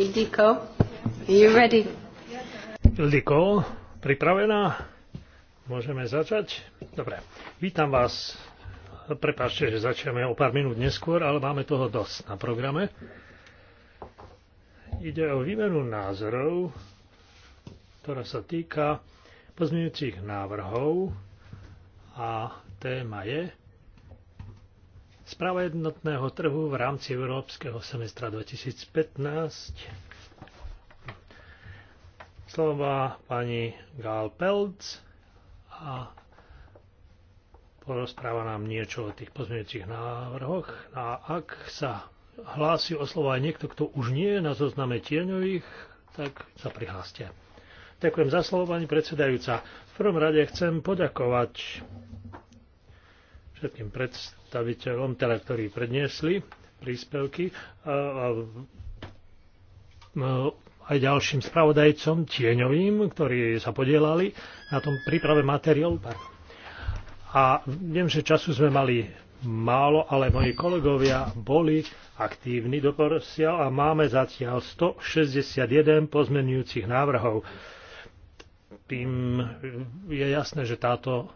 Ildiko, you ready? Ildiko, pripravená? Môžeme začať? Dobre. Vítam vás. Prepáčte, že začneme o pár minút neskôr, ale máme toho dosť na programe. Ide o výmenu názorov, ktorá sa týka pozmeňujúcich návrhov a téma je Správa jednotného trhu v rámci Európskeho semestra 2015. Slova pani Gál Pelc a porozpráva nám niečo o tých pozmeňujúcich návrhoch. A ak sa hlási o slova aj niekto, kto už nie je na zozname tieňových, tak sa prihláste. Ďakujem za slovo, pani predsedajúca. V prvom rade chcem poďakovať všetkým predstaviteľom, teda, ktorí predniesli príspevky a, a, aj ďalším spravodajcom, tieňovým, ktorí sa podielali na tom príprave materiálu. A viem, že času sme mali málo, ale moji kolegovia boli aktívni do doposiaľ a máme zatiaľ 161 pozmenujúcich návrhov. Tým je jasné, že táto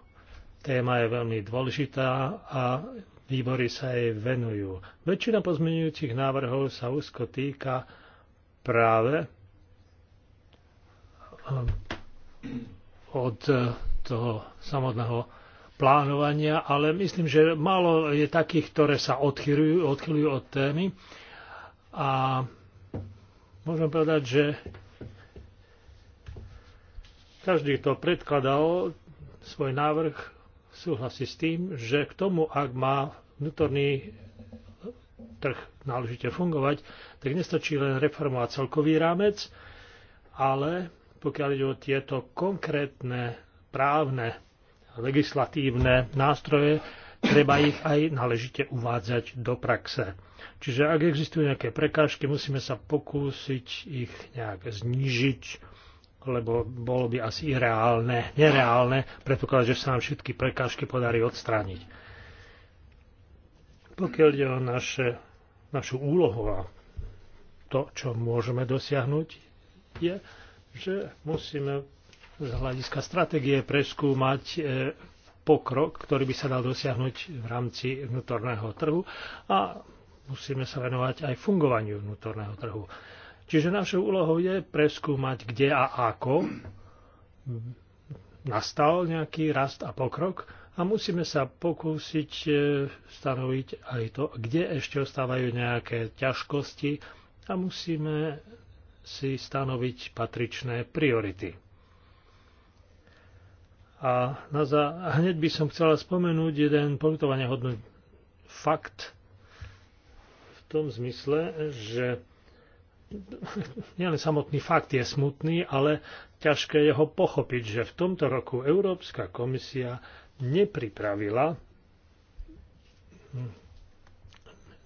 Téma je veľmi dôležitá a výbory sa jej venujú. Väčšina pozmeňujúcich návrhov sa úzko týka práve ehm, od eh, toho samotného plánovania, ale myslím, že málo je takých, ktoré sa odchyľujú odchylujú od témy. A môžem povedať, že každý, kto predkladal svoj návrh, súhlasí s tým, že k tomu, ak má vnútorný trh náležite fungovať, tak nestačí len reformovať celkový rámec, ale pokiaľ ide o tieto konkrétne právne legislatívne nástroje, treba ich aj náležite uvádzať do praxe. Čiže ak existujú nejaké prekážky, musíme sa pokúsiť ich nejak znížiť lebo bolo by asi irreálne, nereálne predpokladať, že sa nám všetky prekážky podarí odstrániť. Pokiaľ ide o naše, našu úlohu a to, čo môžeme dosiahnuť, je, že musíme z hľadiska stratégie preskúmať e, pokrok, ktorý by sa dal dosiahnuť v rámci vnútorného trhu a musíme sa venovať aj fungovaniu vnútorného trhu. Čiže našou úlohou je preskúmať, kde a ako nastal nejaký rast a pokrok a musíme sa pokúsiť e, stanoviť aj to, kde ešte ostávajú nejaké ťažkosti a musíme si stanoviť patričné priority. A na za... hneď by som chcela spomenúť jeden politovania hodný fakt v tom zmysle, že nielen samotný fakt je smutný, ale ťažké je ho pochopiť, že v tomto roku Európska komisia nepripravila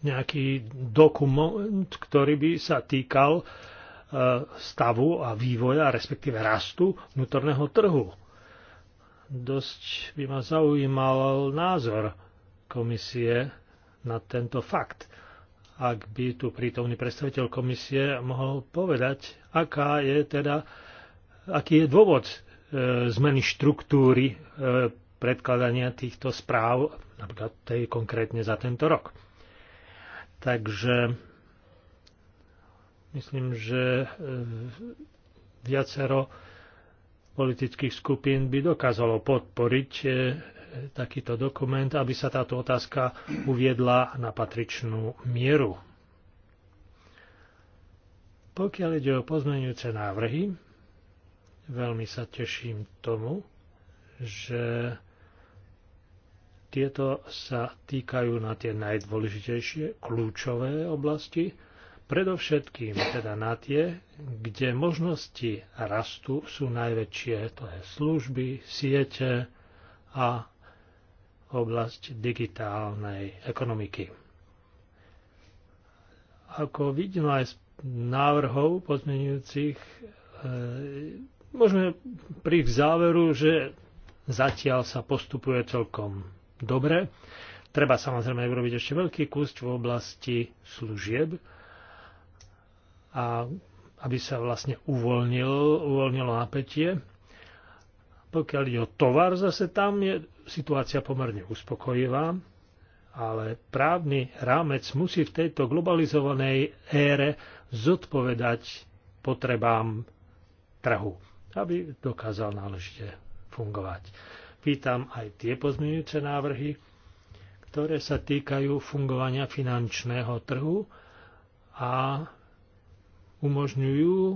nejaký dokument, ktorý by sa týkal e, stavu a vývoja, respektíve rastu vnútorného trhu. Dosť by ma zaujímal názor komisie na tento fakt ak by tu prítomný predstaviteľ komisie mohol povedať, aká je teda, aký je dôvod e, zmeny štruktúry e, predkladania týchto správ, napríklad tej konkrétne za tento rok. Takže myslím, že e, viacero politických skupín by dokázalo podporiť e, takýto dokument, aby sa táto otázka uviedla na patričnú mieru. Pokiaľ ide o pozmenujúce návrhy, veľmi sa teším tomu, že tieto sa týkajú na tie najdôležitejšie, kľúčové oblasti, predovšetkým teda na tie, kde možnosti rastu sú najväčšie, to je služby, siete a oblasť digitálnej ekonomiky. Ako vidno aj z návrhov pozmenujúcich, e, môžeme pri k záveru, že zatiaľ sa postupuje celkom dobre. Treba samozrejme urobiť ešte veľký kus v oblasti služieb a aby sa vlastne uvoľnil, uvoľnilo napätie. Pokiaľ ide o tovar, zase tam je situácia pomerne uspokojivá, ale právny rámec musí v tejto globalizovanej ére zodpovedať potrebám trhu, aby dokázal náležite fungovať. Vítam aj tie pozmeňujúce návrhy, ktoré sa týkajú fungovania finančného trhu a umožňujú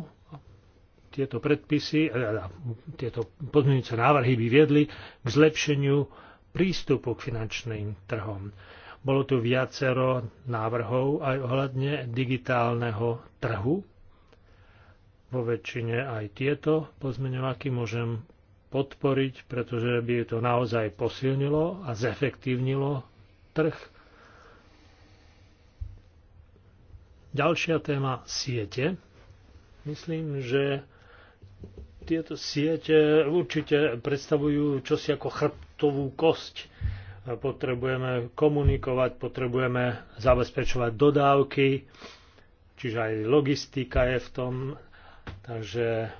tieto predpisy, e, e, tieto podmienujúce návrhy by viedli k zlepšeniu prístupu k finančným trhom. Bolo tu viacero návrhov aj ohľadne digitálneho trhu. Vo väčšine aj tieto pozmeňovaky môžem podporiť, pretože by to naozaj posilnilo a zefektívnilo trh. Ďalšia téma siete. Myslím, že tieto siete určite predstavujú čosi ako chrbtovú kosť. Potrebujeme komunikovať, potrebujeme zabezpečovať dodávky, čiže aj logistika je v tom. Takže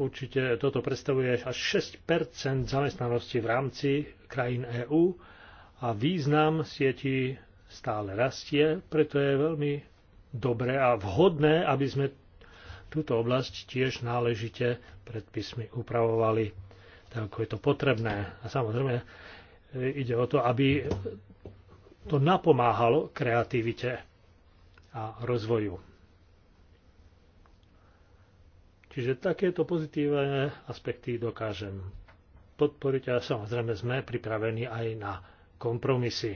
určite toto predstavuje až 6 zamestnanosti v rámci krajín EÚ a význam sieti stále rastie, preto je veľmi dobré a vhodné, aby sme túto oblasť tiež náležite predpismi upravovali tak, ako je to potrebné. A samozrejme e, ide o to, aby to napomáhalo kreativite a rozvoju. Čiže takéto pozitívne aspekty dokážem podporiť a samozrejme sme pripravení aj na kompromisy,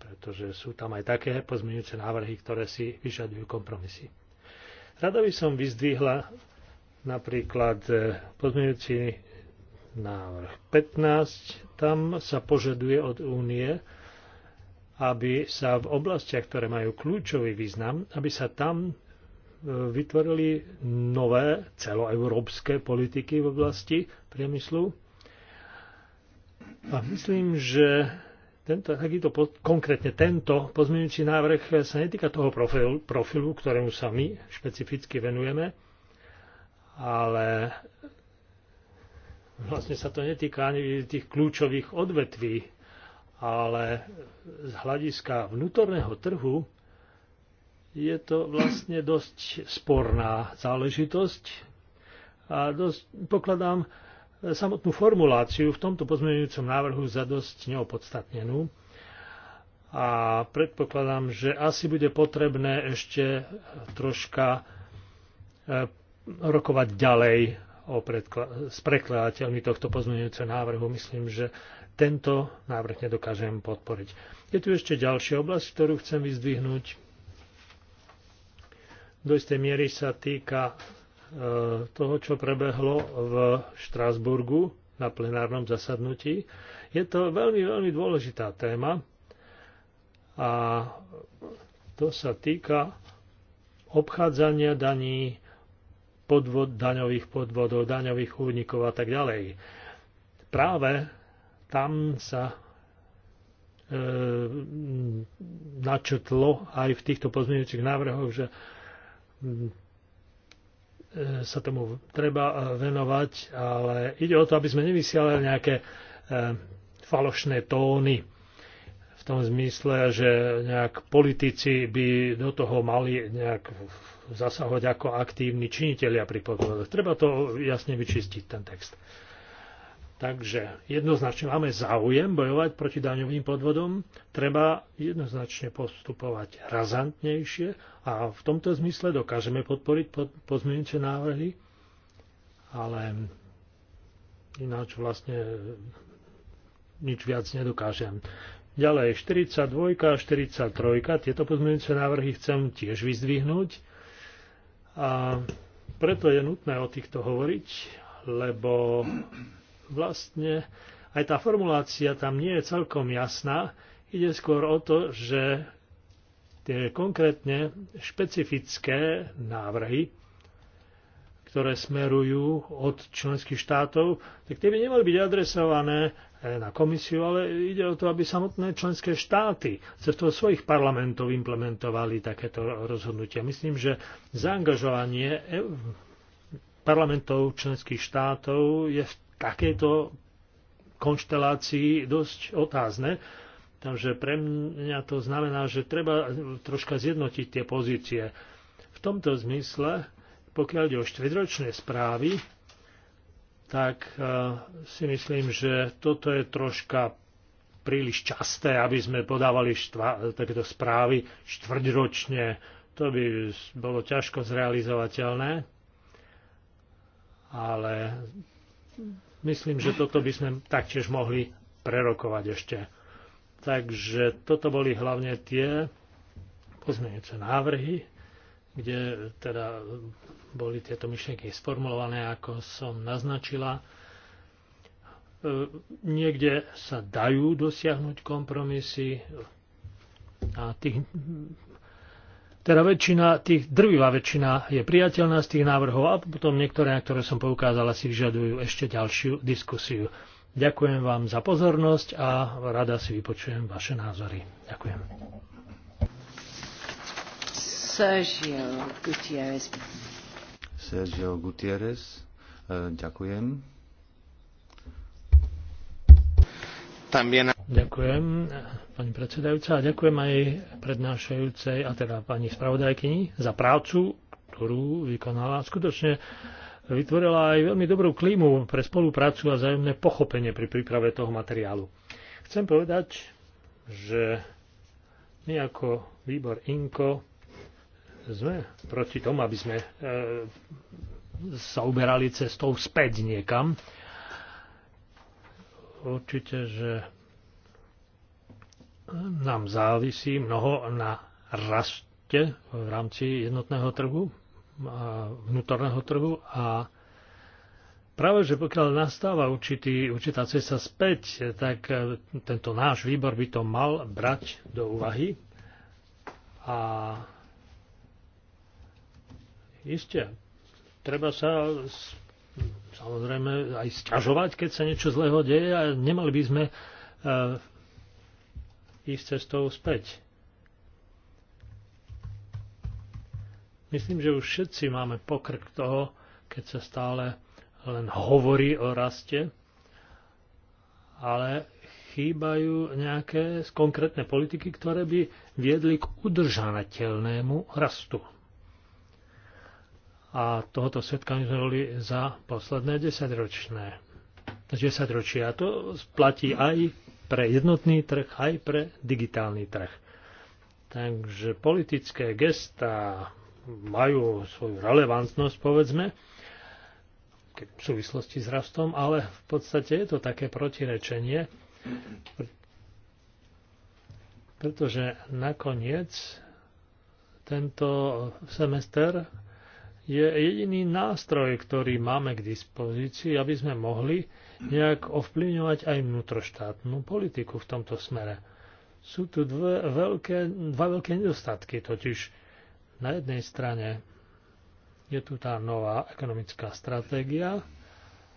pretože sú tam aj také pozmeňujúce návrhy, ktoré si vyžadujú kompromisy. Rada by som vyzdvihla napríklad e, pozmeňujúci návrh 15. Tam sa požaduje od únie, aby sa v oblastiach, ktoré majú kľúčový význam, aby sa tam e, vytvorili nové celoeurópske politiky v oblasti priemyslu. A myslím, že tento, takýto, konkrétne tento pozmeňujúci návrh sa netýka toho profilu, profilu, ktorému sa my špecificky venujeme, ale vlastne sa to netýka ani tých kľúčových odvetví, ale z hľadiska vnútorného trhu je to vlastne dosť sporná záležitosť a dosť, pokladám samotnú formuláciu v tomto pozmeňujúcom návrhu za dosť neopodstatnenú a predpokladám, že asi bude potrebné ešte troška e, rokovať ďalej o s prekladateľmi tohto pozmeňujúceho návrhu. Myslím, že tento návrh nedokážem podporiť. Je tu ešte ďalšia oblasť, ktorú chcem vyzdvihnúť. Do istej miery sa týka E, toho, čo prebehlo v Štrásburgu na plenárnom zasadnutí. Je to veľmi, veľmi dôležitá téma a to sa týka obchádzania daní, podvod, daňových podvodov, daňových únikov a tak ďalej. Práve tam sa e, načetlo aj v týchto pozmeňujúcich návrhoch, že E, sa tomu treba e, venovať, ale ide o to, aby sme nevysielali nejaké e, falošné tóny v tom zmysle, že nejak politici by do toho mali nejak zasahovať ako aktívni činitelia pri podvodoch. Treba to jasne vyčistiť, ten text. Takže jednoznačne máme záujem bojovať proti daňovým podvodom, treba jednoznačne postupovať razantnejšie a v tomto zmysle dokážeme podporiť pozmeňujúce návrhy, ale ináč vlastne nič viac nedokážem. Ďalej 42 a 43, tieto pozmeňujúce návrhy chcem tiež vyzdvihnúť a preto je nutné o týchto hovoriť, lebo vlastne aj tá formulácia tam nie je celkom jasná. Ide skôr o to, že tie konkrétne špecifické návrhy, ktoré smerujú od členských štátov, tak tie by nemali byť adresované e, na komisiu, ale ide o to, aby samotné členské štáty cez toho svojich parlamentov implementovali takéto rozhodnutia. Myslím, že zaangažovanie e, parlamentov členských štátov je v takéto konštelácii dosť otázne. Takže pre mňa to znamená, že treba troška zjednotiť tie pozície. V tomto zmysle, pokiaľ ide o štvedročné správy, tak e, si myslím, že toto je troška príliš časté, aby sme podávali štva, takéto správy štvrťročne. To by bolo ťažko zrealizovateľné, ale Myslím, že toto by sme taktiež mohli prerokovať ešte. Takže toto boli hlavne tie pozmeňujúce návrhy, kde teda boli tieto myšlienky sformulované, ako som naznačila. E, niekde sa dajú dosiahnuť kompromisy a tých teda väčšina, tých, drvivá väčšina je priateľná z tých návrhov a potom niektoré, na ktoré som poukázala, si vyžadujú ešte ďalšiu diskusiu. Ďakujem vám za pozornosť a rada si vypočujem vaše názory. Ďakujem. Sergio Gutierrez. Sergio Gutierrez, e, ďakujem. también... Ďakujem, pani predsedajúca, a ďakujem aj prednášajúcej, a teda pani spravodajkyni, za prácu, ktorú vykonala. Skutočne vytvorila aj veľmi dobrú klímu pre spoluprácu a vzájomné pochopenie pri príprave toho materiálu. Chcem povedať, že my ako výbor INKO sme proti tomu, aby sme e, sa uberali cestou späť niekam, určite, že nám závisí mnoho na raste v rámci jednotného trhu a vnútorného trhu a práve, že pokiaľ nastáva určitý, určitá cesta späť, tak tento náš výbor by to mal brať do úvahy a iste treba sa samozrejme aj sťažovať, keď sa niečo zlého deje a nemali by sme eh, ísť cestou späť. Myslím, že už všetci máme pokrk toho, keď sa stále len hovorí o raste, ale chýbajú nejaké konkrétne politiky, ktoré by viedli k udržanateľnému rastu a tohoto svetkania sme boli za posledné desaťročné. 10 a To platí aj pre jednotný trh, aj pre digitálny trh. Takže politické gesta majú svoju relevantnosť, povedzme, v súvislosti s rastom, ale v podstate je to také protirečenie, pretože nakoniec tento semester je jediný nástroj, ktorý máme k dispozícii, aby sme mohli nejak ovplyvňovať aj vnútroštátnu politiku v tomto smere. Sú tu dve veľké, dva veľké nedostatky, totiž na jednej strane je tu tá nová ekonomická stratégia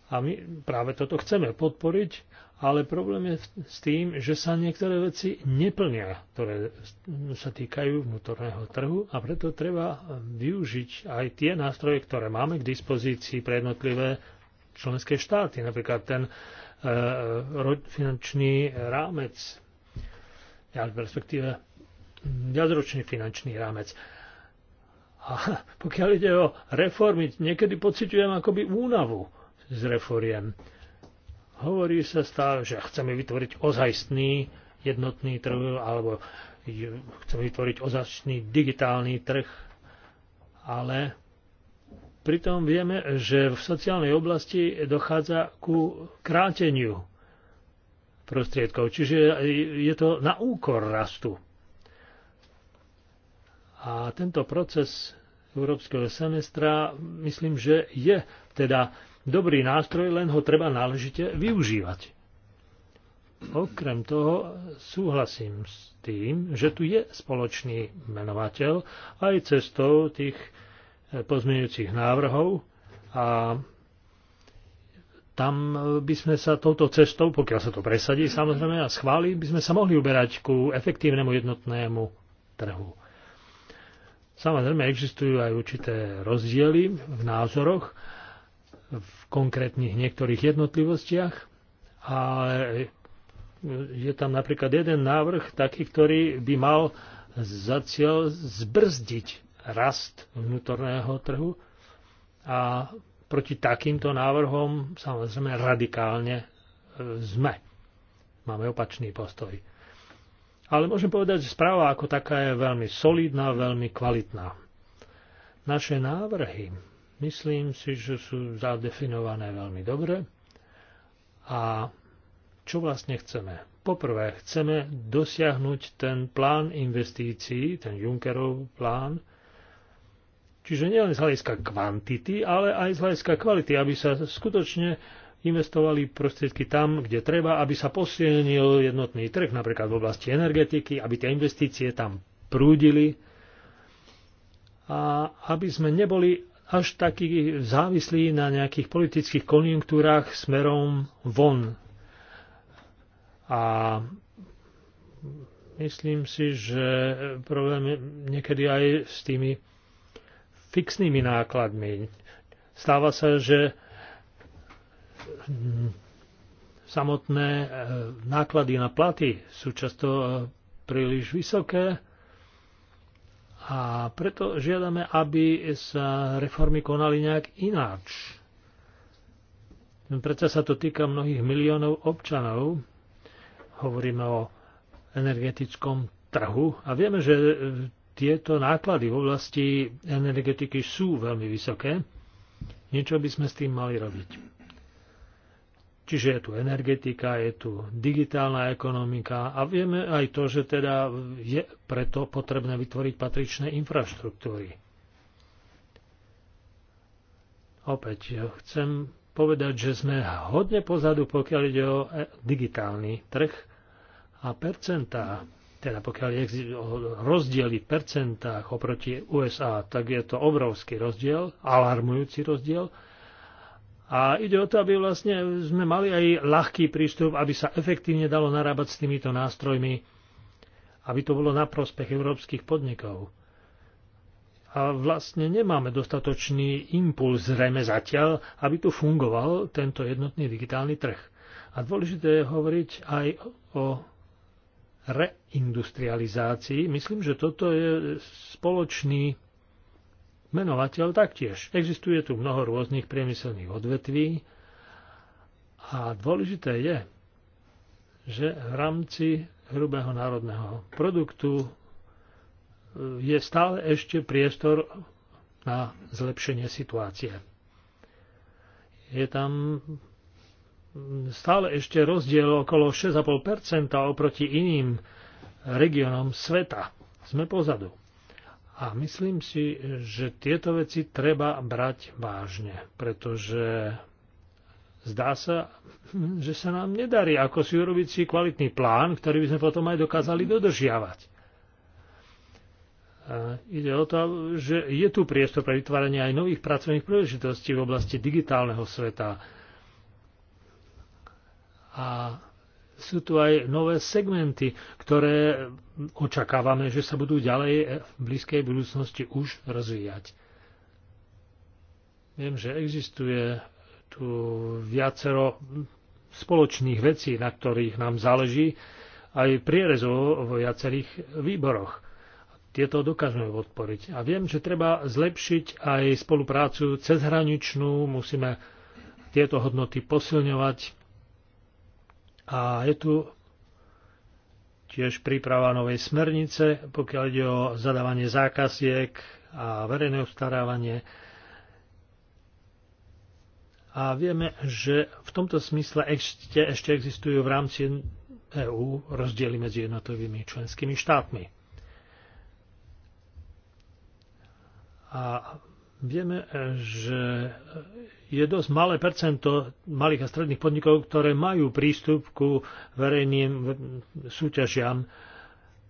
a my práve toto chceme podporiť ale problém je s tým, že sa niektoré veci neplnia, ktoré sa týkajú vnútorného trhu a preto treba využiť aj tie nástroje, ktoré máme k dispozícii pre jednotlivé členské štáty, napríklad ten e, finančný rámec, ja v perspektíve viacročný finančný rámec. A pokiaľ ide o reformy, niekedy pociťujem akoby únavu z reforiem Hovorí sa stále, že chceme vytvoriť ozajstný jednotný trh alebo chceme vytvoriť ozajstný digitálny trh, ale pritom vieme, že v sociálnej oblasti dochádza ku kráteniu prostriedkov, čiže je to na úkor rastu. A tento proces európskeho semestra myslím, že je teda dobrý nástroj, len ho treba náležite využívať. Okrem toho súhlasím s tým, že tu je spoločný menovateľ aj cestou tých eh, pozmeňujúcich návrhov a tam eh, by sme sa touto cestou, pokiaľ sa to presadí samozrejme a schváli, by sme sa mohli uberať ku efektívnemu jednotnému trhu. Samozrejme existujú aj určité rozdiely v názoroch, v konkrétnych niektorých jednotlivostiach, ale je tam napríklad jeden návrh taký, ktorý by mal za cieľ zbrzdiť rast vnútorného trhu a proti takýmto návrhom samozrejme radikálne e, sme. Máme opačný postoj. Ale môžem povedať, že správa ako taká je veľmi solidná, veľmi kvalitná. Naše návrhy Myslím si, že sú zadefinované veľmi dobre. A čo vlastne chceme? Poprvé, chceme dosiahnuť ten plán investícií, ten Junckerov plán, čiže nielen z hľadiska kvantity, ale aj z hľadiska kvality, aby sa skutočne investovali prostriedky tam, kde treba, aby sa posilnil jednotný trh, napríklad v oblasti energetiky, aby tie investície tam prúdili a aby sme neboli až taký závislý na nejakých politických konjunktúrach smerom von. A myslím si, že problém je niekedy aj s tými fixnými nákladmi. Stáva sa, že samotné e, náklady na platy sú často e, príliš vysoké a preto žiadame, aby sa reformy konali nejak ináč. Preto sa to týka mnohých miliónov občanov. Hovoríme o energetickom trhu a vieme, že tieto náklady v oblasti energetiky sú veľmi vysoké. Niečo by sme s tým mali robiť. Čiže je tu energetika, je tu digitálna ekonomika a vieme aj to, že teda je preto potrebné vytvoriť patričné infraštruktúry. Opäť chcem povedať, že sme hodne pozadu, pokiaľ ide o e, digitálny trh a percentá, teda pokiaľ je rozdiely v percentách oproti USA, tak je to obrovský rozdiel, alarmujúci rozdiel. A ide o to, aby vlastne sme mali aj ľahký prístup, aby sa efektívne dalo narábať s týmito nástrojmi, aby to bolo na prospech európskych podnikov. A vlastne nemáme dostatočný impuls zrejme zatiaľ, aby tu fungoval tento jednotný digitálny trh. A dôležité je hovoriť aj o reindustrializácii. Myslím, že toto je spoločný menovateľ taktiež. Existuje tu mnoho rôznych priemyselných odvetví a dôležité je, že v rámci hrubého národného produktu e, je stále ešte priestor na zlepšenie situácie. Je tam stále ešte rozdiel okolo 6,5% oproti iným regiónom sveta. Sme pozadu. A myslím si, že tieto veci treba brať vážne, pretože zdá sa, že sa nám nedarí, ako si urobiť si kvalitný plán, ktorý by sme potom aj dokázali dodržiavať. A ide o to, že je tu priestor pre vytváranie aj nových pracovných príležitostí v oblasti digitálneho sveta. A sú tu aj nové segmenty, ktoré očakávame, že sa budú ďalej v blízkej budúcnosti už rozvíjať. Viem, že existuje tu viacero spoločných vecí, na ktorých nám záleží, aj prierezov vo viacerých výboroch. Tieto dokážeme podporiť. A viem, že treba zlepšiť aj spoluprácu cezhraničnú, musíme tieto hodnoty posilňovať a je tu tiež príprava novej smernice, pokiaľ ide o zadávanie zákaziek a verejné obstarávanie. A vieme, že v tomto smysle ešte, ešte existujú v rámci EÚ rozdiely medzi jednotlivými členskými štátmi. A Vieme, že je dosť malé percento malých a stredných podnikov, ktoré majú prístup ku verejným súťažiam,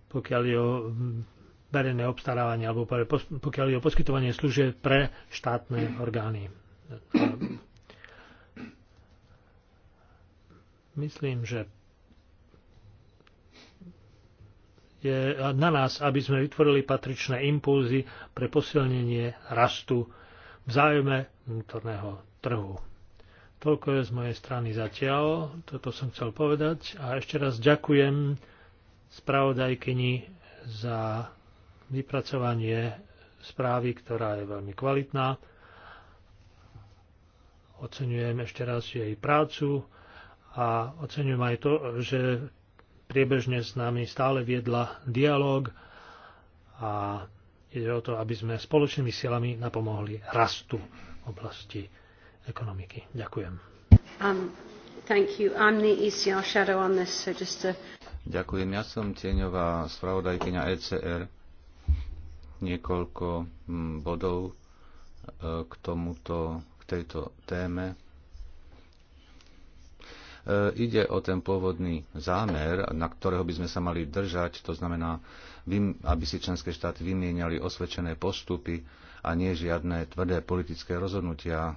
pokiaľ je o verejné obstarávanie alebo pokiaľ je o poskytovanie služieb pre štátne orgány. Myslím, že je na nás, aby sme vytvorili patričné impulzy pre posilnenie rastu v záujme vnútorného trhu. Toľko je z mojej strany zatiaľ, toto som chcel povedať a ešte raz ďakujem spravodajkyni za vypracovanie správy, ktorá je veľmi kvalitná. Oceňujem ešte raz jej prácu a oceňujem aj to, že priebežne s nami stále viedla dialog a ide o to, aby sme spoločnými silami napomohli rastu v oblasti ekonomiky. Ďakujem. Um, thank you. I'm the ECR shadow on this, so just to... Ďakujem. Ja som tieňová spravodajkyňa ECR. Niekoľko mm, bodov e, k tomuto, k tejto téme E, ide o ten pôvodný zámer, na ktorého by sme sa mali držať, to znamená, aby si členské štáty vymieniali osvedčené postupy a nie žiadne tvrdé politické rozhodnutia,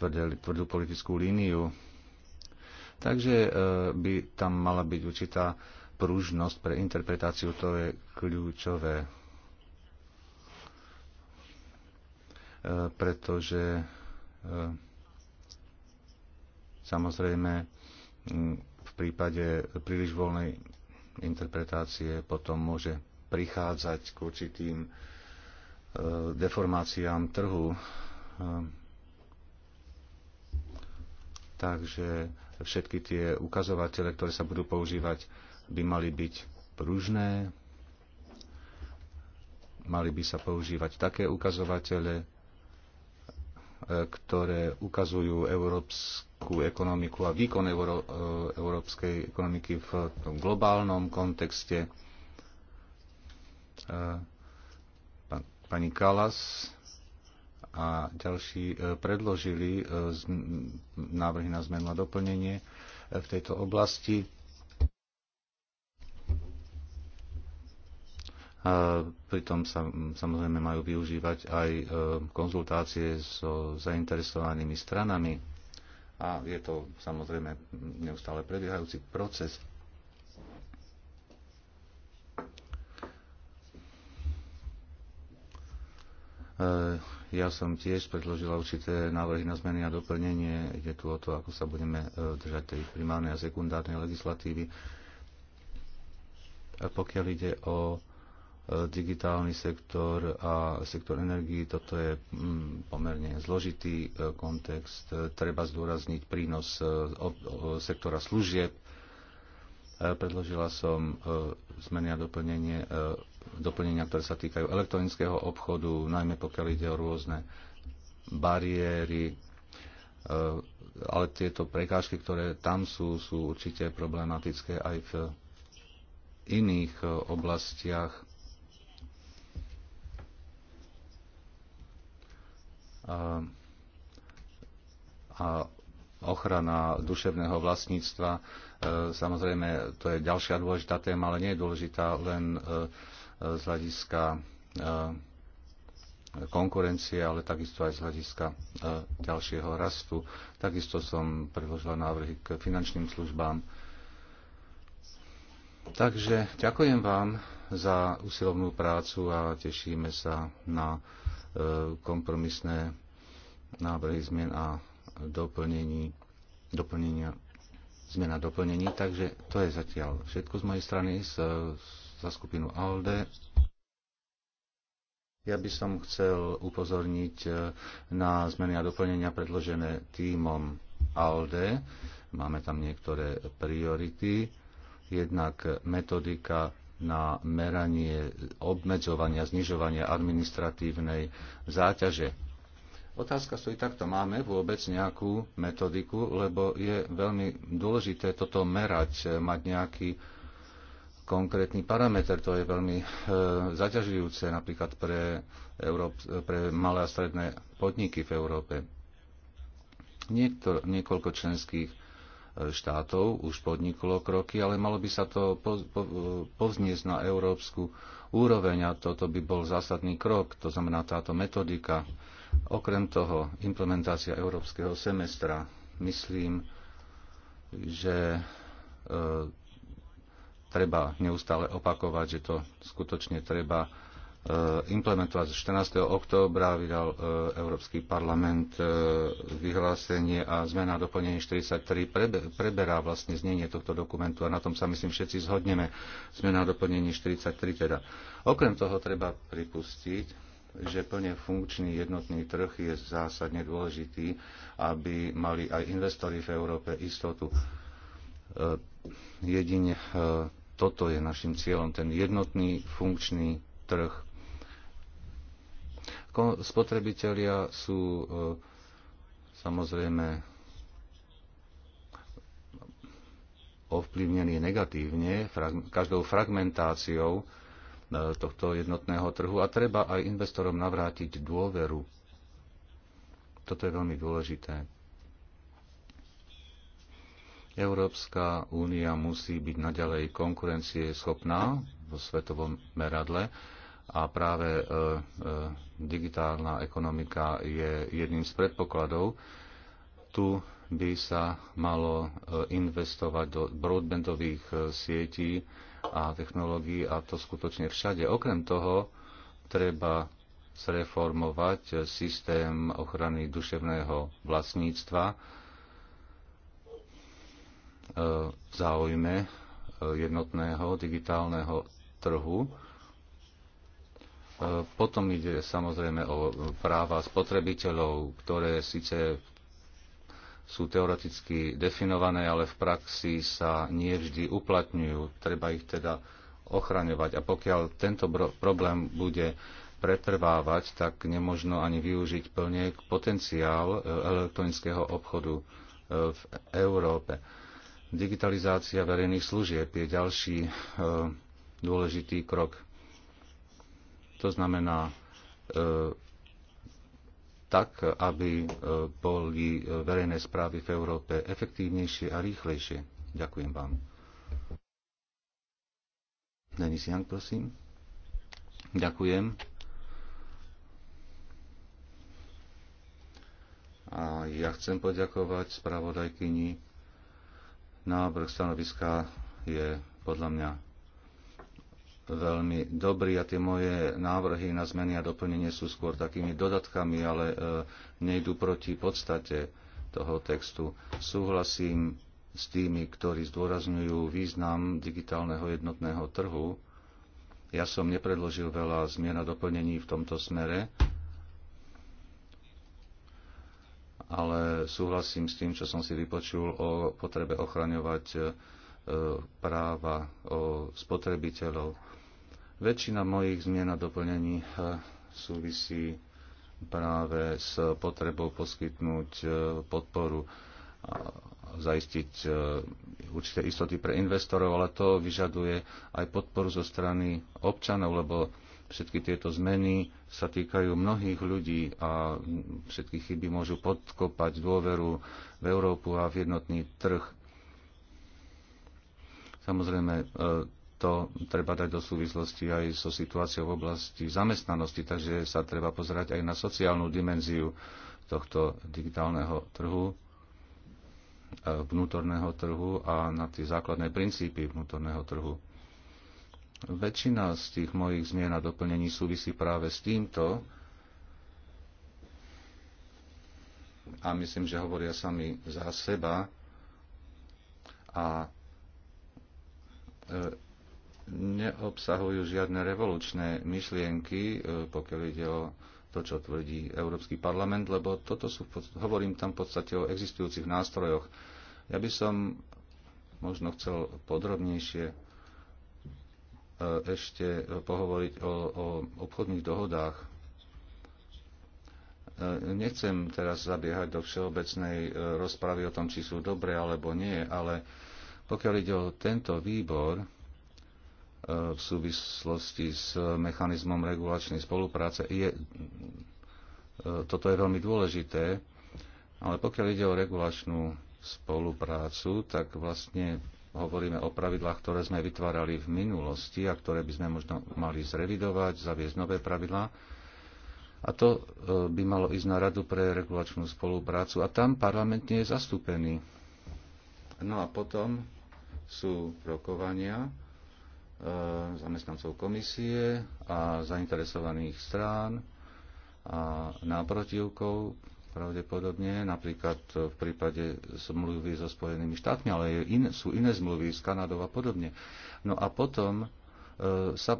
tvrdé, tvrdú politickú líniu. Takže e, by tam mala byť určitá pružnosť pre interpretáciu, to je kľúčové. E, pretože samozrejme Mm, v prípade príliš voľnej interpretácie potom môže prichádzať k určitým e, deformáciám trhu. E, takže všetky tie ukazovatele, ktoré sa budú používať, by mali byť pružné, mali by sa používať také ukazovatele, e, ktoré ukazujú európsky európsku ekonomiku a výkon e, európskej ekonomiky v tom globálnom kontexte. E, pani Kalas a ďalší e, predložili návrhy na zmenu a doplnenie v tejto oblasti. A pritom sa samozrejme majú využívať aj konzultácie so zainteresovanými stranami a je to samozrejme neustále prebiehajúci proces. E, ja som tiež predložila určité návrhy na zmeny a doplnenie. Ide tu o to, ako sa budeme e, držať tej primárnej a sekundárnej legislatívy. pokiaľ ide o digitálny sektor a sektor energií. Toto je mm, pomerne zložitý e, kontext. Treba zdôrazniť prínos e, sektora služieb. E, predložila som zmeny a doplnenie, doplnenia, ktoré sa týkajú elektronického obchodu, najmä pokiaľ ide o rôzne bariéry, ale tieto prekážky, ktoré tam sú, sú určite problematické aj v iných oblastiach a ochrana duševného vlastníctva. E, samozrejme, to je ďalšia dôležitá téma, ale nie je dôležitá len e, z hľadiska e, konkurencie, ale takisto aj z hľadiska ďalšieho rastu. Takisto som predložila návrhy k finančným službám. Takže ďakujem vám za usilovnú prácu a tešíme sa na kompromisné návrhy zmien a doplnení, doplnenia, zmien a doplnení. Takže to je zatiaľ všetko z mojej strany za skupinu ALDE. Ja by som chcel upozorniť e, na zmeny a doplnenia predložené týmom ALDE. Máme tam niektoré priority. Jednak metodika na meranie obmedzovania, znižovania administratívnej záťaže. Otázka stojí takto. Máme vôbec nejakú metodiku, lebo je veľmi dôležité toto merať, e, mať nejaký konkrétny parameter. To je veľmi e, zaťažujúce napríklad pre, Európ, pre malé a stredné podniky v Európe. Niektor, niekoľko členských štátov už podniklo kroky, ale malo by sa to povzniesť na európsku úroveň a toto by bol zásadný krok, to znamená táto metodika. Okrem toho, implementácia európskeho semestra, myslím, že e, treba neustále opakovať, že to skutočne treba Eh, implementovať. 14. októbra vydal eh, Európsky parlament eh, vyhlásenie a zmena doplnenie 43 preberá vlastne znenie tohto dokumentu a na tom sa myslím všetci zhodneme. Zmena doplnenie 43 teda. Okrem toho treba pripustiť, že plne funkčný jednotný trh je zásadne dôležitý, aby mali aj investori v Európe istotu. Jedine toto je našim cieľom, ten jednotný funkčný trh. Spotrebitelia sú e, samozrejme ovplyvnení negatívne každou fragmentáciou e, tohto jednotného trhu a treba aj investorom navrátiť dôveru. Toto je veľmi dôležité. Európska únia musí byť naďalej schopná vo svetovom meradle a práve e, e, digitálna ekonomika je jedným z predpokladov. Tu by sa malo e, investovať do broadbandových sietí a technológií a to skutočne všade. Okrem toho treba zreformovať systém ochrany duševného vlastníctva v záujme jednotného digitálneho trhu E, potom ide samozrejme o práva spotrebiteľov, ktoré síce sú teoreticky definované, ale v praxi sa nie vždy uplatňujú. Treba ich teda ochraňovať. A pokiaľ tento problém bude pretrvávať, tak nemožno ani využiť plne potenciál e, elektronického obchodu e, v Európe. Digitalizácia verejných služieb je ďalší dôležitý krok to znamená, e, tak, aby e, boli e, verejné správy v Európe efektívnejšie a rýchlejšie. Ďakujem vám. Denis Jank, prosím. Ďakujem. A ja chcem poďakovať spravodajkyni. Návrh stanoviska je podľa mňa veľmi dobrý a tie moje návrhy na zmeny a doplnenie sú skôr takými dodatkami, ale e, nejdu proti podstate toho textu. Súhlasím s tými, ktorí zdôrazňujú význam digitálneho jednotného trhu. Ja som nepredložil veľa zmien a doplnení v tomto smere, ale súhlasím s tým, čo som si vypočul o potrebe ochraňovať e, práva o spotrebiteľov Väčšina mojich zmien a doplnení eh, súvisí práve s potrebou poskytnúť eh, podporu a zaistiť eh, určité istoty pre investorov, ale to vyžaduje aj podporu zo strany občanov, lebo všetky tieto zmeny sa týkajú mnohých ľudí a všetky chyby môžu podkopať dôveru v Európu a v jednotný trh. Samozrejme, to treba dať do súvislosti aj so situáciou v oblasti zamestnanosti, takže sa treba pozerať aj na sociálnu dimenziu tohto digitálneho trhu, e, vnútorného trhu a na tie základné princípy vnútorného trhu. Väčšina z tých mojich zmien a doplnení súvisí práve s týmto a myslím, že hovoria sami za seba a e, neobsahujú žiadne revolučné myšlienky, e, pokiaľ ide o to, čo tvrdí Európsky parlament, lebo toto sú, hovorím tam v podstate o existujúcich nástrojoch. Ja by som možno chcel podrobnejšie e, ešte pohovoriť o, o obchodných dohodách. E, nechcem teraz zabiehať do všeobecnej rozpravy o tom, či sú dobré alebo nie, ale pokiaľ ide o tento výbor, Eh, v súvislosti s mechanizmom regulačnej spolupráce. Je, eh, toto je veľmi dôležité, ale pokiaľ ide o regulačnú spoluprácu, tak vlastne hovoríme o pravidlách, ktoré sme vytvárali v minulosti a ktoré by sme možno mali zrevidovať, zaviesť nové pravidlá. A to eh, by malo ísť na Radu pre regulačnú spoluprácu a tam parlament nie je zastúpený. No a potom sú rokovania E, zamestnancov komisie a zainteresovaných strán a náprotivkov pravdepodobne, napríklad v prípade zmluvy so Spojenými štátmi, ale in, sú iné zmluvy s Kanadou a podobne. No a potom e, sa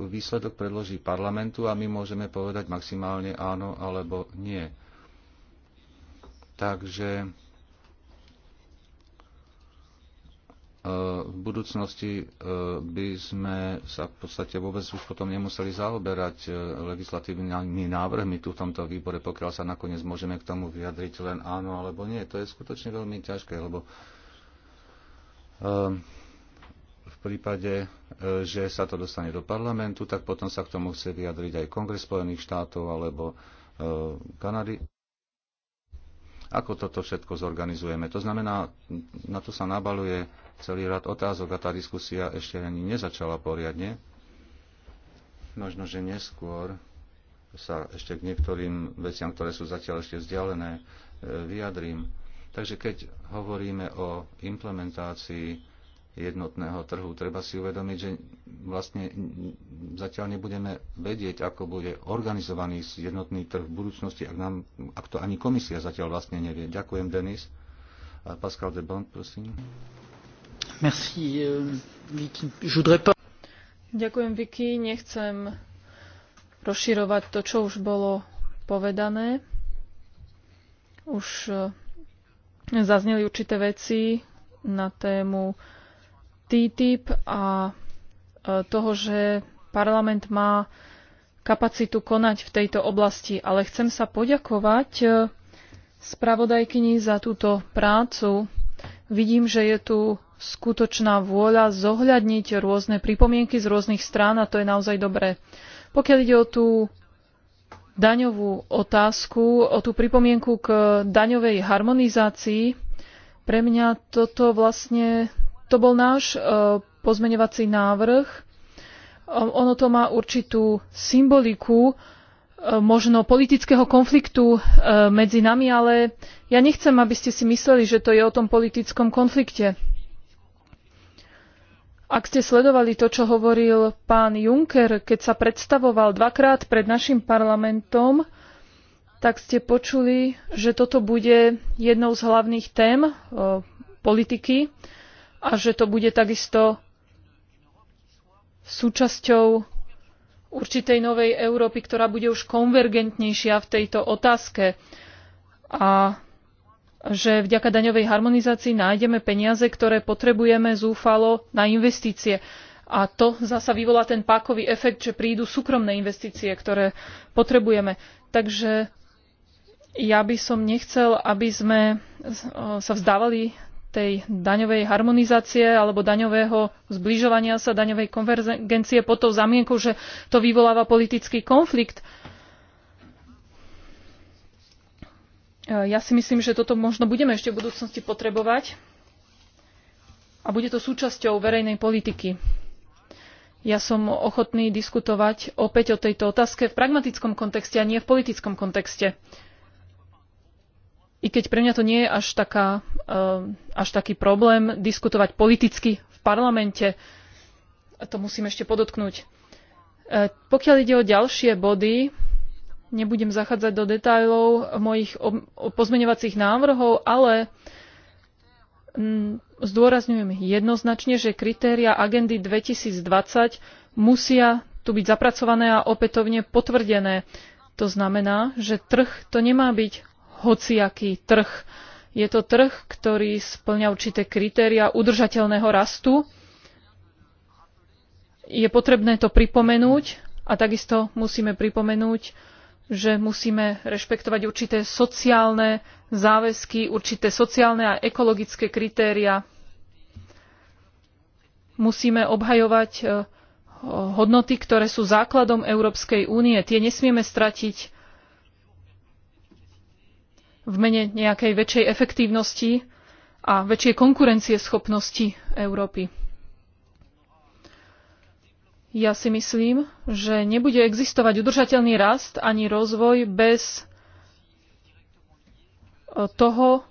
výsledok predloží parlamentu a my môžeme povedať maximálne áno alebo nie. Takže E, v budúcnosti e, by sme sa v podstate vôbec už potom nemuseli zaoberať e, legislatívnymi návrhmi tu v tomto výbore, pokiaľ sa nakoniec môžeme k tomu vyjadriť len áno alebo nie. To je skutočne veľmi ťažké, lebo v prípade, že sa to dostane do parlamentu, tak potom sa k tomu chce vyjadriť aj Kongres Spojených štátov alebo Kanady ako toto všetko zorganizujeme. To znamená, na to sa nabaluje celý rad otázok a tá diskusia ešte ani nezačala poriadne. Možno, že neskôr sa ešte k niektorým veciam, ktoré sú zatiaľ ešte vzdialené, e, vyjadrím. Takže keď hovoríme o implementácii jednotného trhu, treba si uvedomiť, že vlastne zatiaľ nebudeme vedieť, ako bude organizovaný jednotný trh v budúcnosti, ak, nám, ak to ani komisia zatiaľ vlastne nevie. Ďakujem, Denis. A Pascal de Bond, prosím. Euh, Ďakujem, Vicky. Nechcem rozširovať to, čo už bolo povedané. Už e, zazneli určité veci na tému TTIP a e, toho, že parlament má kapacitu konať v tejto oblasti. Ale chcem sa poďakovať e, spravodajkyni za túto prácu. Vidím, že je tu skutočná vôľa zohľadniť rôzne pripomienky z rôznych strán a to je naozaj dobré. Pokiaľ ide o tú daňovú otázku, o tú pripomienku k daňovej harmonizácii, pre mňa toto vlastne, to bol náš e, pozmeňovací návrh. E, ono to má určitú symboliku, e, možno politického konfliktu medzi nami, ale ja nechcem, aby ste si mysleli, že to je o tom politickom konflikte. Ak ste sledovali to, čo hovoril pán Juncker, keď sa predstavoval dvakrát pred našim parlamentom, tak ste počuli, že toto bude jednou z hlavných tém o, politiky a že to bude takisto súčasťou určitej novej Európy, ktorá bude už konvergentnejšia v tejto otázke. A že vďaka daňovej harmonizácii nájdeme peniaze, ktoré potrebujeme zúfalo na investície. A to zasa vyvolá ten pákový efekt, že prídu súkromné investície, ktoré potrebujeme. Takže ja by som nechcel, aby sme sa vzdávali tej daňovej harmonizácie alebo daňového zbližovania sa, daňovej konvergencie pod tou zamienkou, že to vyvoláva politický konflikt. E, ja si myslím, že toto možno budeme ešte v budúcnosti potrebovať a bude to súčasťou verejnej politiky. Ja som ochotný diskutovať opäť o tejto otázke v pragmatickom kontexte a nie v politickom kontexte. I keď pre mňa to nie je až, taká, e, až taký problém diskutovať politicky v parlamente, to musím ešte podotknúť. E, pokiaľ ide o ďalšie body, Nebudem zachádzať do detajlov mojich pozmeňovacích návrhov, ale mm, zdôrazňujem jednoznačne, že kritéria agendy 2020 musia tu byť zapracované a opätovne potvrdené. To znamená, že trh to nemá byť hociaký trh. Je to trh, ktorý splňa určité kritéria udržateľného rastu. Je potrebné to pripomenúť a takisto musíme pripomenúť že musíme rešpektovať určité sociálne záväzky, určité sociálne a ekologické kritéria. Musíme obhajovať e, hodnoty, ktoré sú základom Európskej únie. Tie nesmieme stratiť v mene nejakej väčšej efektívnosti a väčšej konkurencieschopnosti Európy. Ja si myslím, že nebude existovať udržateľný rast ani rozvoj bez e, toho,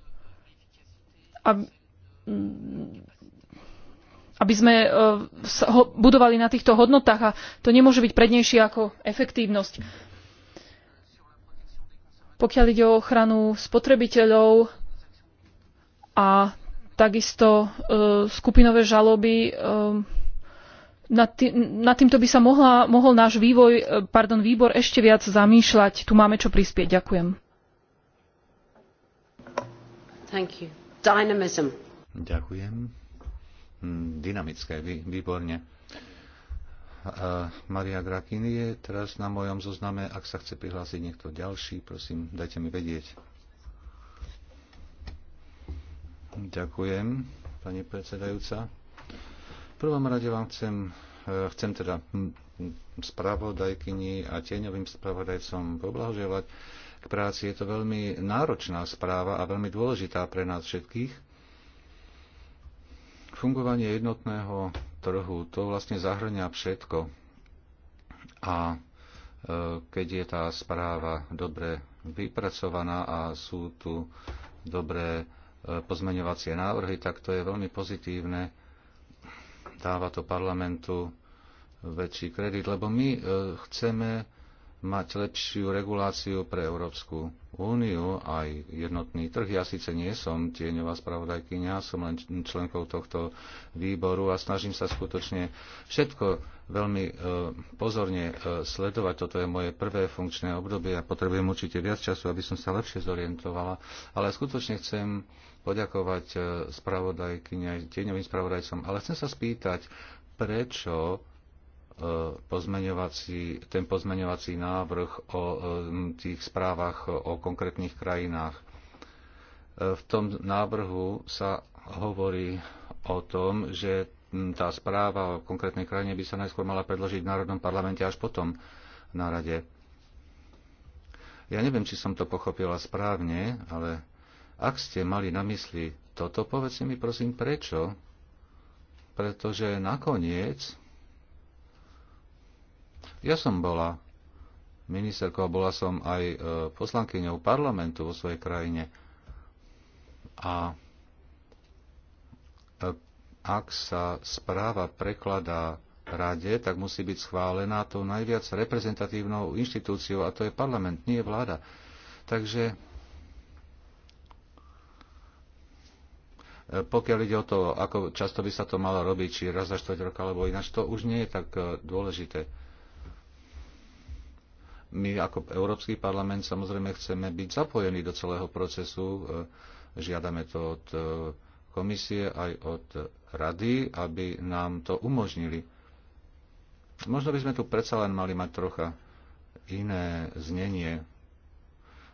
aby sme e, budovali na týchto hodnotách a to nemôže byť prednejšie ako efektívnosť. Pokiaľ ide o ochranu spotrebiteľov a takisto e, skupinové žaloby, nad, tý, nad týmto by sa mohla, mohol náš vývoj, e, pardon, výbor ešte viac zamýšľať. Tu máme čo prispieť. Ďakujem. Thank you. Dynamism. Ďakujem. Hm, dynamické, výborne. A Maria Grakin je teraz na mojom zozname. Ak sa chce prihlásiť niekto ďalší, prosím, dajte mi vedieť. Ďakujem, pani predsedajúca prvom rade vám chcem, e, chcem teda spravodajkyni a tieňovým spravodajcom poblahoželať k práci. Je to veľmi náročná správa a veľmi dôležitá pre nás všetkých. Fungovanie jednotného trhu, to vlastne zahrňa všetko. A e, keď je tá správa dobre vypracovaná a sú tu dobré e, pozmeňovacie návrhy, tak to je veľmi pozitívne dáva to parlamentu väčší kredit, lebo my e, chceme mať lepšiu reguláciu pre Európsku úniu aj jednotný trh. Ja síce nie som tieňová spravodajkynia, som len členkou tohto výboru a snažím sa skutočne všetko veľmi e, pozorne e, sledovať. Toto je moje prvé funkčné obdobie a potrebujem určite viac času, aby som sa lepšie zorientovala. Ale skutočne chcem poďakovať e, spravodajkyni, tieňovým spravodajcom, ale chcem sa spýtať, prečo e, pozmeňovací, ten pozmeňovací návrh o e, tých správach o konkrétnych krajinách. V tom návrhu sa hovorí o tom, že tá správa o konkrétnej krajine by sa najskôr mala predložiť v Národnom parlamente až potom na rade. Ja neviem, či som to pochopila správne, ale ak ste mali na mysli toto, povedzte mi prosím prečo, pretože nakoniec ja som bola ministerkou, bola som aj e, poslankyňou parlamentu vo svojej krajine. A e, ak sa správa prekladá rade, tak musí byť schválená tou najviac reprezentatívnou inštitúciou, a to je parlament, nie vláda. Takže E, pokiaľ ide o to, ako často by sa to malo robiť, či raz za štvrť roka, alebo ináč, to už nie je tak e, dôležité. My ako Európsky parlament samozrejme chceme byť zapojení do celého procesu. E, žiadame to od komisie aj od rady, aby nám to umožnili. Možno by sme tu predsa len mali mať trocha iné znenie.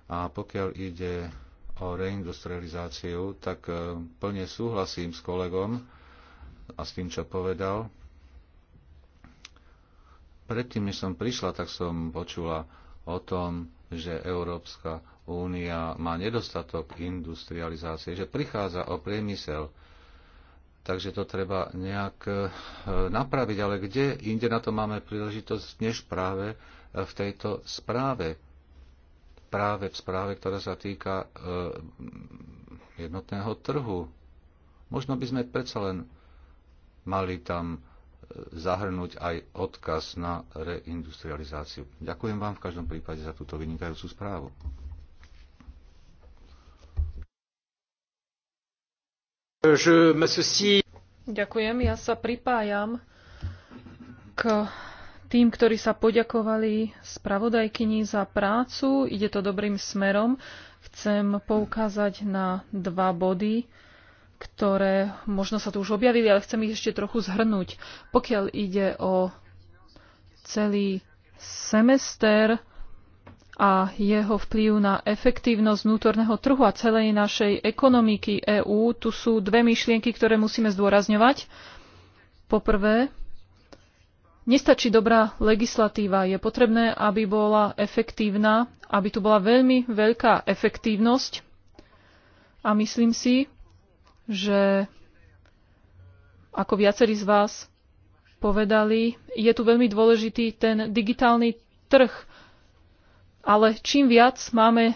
A pokiaľ ide o reindustrializáciu, tak e, plne súhlasím s kolegom a s tým, čo povedal. Predtým, než som prišla, tak som počula o tom, že Európska únia má nedostatok industrializácie, že prichádza o priemysel. Takže to treba nejak e, napraviť. Ale kde inde na to máme príležitosť, než práve v tejto správe? práve v správe, ktorá sa týka e, jednotného trhu. Možno by sme predsa len mali tam e, zahrnúť aj odkaz na reindustrializáciu. Ďakujem vám v každom prípade za túto vynikajúcu správu. Ďakujem, ja sa pripájam k tým, ktorí sa poďakovali spravodajkyni za prácu. Ide to dobrým smerom. Chcem poukázať na dva body, ktoré možno sa tu už objavili, ale chcem ich ešte trochu zhrnúť. Pokiaľ ide o celý semester a jeho vplyv na efektívnosť vnútorného trhu a celej našej ekonomiky EÚ, tu sú dve myšlienky, ktoré musíme zdôrazňovať. Poprvé, Nestačí dobrá legislatíva, je potrebné, aby bola efektívna, aby tu bola veľmi veľká efektívnosť a myslím si, že ako viacerí z vás povedali, je tu veľmi dôležitý ten digitálny trh. Ale čím viac máme e,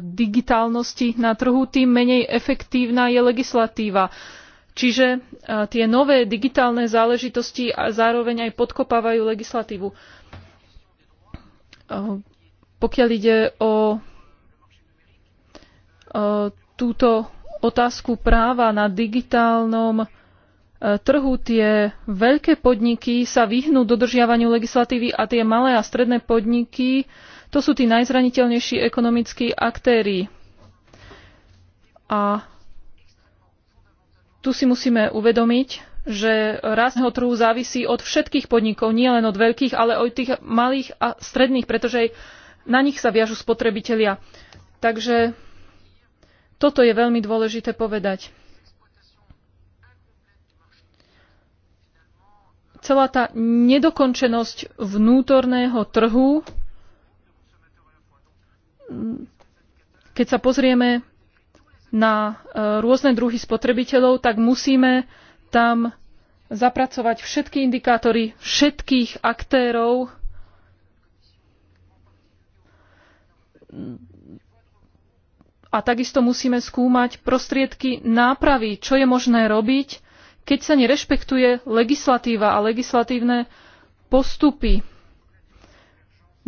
digitálnosti na trhu, tým menej efektívna je legislatíva. Čiže e, tie nové digitálne záležitosti a zároveň aj podkopávajú legislatívu. E, pokiaľ ide o e, túto otázku práva na digitálnom trhu tie veľké podniky sa vyhnú dodržiavaniu legislatívy a tie malé a stredné podniky to sú tí najzraniteľnejší ekonomickí aktéry. A tu si musíme uvedomiť, že rásneho trhu závisí od všetkých podnikov, nielen od veľkých, ale od tých malých a stredných, pretože aj na nich sa viažu spotrebitelia. Takže toto je veľmi dôležité povedať. Celá tá nedokončenosť vnútorného trhu, keď sa pozrieme na e, rôzne druhy spotrebiteľov, tak musíme tam zapracovať všetky indikátory všetkých aktérov. A takisto musíme skúmať prostriedky nápravy, čo je možné robiť, keď sa nerešpektuje legislatíva a legislatívne postupy.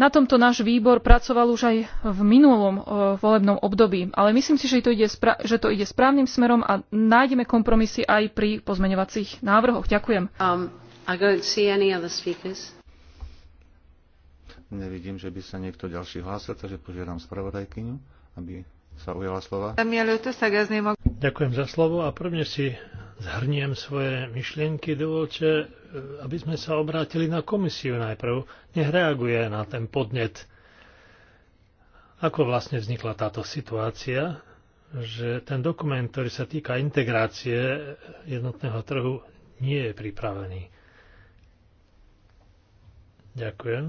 Na tomto náš výbor pracoval už aj v minulom e, volebnom období, ale myslím si, že to ide, že to ide správnym smerom a nájdeme kompromisy aj pri pozmeňovacích návrhoch. Ďakujem. Um, Nevidím, že by sa niekto ďalší hlásil, takže požiadam spravodajkyňu, aby sa ujala slova. Ďakujem za slovo a prvne si zhrniem svoje myšlienky, dovolte, e, aby sme sa obrátili na komisiu najprv. Nech reaguje na ten podnet. Ako vlastne vznikla táto situácia, že ten dokument, ktorý sa týka integrácie jednotného trhu, nie je pripravený. Ďakujem.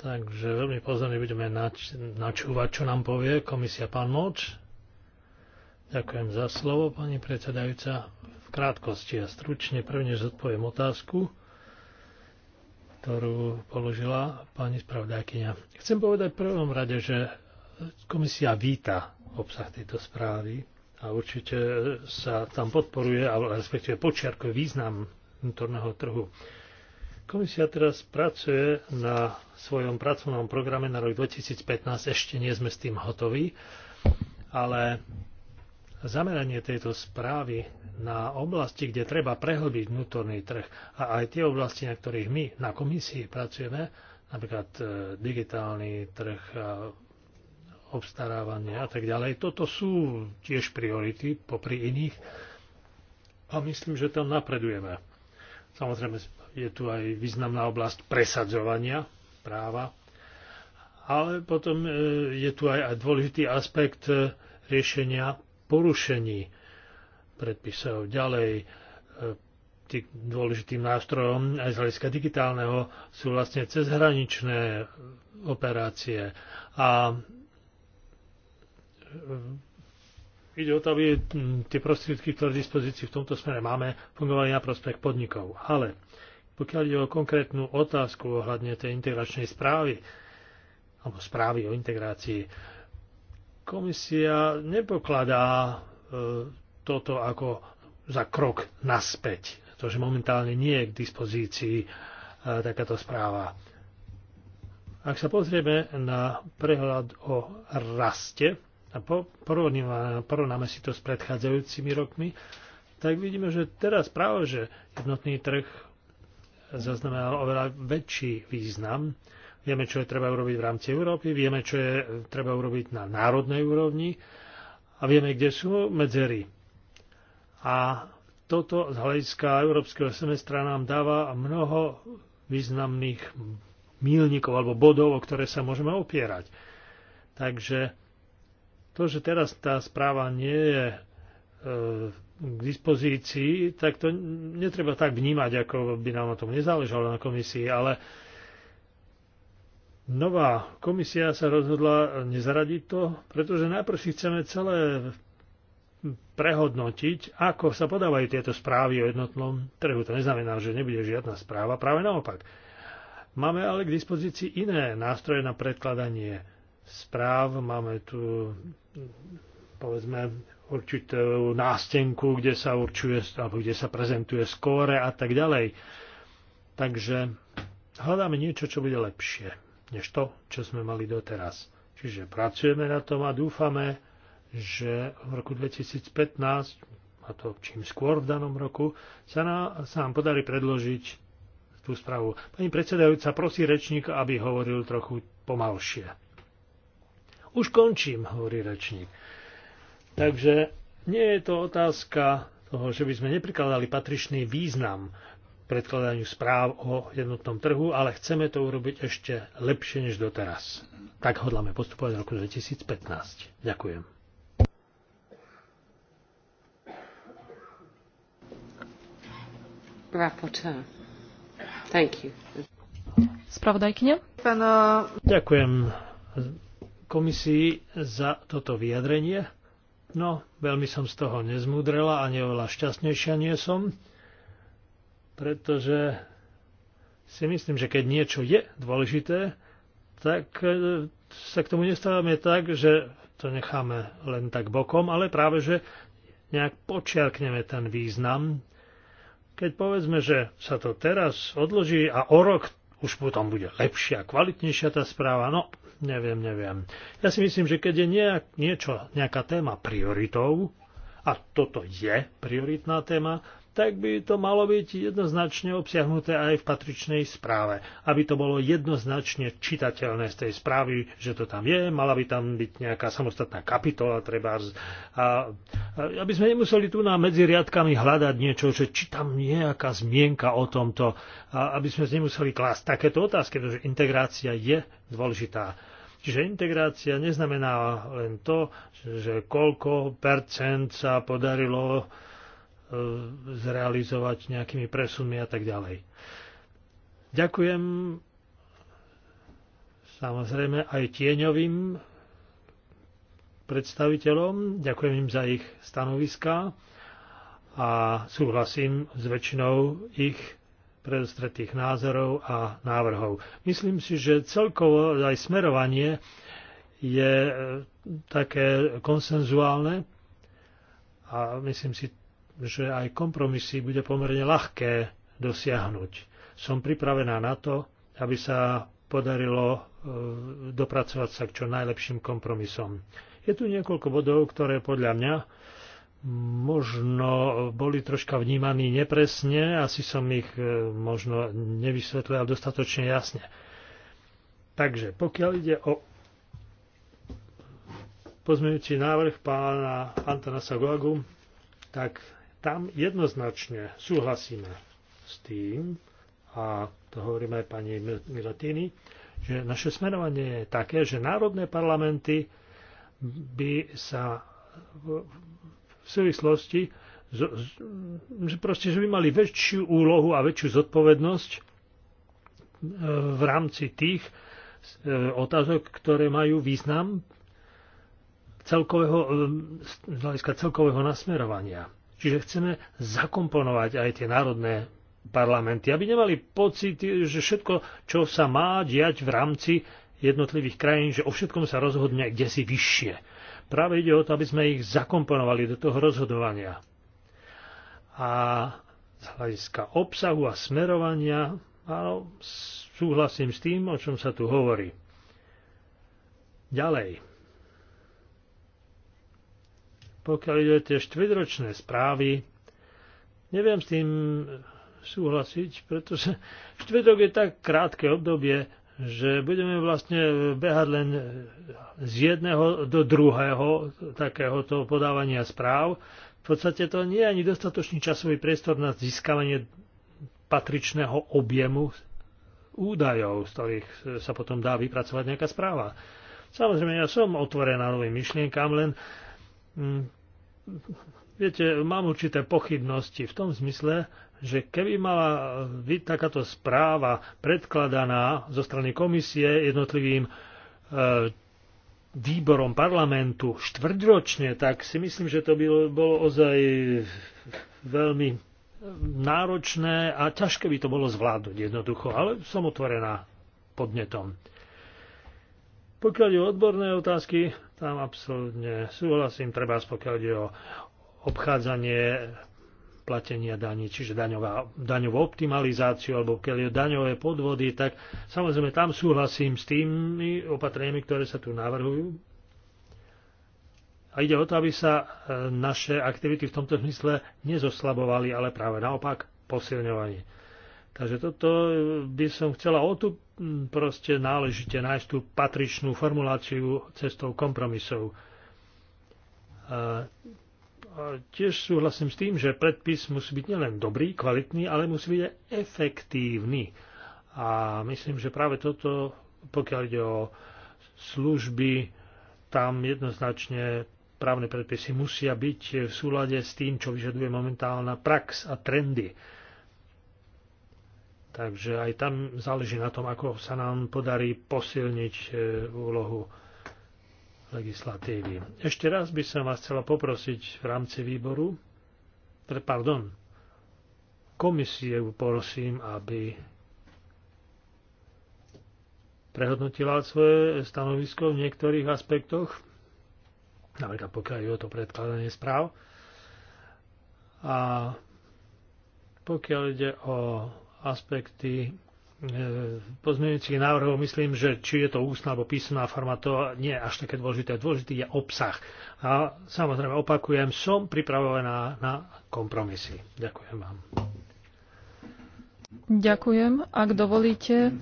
Takže veľmi pozorne budeme nač- načúvať, čo nám povie komisia pán Moč. Ďakujem za slovo, pani predsedajúca krátkosti a stručne, prvne zodpoviem otázku, ktorú položila pani spravodajkyňa. Chcem povedať v prvom rade, že komisia víta obsah tejto správy a určite sa tam podporuje, ale respektíve počiarkuje význam vnútorného trhu. Komisia teraz pracuje na svojom pracovnom programe na rok 2015. Ešte nie sme s tým hotoví, ale zameranie tejto správy na oblasti, kde treba prehlbiť vnútorný trh a aj tie oblasti, na ktorých my na komisii pracujeme, napríklad e, digitálny trh, obstarávanie a tak ďalej. Toto sú tiež priority popri iných a myslím, že tam napredujeme. Samozrejme, je tu aj významná oblasť presadzovania práva, ale potom e, je tu aj dôležitý aspekt e, riešenia porušení predpisov. Ďalej e, tým dôležitým nástrojom aj z hľadiska digitálneho sú vlastne cezhraničné operácie. A e, ide o to, aby tie prostriedky, ktoré v dispozícii v tomto smere máme, fungovali na prospech podnikov. Ale pokiaľ ide o konkrétnu otázku ohľadne tej integračnej správy, alebo správy o integrácii, komisia nepokladá e, toto ako za krok naspäť, to, že momentálne nie je k dispozícii e, takáto správa. Ak sa pozrieme na prehľad o raste a porovnáme si to s predchádzajúcimi rokmi, tak vidíme, že teraz práve, že jednotný trh zaznamenal oveľa väčší význam vieme, čo je treba urobiť v rámci Európy, vieme, čo je treba urobiť na národnej úrovni a vieme, kde sú medzery. A toto z hľadiska európskeho semestra nám dáva mnoho významných mílnikov alebo bodov, o ktoré sa môžeme opierať. Takže to, že teraz tá správa nie je e, k dispozícii, tak to netreba tak vnímať, ako by nám na tom nezáležalo na komisii, ale nová komisia sa rozhodla nezaradiť to, pretože najprv si chceme celé prehodnotiť, ako sa podávajú tieto správy o jednotnom trhu. To neznamená, že nebude žiadna správa, práve naopak. Máme ale k dispozícii iné nástroje na predkladanie správ. Máme tu, povedzme, určitú nástenku, kde sa určuje, alebo kde sa prezentuje skóre a tak ďalej. Takže hľadáme niečo, čo bude lepšie než to, čo sme mali doteraz. Čiže pracujeme na tom a dúfame, že v roku 2015, a to čím skôr v danom roku, sa nám, sa nám podarí predložiť tú správu. Pani predsedajúca prosí rečník, aby hovoril trochu pomalšie. Už končím, hovorí rečník. Takže nie je to otázka toho, že by sme neprikladali patričný význam predkladaniu správ o jednotnom trhu, ale chceme to urobiť ešte lepšie než doteraz. Tak hodláme postupovať v roku 2015. Ďakujem. Rapporteur. Spravodajkyňa? Ďakujem komisii za toto vyjadrenie. No, veľmi som z toho nezmúdrela a neoveľa šťastnejšia nie som pretože si myslím, že keď niečo je dôležité, tak e, sa k tomu nestávame tak, že to necháme len tak bokom, ale práve, že nejak počiarkneme ten význam. Keď povedzme, že sa to teraz odloží a o rok už potom bude lepšia, kvalitnejšia tá správa, no neviem, neviem. Ja si myslím, že keď je nejak, niečo, nejaká téma prioritou, a toto je prioritná téma, tak by to malo byť jednoznačne obsiahnuté aj v patričnej správe, aby to bolo jednoznačne čitateľné z tej správy, že to tam je, mala by tam byť nejaká samostatná kapitola, treba a, aby sme nemuseli tu na medzi riadkami hľadať niečo, že či tam nejaká zmienka o tomto, a aby sme nemuseli klásť takéto otázky, pretože integrácia je dôležitá. Čiže integrácia neznamená len to, že koľko percent sa podarilo E, zrealizovať nejakými presunmi a tak ďalej. Ďakujem samozrejme aj tieňovým predstaviteľom, ďakujem im za ich stanoviská a súhlasím s väčšinou ich predostretých názorov a návrhov. Myslím si, že celkovo aj smerovanie je také konsenzuálne a myslím si, že aj kompromisy bude pomerne ľahké dosiahnuť. Som pripravená na to, aby sa podarilo e, dopracovať sa k čo najlepším kompromisom. Je tu niekoľko bodov, ktoré podľa mňa možno boli troška vnímaní nepresne, asi som ich e, možno nevysvetlil dostatočne jasne. Takže pokiaľ ide o pozmeňujúci návrh pána Antona Sagoagu, tak tam jednoznačne súhlasíme s tým, a to hovoríme aj pani Milatini, že naše smerovanie je také, že národné parlamenty by sa v súvislosti, že proste, že by mali väčšiu úlohu a väčšiu zodpovednosť e, v rámci tých e, otázok, ktoré majú význam celkového, e, z hľadiska celkového nasmerovania. Čiže chceme zakomponovať aj tie národné parlamenty, aby nemali pocit, že všetko, čo sa má diať v rámci jednotlivých krajín, že o všetkom sa rozhodne kde si vyššie. Práve ide o to, aby sme ich zakomponovali do toho rozhodovania. A z hľadiska obsahu a smerovania, áno, súhlasím s tým, o čom sa tu hovorí. Ďalej pokiaľ ide tie štvedročné správy, neviem s tým súhlasiť, pretože štvedok je tak krátke obdobie, že budeme vlastne behať len z jedného do druhého takéhoto podávania správ. V podstate to nie je ani dostatočný časový priestor na získavanie patričného objemu údajov, z ktorých sa potom dá vypracovať nejaká správa. Samozrejme, ja som otvorená novým myšlienkam, len Mm. Viete, mám určité pochybnosti v tom zmysle, že keby mala byť takáto správa predkladaná zo strany komisie jednotlivým e, výborom parlamentu štvrťročne, tak si myslím, že to by bolo ozaj veľmi náročné a ťažké by to bolo zvládnuť jednoducho, ale som otvorená podnetom. Pokiaľ je odborné otázky, tam absolútne súhlasím, treba pokiaľ ide o obchádzanie platenia daní, čiže daňová, daňovú optimalizáciu alebo keď je daňové podvody, tak samozrejme tam súhlasím s tými opatreniami, ktoré sa tu navrhujú. A ide o to, aby sa e, naše aktivity v tomto zmysle nezoslabovali, ale práve naopak posilňovali. Takže toto eh, by som chcela o tu hm, proste náležite nájsť tú patričnú formuláciu cestou kompromisov. A, a tiež súhlasím s tým, že predpis musí byť nielen dobrý, kvalitný, ale musí byť aj efektívny. A myslím, že práve toto, pokiaľ ide o služby, tam jednoznačne právne predpisy musia byť v súlade s tým, čo vyžaduje momentálna prax a trendy. Takže aj tam záleží na tom, ako sa nám podarí posilniť e, úlohu legislatívy. Ešte raz by som vás chcela poprosiť v rámci výboru, pardon, komisie prosím, aby prehodnotila svoje stanovisko v niektorých aspektoch, napríklad pokiaľ je o to predkladanie správ. A pokiaľ ide o aspekty e, pozmeňujúcich návrhov, myslím, že či je to ústna alebo písomná forma, to nie je až také dôležité. Dôležitý je obsah. A samozrejme, opakujem, som pripravená na kompromisy. Ďakujem vám. Ďakujem. Ak dovolíte,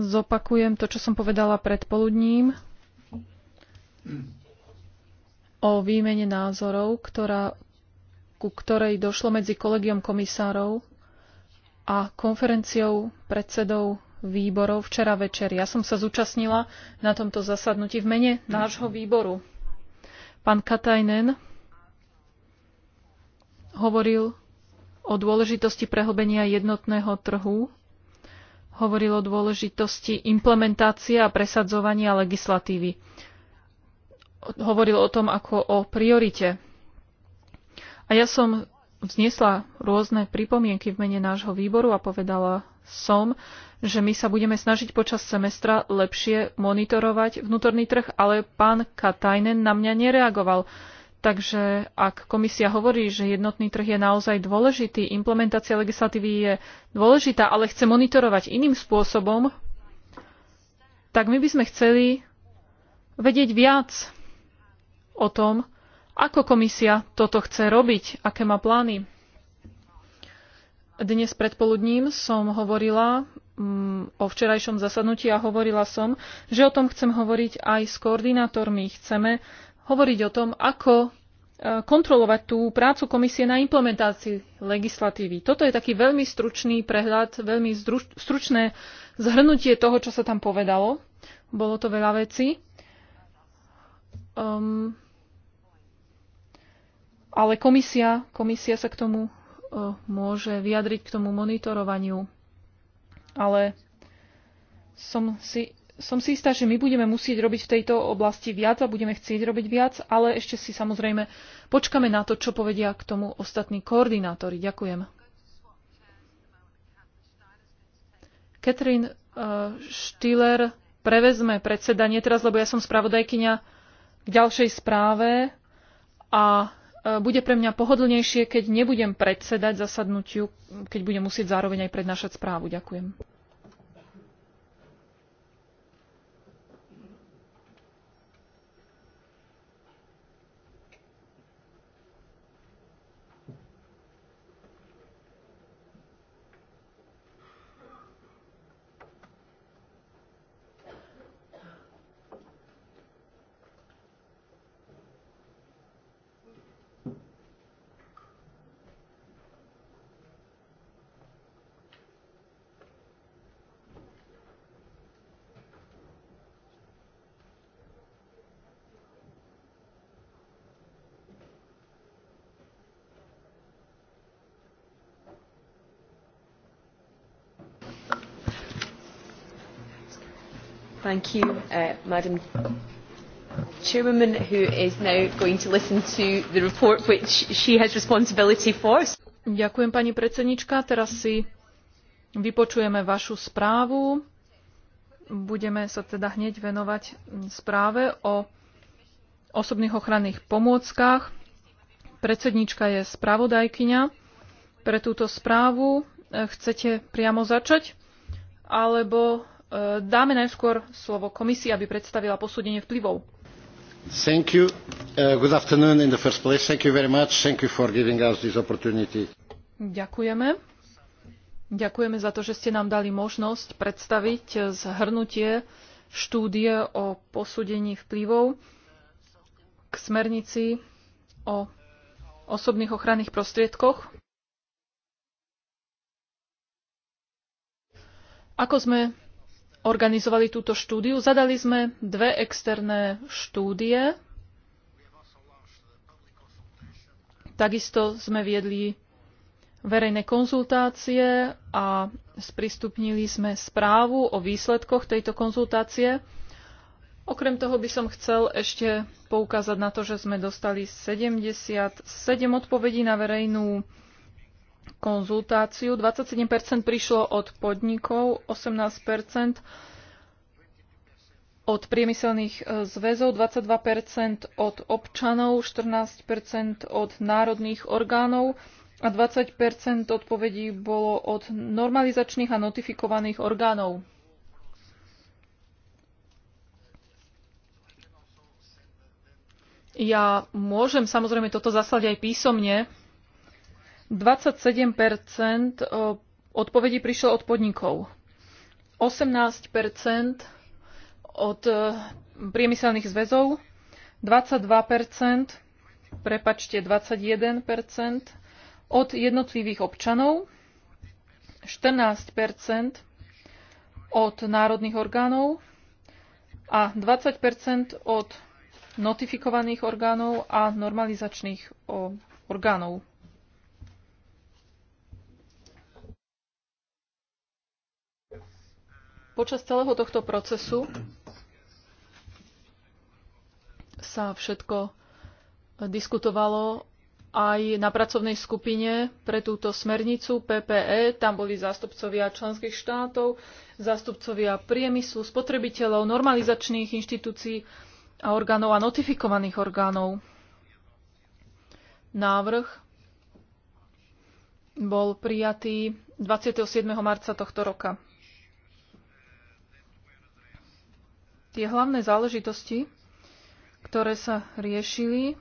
zopakujem to, čo som povedala predpoludním o výmene názorov, ktorá, ku ktorej došlo medzi kolegiom komisárov a konferenciou predsedov výborov včera večer. Ja som sa zúčastnila na tomto zasadnutí v mene nášho výboru. Pán Katajnen hovoril o dôležitosti prehlbenia jednotného trhu, hovoril o dôležitosti implementácie a presadzovania legislatívy. Hovoril o tom ako o priorite. A ja som vzniesla rôzne pripomienky v mene nášho výboru a povedala som, že my sa budeme snažiť počas semestra lepšie monitorovať vnútorný trh, ale pán Katajnen na mňa nereagoval. Takže ak komisia hovorí, že jednotný trh je naozaj dôležitý, implementácia legislatívy je dôležitá, ale chce monitorovať iným spôsobom, tak my by sme chceli vedieť viac o tom, ako komisia toto chce robiť? Aké má plány? Dnes predpoludním som hovorila mm, o včerajšom zasadnutí a hovorila som, že o tom chcem hovoriť aj s koordinátormi. Chceme hovoriť o tom, ako e, kontrolovať tú prácu komisie na implementácii legislatívy. Toto je taký veľmi stručný prehľad, veľmi stručné zhrnutie toho, čo sa tam povedalo. Bolo to veľa vecí. Um, ale komisia, komisia sa k tomu e, môže vyjadriť k tomu monitorovaniu. Ale som si, som si istá, že my budeme musieť robiť v tejto oblasti viac a budeme chcieť robiť viac, ale ešte si samozrejme počkame na to, čo povedia k tomu ostatní koordinátori. Ďakujem. Katrin e, Stiller prevezme predsedanie teraz, lebo ja som spravodajkyňa k ďalšej správe a E, bude pre mňa pohodlnejšie, keď nebudem predsedať zasadnutiu, keď budem musieť zároveň aj prednášať správu. Ďakujem. thank you, uh, Madam Chairwoman, who is now going to listen to the report which she has responsibility for. Ďakujem, pani predsednička. Teraz si vypočujeme vašu správu. Budeme sa teda hneď venovať správe o osobných ochranných pomôckach. Predsednička je spravodajkyňa pre túto správu. Chcete priamo začať? Alebo E, dáme najskôr slovo komisii, aby predstavila posúdenie vplyvov. Thank you. Uh, good afternoon in the first place. Thank you very much. Thank you for giving us this opportunity. Ďakujeme. Ďakujeme za to, že ste nám dali možnosť predstaviť zhrnutie štúdie o posúdení vplyvov k smernici o osobných ochranných prostriedkoch. Ako sme organizovali túto štúdiu. Zadali sme dve externé štúdie. Takisto sme viedli verejné konzultácie a sprístupnili sme správu o výsledkoch tejto konzultácie. Okrem toho by som chcel ešte poukázať na to, že sme dostali 77 odpovedí na verejnú konzultáciu. 27% prišlo od podnikov, 18% od priemyselných e, zväzov, 22% od občanov, 14% od národných orgánov a 20% odpovedí bolo od normalizačných a notifikovaných orgánov. Ja môžem samozrejme toto zaslať aj písomne, 27 e, odpovedí prišlo od podnikov, 18 od e, priemyselných zväzov, 22 prepačte 21 od jednotlivých občanov, 14 od národných orgánov a 20 od notifikovaných orgánov a normalizačných orgánov. Počas celého tohto procesu sa všetko diskutovalo aj na pracovnej skupine pre túto smernicu PPE. Tam boli zástupcovia členských štátov, zástupcovia priemyslu, spotrebiteľov, normalizačných inštitúcií a orgánov a notifikovaných orgánov. Návrh bol prijatý 27. marca tohto roka. Tie hlavné záležitosti, ktoré sa riešili,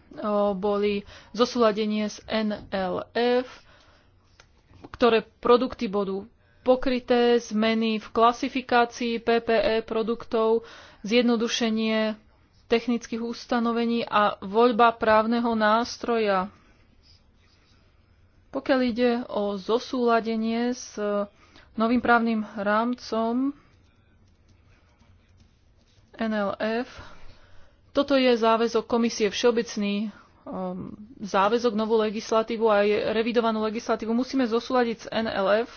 boli zosúladenie z NLF, ktoré produkty budú pokryté, zmeny v klasifikácii PPE produktov, zjednodušenie technických ustanovení a voľba právneho nástroja. Pokiaľ ide o zosúladenie s novým právnym rámcom, NLF. Toto je záväzok komisie všeobecný, um, záväzok novú legislatívu a aj revidovanú legislatívu musíme zosúľadiť s NLF.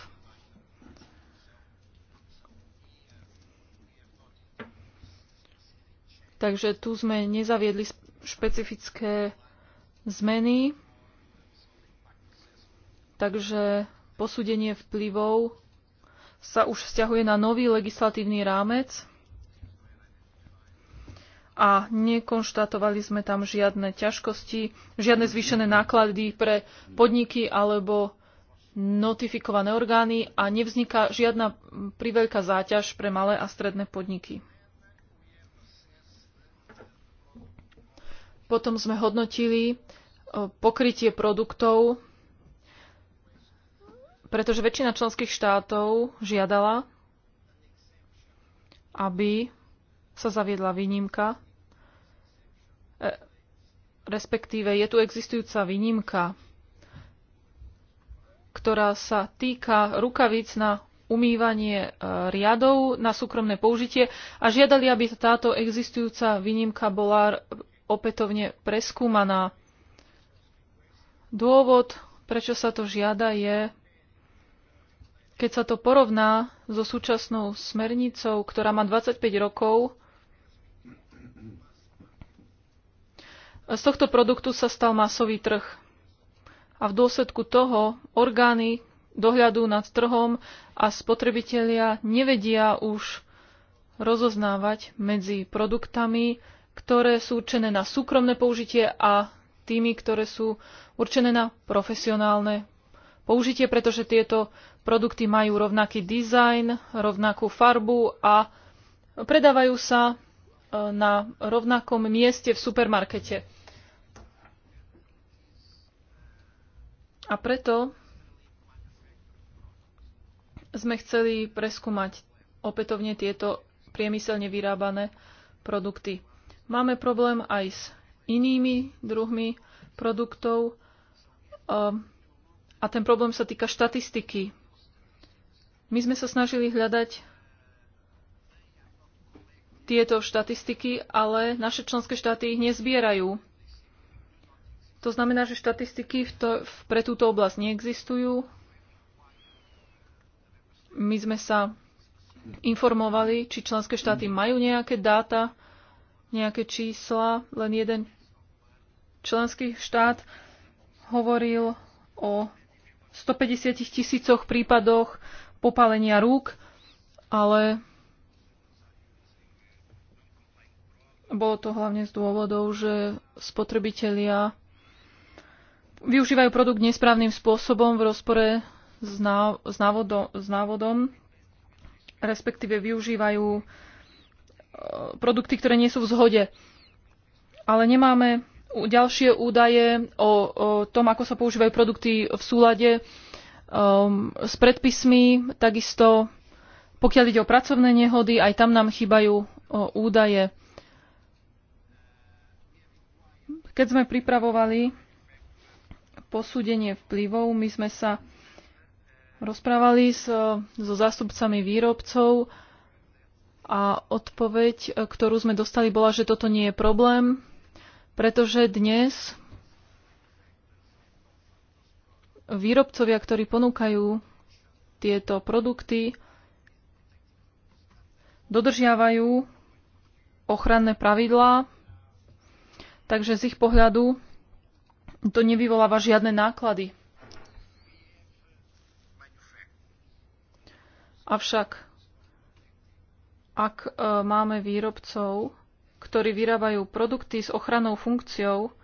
Takže tu sme nezaviedli špecifické zmeny. Takže posúdenie vplyvov sa už vzťahuje na nový legislatívny rámec a nekonštatovali sme tam žiadne ťažkosti, žiadne zvýšené náklady pre podniky alebo notifikované orgány a nevzniká žiadna priveľká záťaž pre malé a stredné podniky. Potom sme hodnotili e, pokrytie produktov, pretože väčšina členských štátov žiadala, aby sa zaviedla výnimka E, respektíve je tu existujúca výnimka, ktorá sa týka rukavíc na umývanie e, riadov na súkromné použitie a žiadali, aby táto existujúca výnimka bola opätovne preskúmaná. Dôvod, prečo sa to žiada, je, keď sa to porovná so súčasnou smernicou, ktorá má 25 rokov, Z tohto produktu sa stal masový trh. A v dôsledku toho orgány dohľadu nad trhom a spotrebitelia nevedia už rozoznávať medzi produktami, ktoré sú určené na súkromné použitie a tými, ktoré sú určené na profesionálne použitie, pretože tieto produkty majú rovnaký dizajn, rovnakú farbu a predávajú sa na rovnakom mieste v supermarkete. A preto sme chceli preskúmať opätovne tieto priemyselne vyrábané produkty. Máme problém aj s inými druhmi produktov um, a ten problém sa týka štatistiky. My sme sa snažili hľadať tieto štatistiky, ale naše členské štáty ich nezbierajú. To znamená, že štatistiky v to, v, pre túto oblasť neexistujú. My sme sa informovali, či členské štáty majú nejaké dáta, nejaké čísla. Len jeden členský štát hovoril o 150 tisícoch prípadoch popálenia rúk, ale Bolo to hlavne z dôvodov, že spotrebitelia využívajú produkt nesprávnym spôsobom v rozpore s, ná, s, návodom, s návodom, respektíve využívajú e, produkty, ktoré nie sú v zhode. Ale nemáme ďalšie údaje o, o tom, ako sa používajú produkty v súlade um, s predpismi. Takisto, pokiaľ ide o pracovné nehody, aj tam nám chýbajú o, e, údaje. Keď sme pripravovali posúdenie vplyvov, my sme sa rozprávali s, so zástupcami výrobcov a odpoveď, ktorú sme dostali, bola, že toto nie je problém, pretože dnes výrobcovia, ktorí ponúkajú tieto produkty, dodržiavajú ochranné pravidlá Takže z ich pohľadu to nevyvoláva žiadne náklady. Avšak, ak e, máme výrobcov, ktorí vyrábajú produkty s ochranou funkciou,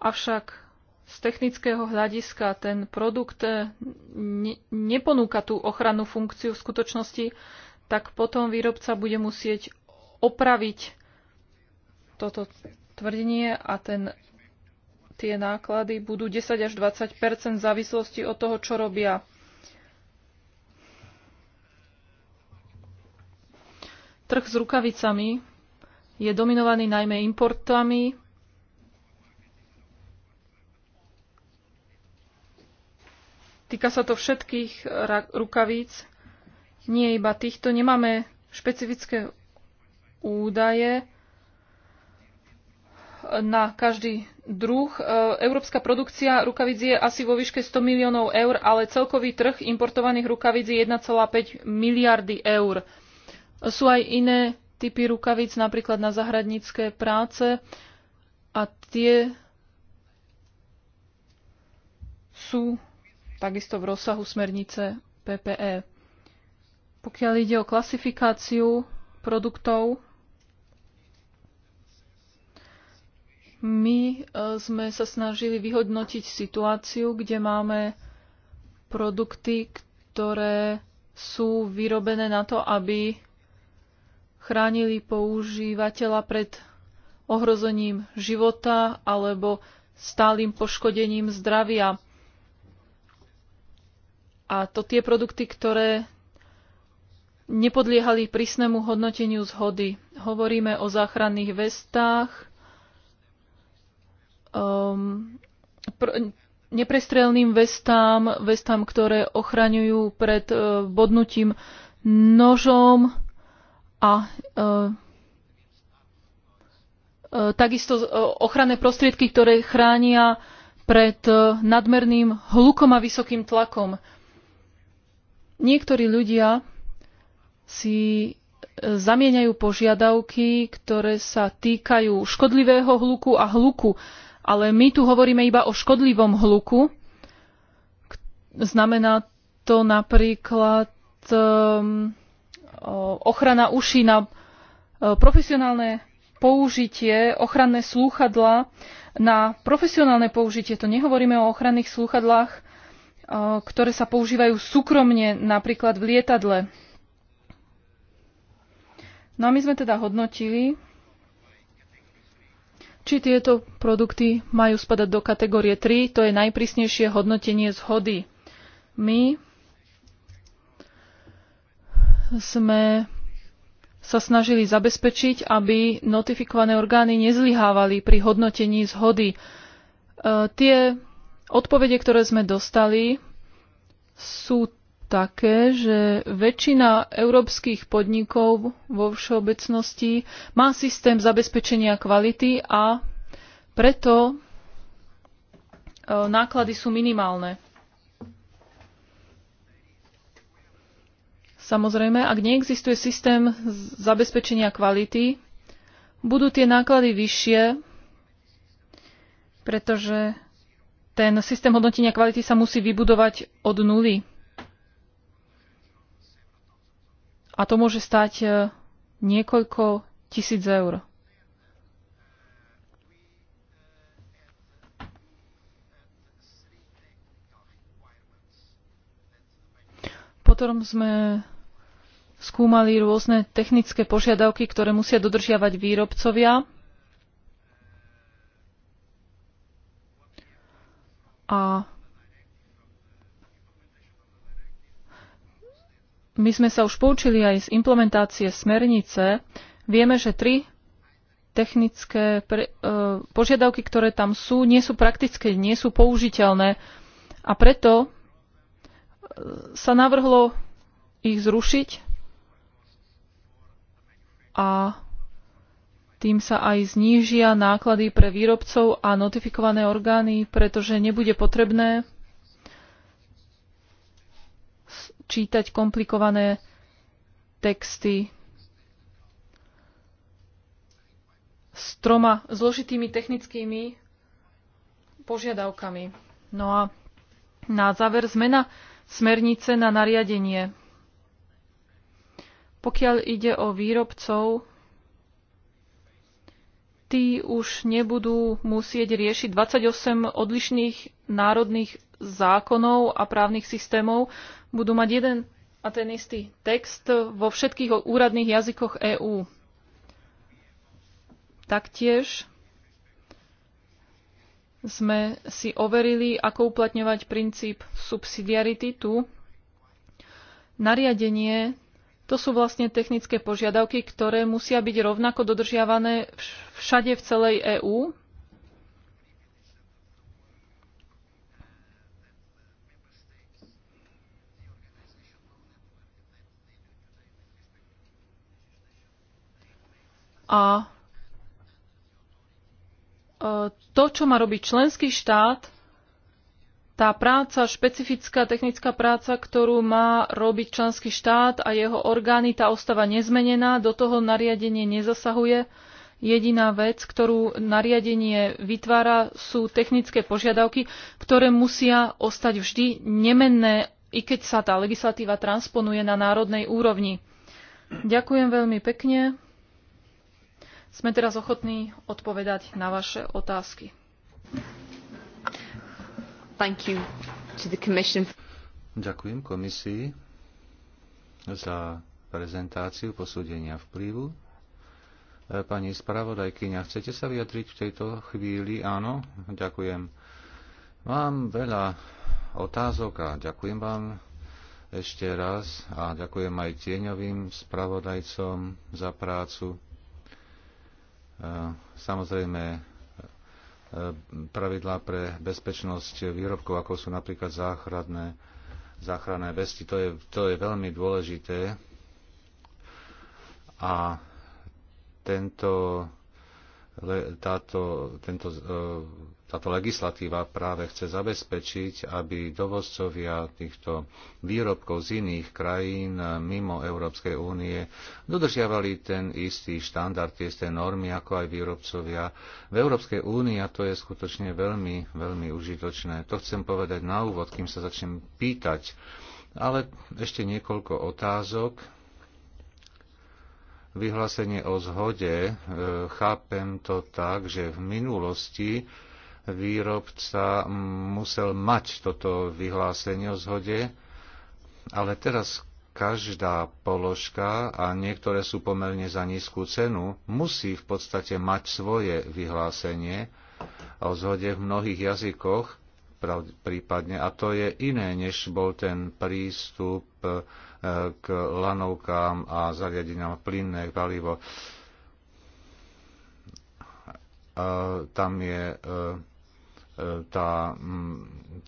avšak z technického hľadiska ten produkt e, ne, neponúka tú ochrannú funkciu v skutočnosti, tak potom výrobca bude musieť opraviť toto tvrdenie a ten, tie náklady budú 10 až 20 v závislosti od toho, čo robia. Trh s rukavicami je dominovaný najmä importami Týka sa to všetkých rukavíc, nie iba týchto. Nemáme špecifické údaje na každý druh. E, európska produkcia rukavic je asi vo výške 100 miliónov eur, ale celkový trh importovaných rukavic je 1,5 miliardy eur. Sú aj iné typy rukavic, napríklad na zahradnícke práce a tie sú takisto v rozsahu smernice PPE. Pokiaľ ide o klasifikáciu produktov, My e, sme sa snažili vyhodnotiť situáciu, kde máme produkty, ktoré sú vyrobené na to, aby chránili používateľa pred ohrozením života alebo stálym poškodením zdravia. A to tie produkty, ktoré nepodliehali prísnemu hodnoteniu zhody. Hovoríme o záchranných vestách, um, pr- neprestrelným vestám, vestám, ktoré ochraňujú pred uh, bodnutím nožom a uh, uh takisto uh, ochranné prostriedky, ktoré chránia pred uh, nadmerným hlukom a vysokým tlakom. Niektorí ľudia si zamieňajú požiadavky, ktoré sa týkajú škodlivého hluku a hluku ale my tu hovoríme iba o škodlivom hluku. Znamená to napríklad um, ochrana uší na e, profesionálne použitie, ochranné slúchadlá na profesionálne použitie. To nehovoríme o ochranných slúchadlách, e, ktoré sa používajú súkromne, napríklad v lietadle. No a my sme teda hodnotili, či tieto produkty majú spadať do kategórie 3, to je najprísnejšie hodnotenie zhody. My sme sa snažili zabezpečiť, aby notifikované orgány nezlyhávali pri hodnotení zhody. E, tie odpovede, ktoré sme dostali, sú také, že väčšina európskych podnikov vo všeobecnosti má systém zabezpečenia kvality a preto e, náklady sú minimálne. Samozrejme, ak neexistuje systém zabezpečenia kvality, budú tie náklady vyššie, pretože ten systém hodnotenia kvality sa musí vybudovať od nuly. A to môže stať e, niekoľko tisíc eur. Potom sme skúmali rôzne technické požiadavky, ktoré musia dodržiavať výrobcovia. A My sme sa už poučili aj z implementácie smernice. Vieme, že tri technické pre, e, požiadavky, ktoré tam sú, nie sú praktické, nie sú použiteľné a preto e, sa navrhlo ich zrušiť a tým sa aj znížia náklady pre výrobcov a notifikované orgány, pretože nebude potrebné čítať komplikované texty s troma zložitými technickými požiadavkami. No a na záver zmena smernice na nariadenie. Pokiaľ ide o výrobcov, tí už nebudú musieť riešiť 28 odlišných národných zákonov a právnych systémov budú mať jeden a ten istý text vo všetkých úradných jazykoch EÚ. Taktiež sme si overili, ako uplatňovať princíp subsidiarity tu. Nariadenie to sú vlastne technické požiadavky, ktoré musia byť rovnako dodržiavané všade v celej EÚ, A to, čo má robiť členský štát, tá práca, špecifická technická práca, ktorú má robiť členský štát a jeho orgány, tá ostáva nezmenená, do toho nariadenie nezasahuje. Jediná vec, ktorú nariadenie vytvára, sú technické požiadavky, ktoré musia ostať vždy nemenné, i keď sa tá legislatíva transponuje na národnej úrovni. Ďakujem veľmi pekne. Sme teraz ochotní odpovedať na vaše otázky. Thank you to the commission. Ďakujem komisii za prezentáciu posúdenia vplyvu. E, pani spravodajkyňa, chcete sa vyjadriť v tejto chvíli? Áno, ďakujem. Mám veľa otázok a ďakujem vám ešte raz a ďakujem aj tieňovým spravodajcom za prácu. E, samozrejme, e, pravidlá pre bezpečnosť výrobkov, ako sú napríklad záchranné, záchranné vesty, to je, to je veľmi dôležité. A tento táto, tento, e, táto legislatíva práve chce zabezpečiť, aby dovozcovia týchto výrobkov z iných krajín mimo Európskej únie dodržiavali ten istý štandard, tie isté normy, ako aj výrobcovia v Európskej únii a to je skutočne veľmi, veľmi užitočné. To chcem povedať na úvod, kým sa začnem pýtať. Ale ešte niekoľko otázok vyhlásenie o zhode, e, chápem to tak, že v minulosti výrobca musel mať toto vyhlásenie o zhode, ale teraz každá položka, a niektoré sú pomerne za nízku cenu, musí v podstate mať svoje vyhlásenie o zhode v mnohých jazykoch, prípadne, a to je iné, než bol ten prístup k lanovkám a zariadeniam plynné palivo. Tam je e, e, tá,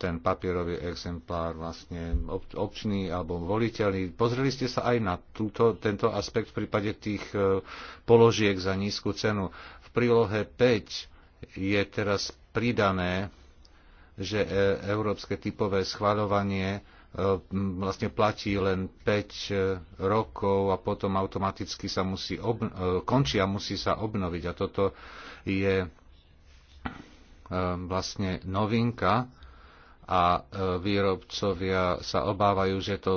ten papierový exemplár vlastne občný alebo voliteľný. Pozreli ste sa aj na túto, tento aspekt v prípade tých e, položiek za nízku cenu. V prílohe 5 je teraz pridané, že európske typové schváľovanie Ehm, vlastne platí len 5 e, rokov a potom automaticky sa musí obno- e, končí a musí sa obnoviť. A toto je ehm, vlastne novinka a e, výrobcovia sa obávajú, že to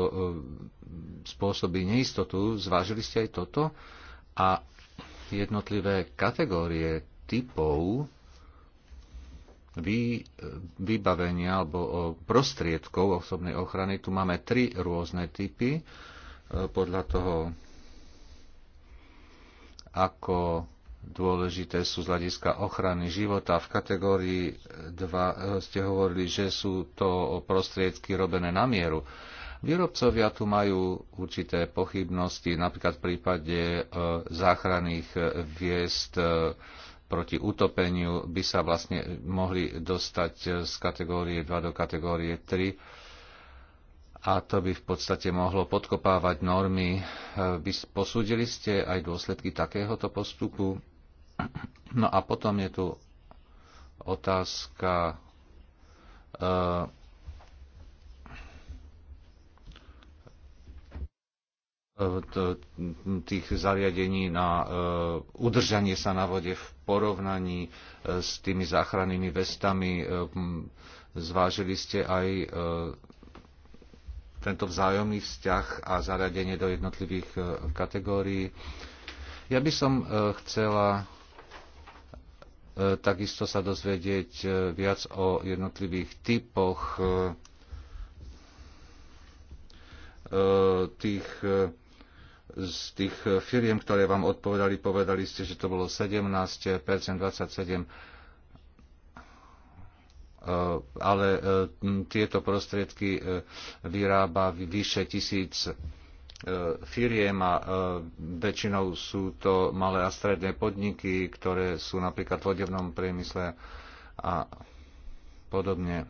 spôsobí neistotu. Zvážili ste aj toto? A jednotlivé kategórie typov vybavenia alebo prostriedkov osobnej ochrany. Tu máme tri rôzne typy e, podľa toho, ako dôležité sú z hľadiska ochrany života. V kategórii 2 e, ste hovorili, že sú to prostriedky robené na mieru. Výrobcovia tu majú určité pochybnosti, napríklad v prípade e, záchranných viest proti utopeniu by sa vlastne mohli dostať z kategórie 2 do kategórie 3 a to by v podstate mohlo podkopávať normy. By posúdili ste aj dôsledky takéhoto postupu? No a potom je tu otázka e, E, tých zariadení na e, udržanie sa na vode v porovnaní e, s tými záchrannými vestami. Zvážili ste aj tento vzájomný vzťah a zariadenie do jednotlivých kategórií. Ja by som chcela takisto sa dozvedieť viac o jednotlivých typoch tých z tých eh, firiem, ktoré vám odpovedali, povedali ste, že to bolo 17%, 27%, eh, ale eh, tieto prostriedky vyrába vyše tisíc firiem a väčšinou sú to malé a stredné podniky, ktoré sú napríklad v odevnom priemysle a podobne.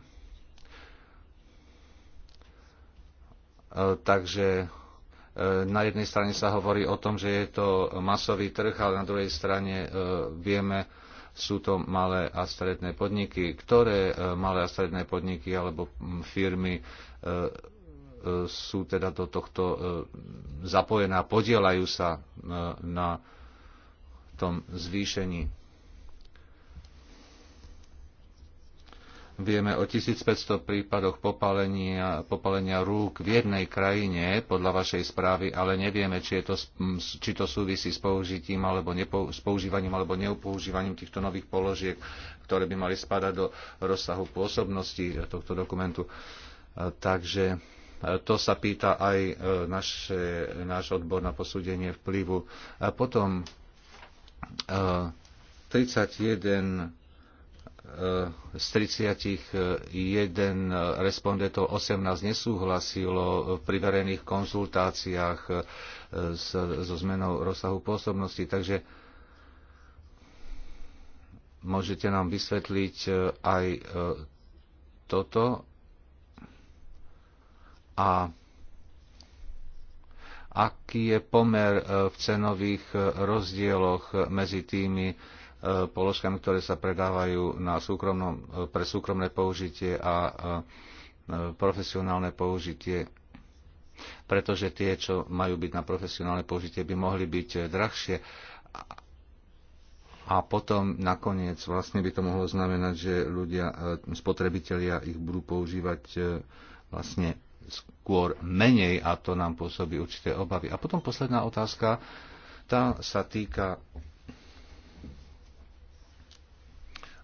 Takže E, na jednej strane sa hovorí o tom, že je to masový trh, ale na druhej strane e, vieme, sú to malé a stredné podniky. Ktoré e, malé a stredné podniky alebo firmy sú teda do tohto zapojené a podielajú sa na tom zvýšení Vieme o 1500 prípadoch popalenia, popalenia rúk v jednej krajine podľa vašej správy, ale nevieme, či, je to, či to súvisí s, použitím alebo nepo, s používaním alebo neupoužívaním týchto nových položiek, ktoré by mali spadať do rozsahu pôsobnosti tohto dokumentu. E, takže e, to sa pýta aj e, naše, náš odbor na posúdenie vplyvu. A potom 31 Eh, z 31 eh, eh, respondentov 18 nesúhlasilo pri verejných konzultáciách so zmenou rozsahu pôsobnosti. Takže môžete nám vysvetliť aj toto. A aký je pomer v cenových rozdieloch medzi tými E, položkami, ktoré sa predávajú na súkromnom, e, pre súkromné použitie a e, profesionálne použitie, pretože tie, čo majú byť na profesionálne použitie, by mohli byť drahšie. A potom nakoniec vlastne by to mohlo znamenať, že ľudia, spotrebitelia ich budú používať vlastne skôr menej a to nám pôsobí určité obavy. A potom posledná otázka, tá sa týka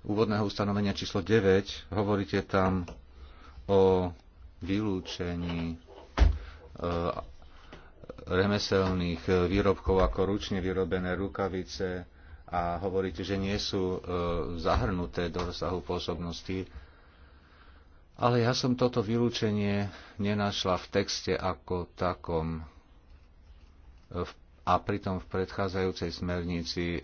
úvodného ustanovenia číslo 9 hovoríte tam o vylúčení eh, remeselných výrobkov ako ručne vyrobené rukavice a hovoríte, že nie sú eh, zahrnuté do rozsahu pôsobnosti. Ale ja som toto vylúčenie nenašla v texte ako takom a pritom v predchádzajúcej smernici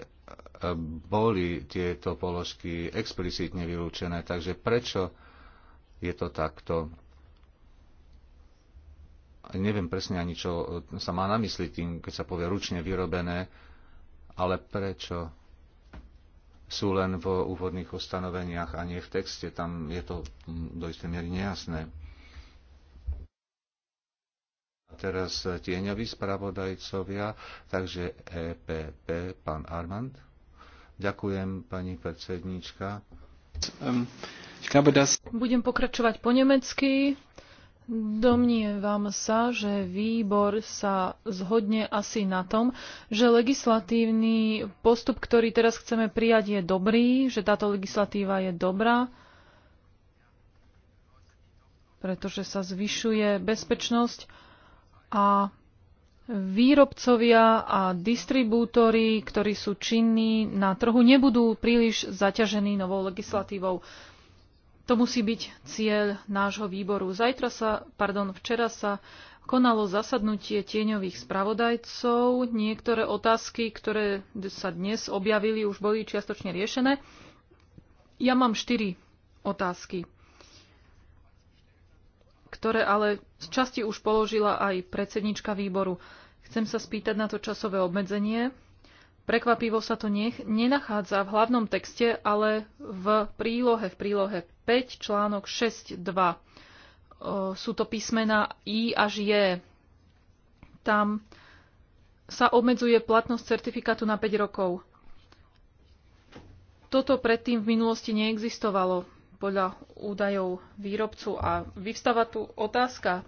boli tieto položky explicitne vylúčené. Takže prečo je to takto? Neviem presne ani, čo sa má na mysli tým, keď sa povie ručne vyrobené, ale prečo sú len v úvodných ustanoveniach a nie v texte. Tam je to do istej miery nejasné. A teraz tieňoví spravodajcovia, takže EPP, pán Armand. Ďakujem, pani predsednička. Ehm, Budem pokračovať po nemecky. Domnievam sa, že výbor sa zhodne asi na tom, že legislatívny postup, ktorý teraz chceme prijať, je dobrý, že táto legislatíva je dobrá, pretože sa zvyšuje bezpečnosť a výrobcovia a distribútory, ktorí sú činní na trhu, nebudú príliš zaťažení novou legislatívou. To musí byť cieľ nášho výboru. Zajtra sa, pardon, včera sa konalo zasadnutie tieňových spravodajcov. Niektoré otázky, ktoré sa dnes objavili, už boli čiastočne riešené. Ja mám štyri otázky ktoré ale z časti už položila aj predsednička výboru. Chcem sa spýtať na to časové obmedzenie. Prekvapivo sa to nech, nenachádza v hlavnom texte, ale v prílohe, v prílohe 5, článok 6 2, Sú to písmena I až J. Tam sa obmedzuje platnosť certifikátu na 5 rokov. Toto predtým v minulosti neexistovalo podľa údajov výrobcu. A vyvstáva tu otázka,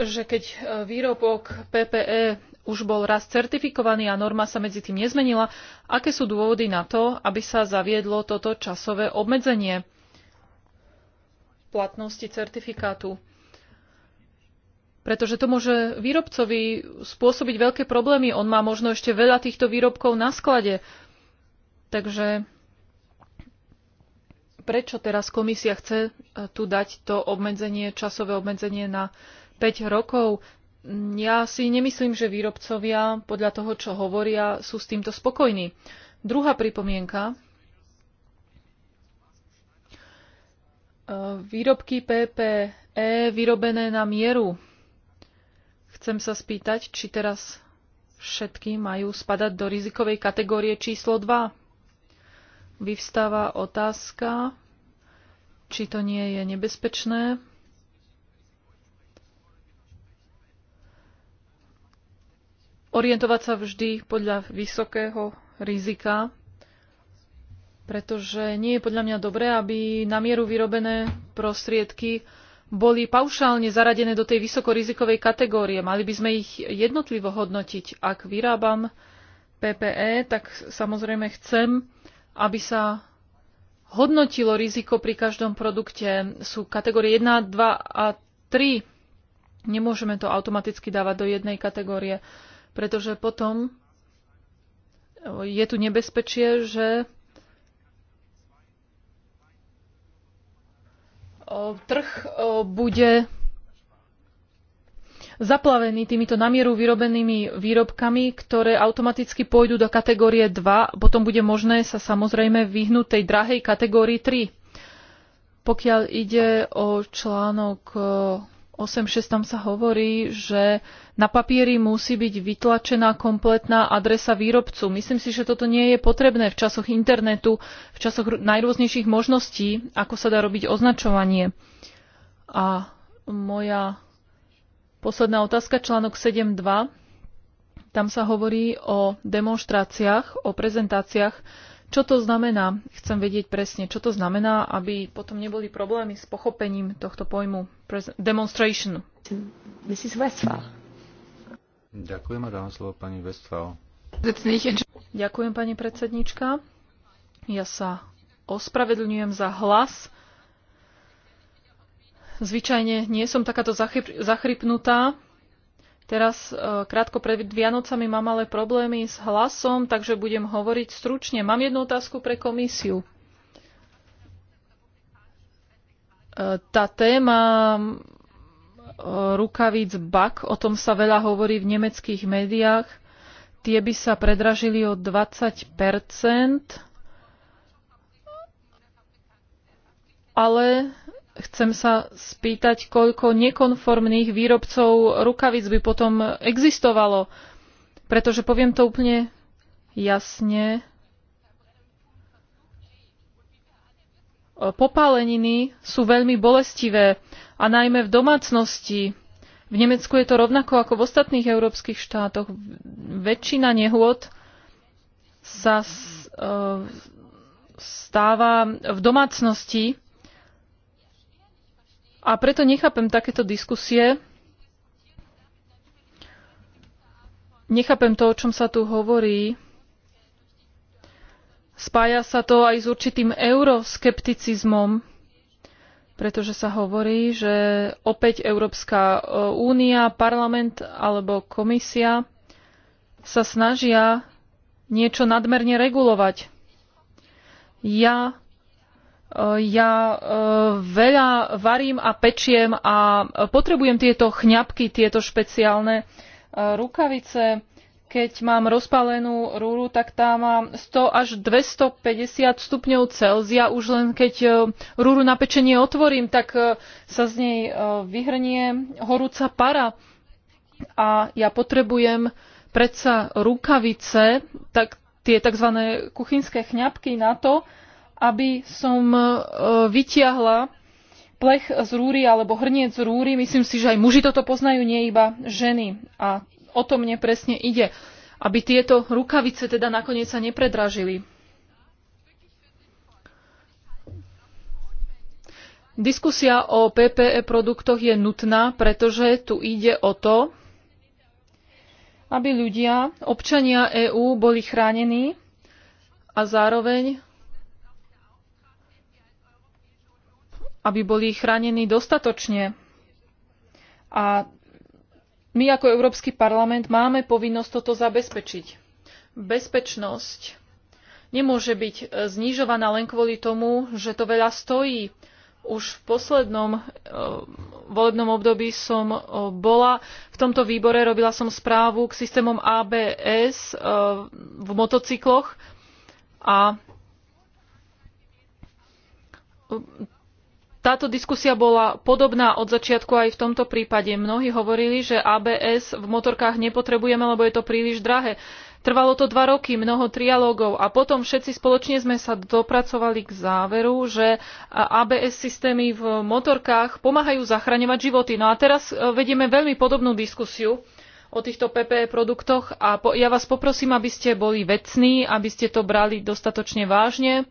že keď e, výrobok PPE už bol raz certifikovaný a norma sa medzi tým nezmenila, aké sú dôvody na to, aby sa zaviedlo toto časové obmedzenie platnosti certifikátu? Pretože to môže výrobcovi spôsobiť veľké problémy. On má možno ešte veľa týchto výrobkov na sklade. Takže prečo teraz komisia chce e, tu dať to obmedzenie, časové obmedzenie na 5 rokov. Ja si nemyslím, že výrobcovia podľa toho, čo hovoria, sú s týmto spokojní. Druhá pripomienka. E, výrobky PPE vyrobené na mieru. Chcem sa spýtať, či teraz všetky majú spadať do rizikovej kategórie číslo 2 vyvstáva otázka, či to nie je nebezpečné. Orientovať sa vždy podľa vysokého rizika, pretože nie je podľa mňa dobré, aby na mieru vyrobené prostriedky boli paušálne zaradené do tej vysokorizikovej kategórie. Mali by sme ich jednotlivo hodnotiť. Ak vyrábam PPE, tak samozrejme chcem aby sa hodnotilo riziko pri každom produkte. Sú kategórie 1, 2 a 3. Nemôžeme to automaticky dávať do jednej kategórie, pretože potom eh, je tu nebezpečie, že eh, trh eh, bude zaplavení týmito namieru vyrobenými výrobkami, ktoré automaticky pôjdu do kategórie 2. Potom bude možné sa samozrejme vyhnúť tej drahej kategórii 3. Pokiaľ ide o článok 8.6 e, tam sa hovorí, že na papieri musí byť vytlačená kompletná adresa výrobcu. Myslím si, že toto nie je potrebné v časoch internetu, v časoch najrôznejších možností, ako sa dá robiť označovanie. A moja Posledná otázka, článok 7.2. Tam sa hovorí o demonstráciách, o prezentáciách. Čo to znamená? Chcem vedieť presne, čo to znamená, aby potom neboli problémy s pochopením tohto pojmu demonstration. Mrs. Westphal. Ďakujem a dám slovo pani Westphal. Ďakujem, pani predsednička. Ja sa ospravedlňujem za hlas, Zvyčajne nie som takáto zachyp- zachrypnutá. Teraz e, krátko pred Vianocami mám ale problémy s hlasom, takže budem hovoriť stručne. Mám jednu otázku pre komisiu. E, tá téma rukavíc BAK, o tom sa veľa hovorí v nemeckých médiách, tie by sa predražili o 20 ale chcem sa spýtať, koľko nekonformných výrobcov rukavic by potom existovalo. Pretože poviem to úplne jasne. Popáleniny sú veľmi bolestivé a najmä v domácnosti. V Nemecku je to rovnako ako v ostatných európskych štátoch. Väčšina nehôd sa e, stáva v domácnosti a preto nechápem takéto diskusie. Nechápem to, o čom sa tu hovorí. Spája sa to aj s určitým euroskepticizmom, pretože sa hovorí, že opäť Európska e, únia, parlament alebo komisia sa snažia niečo nadmerne regulovať. Ja Eh, ja eh, veľa varím a pečiem a potrebujem tieto chňapky, tieto špeciálne eh, rukavice. Keď mám rozpálenú rúru, tak tá má 100 až 250 stupňov Celzia. Už len keď rúru na pečenie otvorím, tak sa z nej vyhrnie horúca para. A ja potrebujem predsa rukavice, tak tie tzv. kuchynské chňapky na to, aby som e, vytiahla plech z rúry alebo hrniec z rúry. Myslím si, že aj muži toto poznajú, nie iba ženy. A o to mne presne ide, aby tieto rukavice teda nakoniec sa nepredražili. Diskusia o PPE produktoch je nutná, pretože tu ide o to, aby ľudia, občania EÚ boli chránení a zároveň aby boli chránení dostatočne. A my ako Európsky parlament máme povinnosť toto zabezpečiť. Bezpečnosť nemôže byť e, znižovaná len kvôli tomu, že to veľa stojí. Už v poslednom e, volebnom období som e, bola v tomto výbore, robila som správu k systémom ABS v motocykloch a táto diskusia bola podobná od začiatku aj v tomto prípade. Mnohí hovorili, že ABS v motorkách nepotrebujeme, lebo je to príliš drahé. Trvalo to dva roky, mnoho trialógov a potom všetci spoločne sme sa dopracovali k záveru, že ABS systémy v motorkách pomáhajú zachraňovať životy. No a teraz e, vedieme veľmi podobnú diskusiu o týchto PPE produktoch a po, ja vás poprosím, aby ste boli vecní, aby ste to brali dostatočne vážne.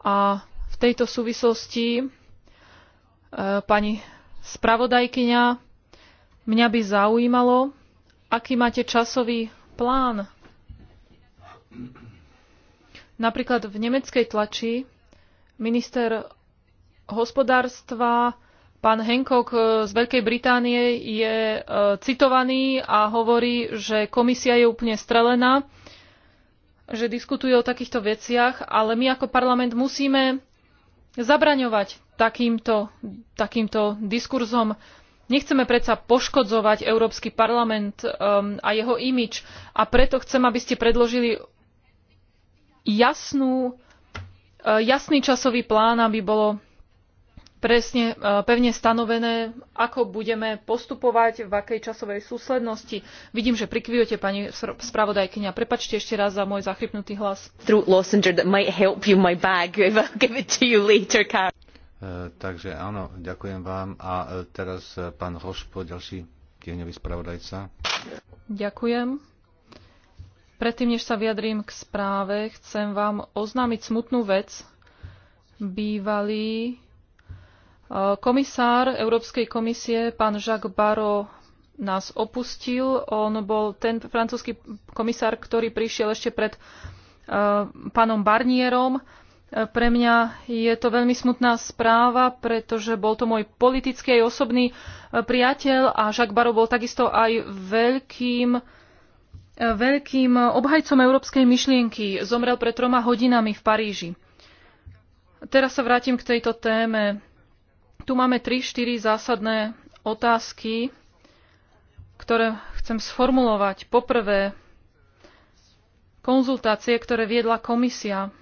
A v tejto súvislosti Eh, pani spravodajkyňa, mňa by zaujímalo, aký máte časový plán. Napríklad v nemeckej tlači minister hospodárstva Pán Hancock eh, z Veľkej Británie je eh, citovaný a hovorí, že komisia je úplne strelená, že diskutuje o takýchto veciach, ale my ako parlament musíme zabraňovať takýmto, takýmto diskurzom. Nechceme predsa poškodzovať Európsky parlament um, a jeho imič a preto chcem, aby ste predložili jasnú, uh, jasný časový plán, aby bolo presne, e, pevne stanovené, ako budeme postupovať, v akej časovej súslednosti. Vidím, že prikvíjete, pani spravodajkyňa. Prepačte ešte raz za môj zachrypnutý hlas. E, takže áno, ďakujem vám. A e, teraz pán Hošpo, ďalší tieňový spravodajca. Ďakujem. Predtým, než sa vyjadrím k správe, chcem vám oznámiť smutnú vec. Bývalý Komisár Európskej komisie, pán Jacques Barrot, nás opustil. On bol ten francúzsky komisár, ktorý prišiel ešte pred e, pánom Barnierom. E, pre mňa je to veľmi smutná správa, pretože bol to môj politický aj osobný e, priateľ a Jacques Barrot bol takisto aj veľkým veľkým obhajcom európskej myšlienky. Zomrel pred troma hodinami v Paríži. Teraz sa vrátim k tejto téme. Tu máme 3-4 zásadné otázky, ktoré chcem sformulovať. Poprvé, konzultácie, ktoré viedla komisia.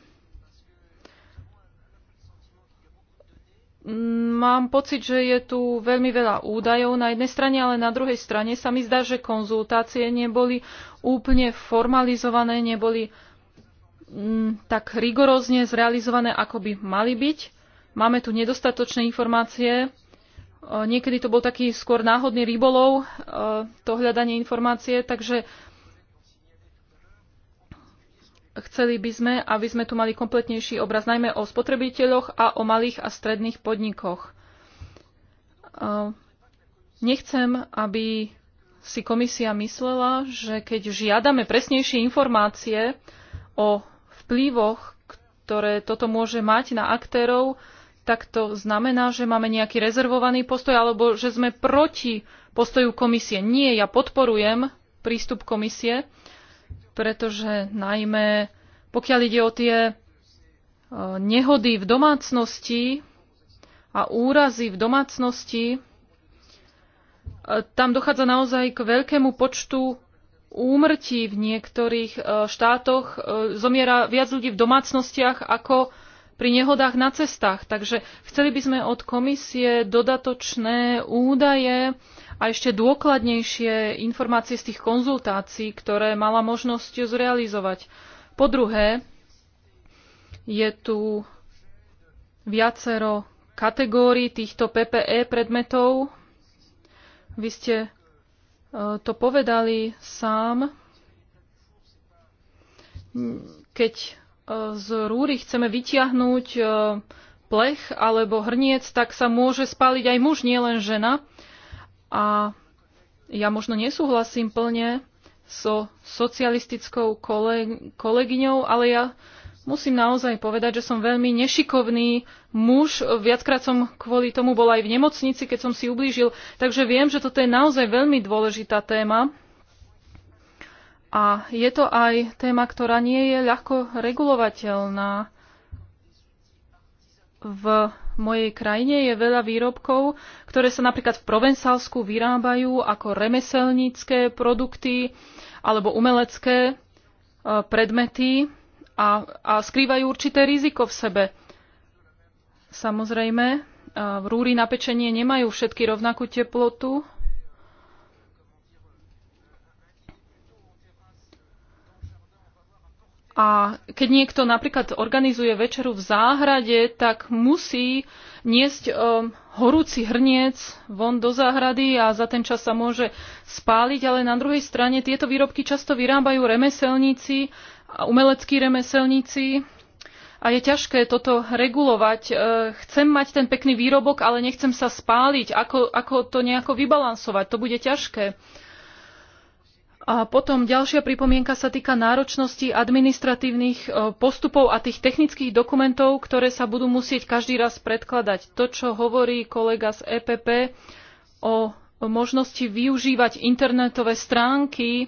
Mám pocit, že je tu veľmi veľa údajov na jednej strane, ale na druhej strane sa mi zdá, že konzultácie neboli úplne formalizované, neboli mm, tak rigorózne zrealizované, ako by mali byť. Máme tu nedostatočné informácie. E, niekedy to bol taký skôr náhodný rybolov, e, to hľadanie informácie, takže chceli by sme, aby sme tu mali kompletnejší obraz najmä o spotrebiteľoch a o malých a stredných podnikoch. E, nechcem, aby si komisia myslela, že keď žiadame presnejšie informácie o vplyvoch, ktoré toto môže mať na aktérov, tak to znamená, že máme nejaký rezervovaný postoj alebo že sme proti postoju komisie. Nie, ja podporujem prístup komisie, pretože najmä pokiaľ ide o tie e, nehody v domácnosti a úrazy v domácnosti, e, tam dochádza naozaj k veľkému počtu úmrtí v niektorých e, štátoch. Zomiera viac ľudí v domácnostiach ako pri nehodách na cestách. Takže chceli by sme od komisie dodatočné údaje a ešte dôkladnejšie informácie z tých konzultácií, ktoré mala možnosť zrealizovať. Po druhé, je tu viacero kategórií týchto PPE predmetov. Vy ste e, to povedali sám, keď z rúry chceme vytiahnuť e, plech alebo hrniec, tak sa môže spáliť aj muž, nielen žena. A ja možno nesúhlasím plne so socialistickou koleg- kolegyňou, ale ja musím naozaj povedať, že som veľmi nešikovný muž. Viackrát som kvôli tomu bol aj v nemocnici, keď som si ublížil. Takže viem, že toto je naozaj veľmi dôležitá téma. A je to aj téma, ktorá nie je ľahko regulovateľná. V mojej krajine je veľa výrobkov, ktoré sa napríklad v Provencálsku vyrábajú ako remeselnícke produkty alebo umelecké e, predmety a, a skrývajú určité riziko v sebe. Samozrejme, v e, rúry na pečenie nemajú všetky rovnakú teplotu, A keď niekto napríklad organizuje večeru v záhrade, tak musí niesť um, horúci hrniec von do záhrady a za ten čas sa môže spáliť, ale na druhej strane tieto výrobky často vyrábajú remeselníci, umeleckí remeselníci a je ťažké toto regulovať. E, chcem mať ten pekný výrobok, ale nechcem sa spáliť. Ako, ako to nejako vybalansovať? To bude ťažké. A potom ďalšia pripomienka sa týka náročnosti administratívnych e, postupov a tých technických dokumentov, ktoré sa budú musieť každý raz predkladať. To, čo hovorí kolega z EPP o možnosti využívať internetové stránky, e,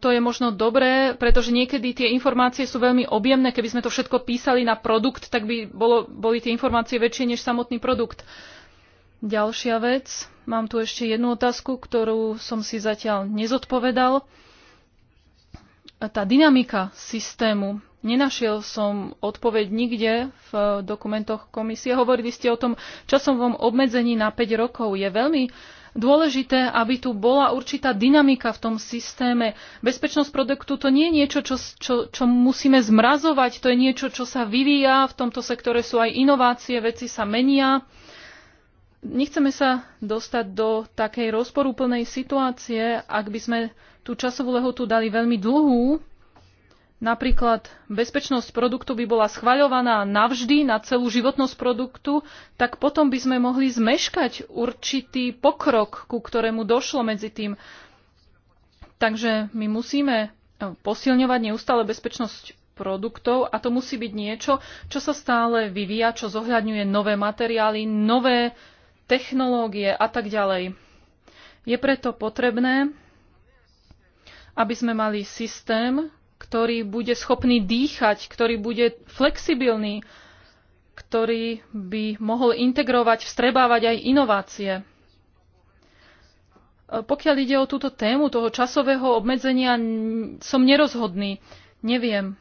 to je možno dobré, pretože niekedy tie informácie sú veľmi objemné. Keby sme to všetko písali na produkt, tak by bolo, boli tie informácie väčšie než samotný produkt. Ďalšia vec, mám tu ešte jednu otázku, ktorú som si zatiaľ nezodpovedal. Tá dynamika systému. Nenašiel som odpoveď nikde v dokumentoch komisie. Hovorili ste o tom časovom obmedzení na 5 rokov. Je veľmi dôležité, aby tu bola určitá dynamika v tom systéme. Bezpečnosť produktu to nie je niečo, čo, čo, čo musíme zmrazovať, to je niečo, čo sa vyvíja. V tomto sektore sú aj inovácie, veci sa menia Nechceme sa dostať do takej rozporúplnej situácie, ak by sme tú časovú lehotu dali veľmi dlhú. Napríklad bezpečnosť produktu by bola schvaľovaná navždy na celú životnosť produktu, tak potom by sme mohli zmeškať určitý pokrok, ku ktorému došlo medzi tým. Takže my musíme eh, posilňovať neustále bezpečnosť produktov a to musí byť niečo, čo sa stále vyvíja, čo zohľadňuje nové materiály, nové technológie a tak ďalej. Je preto potrebné, aby sme mali systém, ktorý bude schopný dýchať, ktorý bude flexibilný, ktorý by mohol integrovať, vstrebávať aj inovácie. Pokiaľ ide o túto tému toho časového obmedzenia, som nerozhodný. Neviem.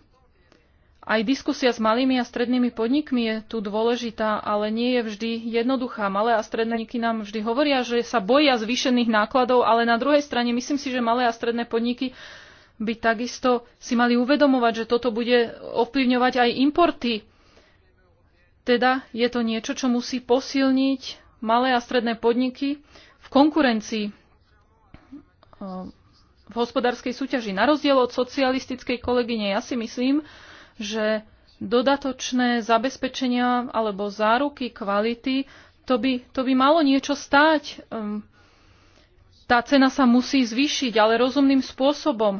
Aj diskusia s malými a strednými podnikmi je tu dôležitá, ale nie je vždy jednoduchá. Malé a stredné podniky nám vždy hovoria, že sa boja zvýšených nákladov, ale na druhej strane myslím si, že malé a stredné podniky by takisto si mali uvedomovať, že toto bude ovplyvňovať aj importy. Teda je to niečo, čo musí posilniť malé a stredné podniky v konkurencii eh, v hospodárskej súťaži. Na rozdiel od socialistickej kolegyne, ja si myslím, že dodatočné zabezpečenia alebo záruky kvality, to by, to by malo niečo stáť. Ehm, tá cena sa musí zvýšiť, ale rozumným spôsobom.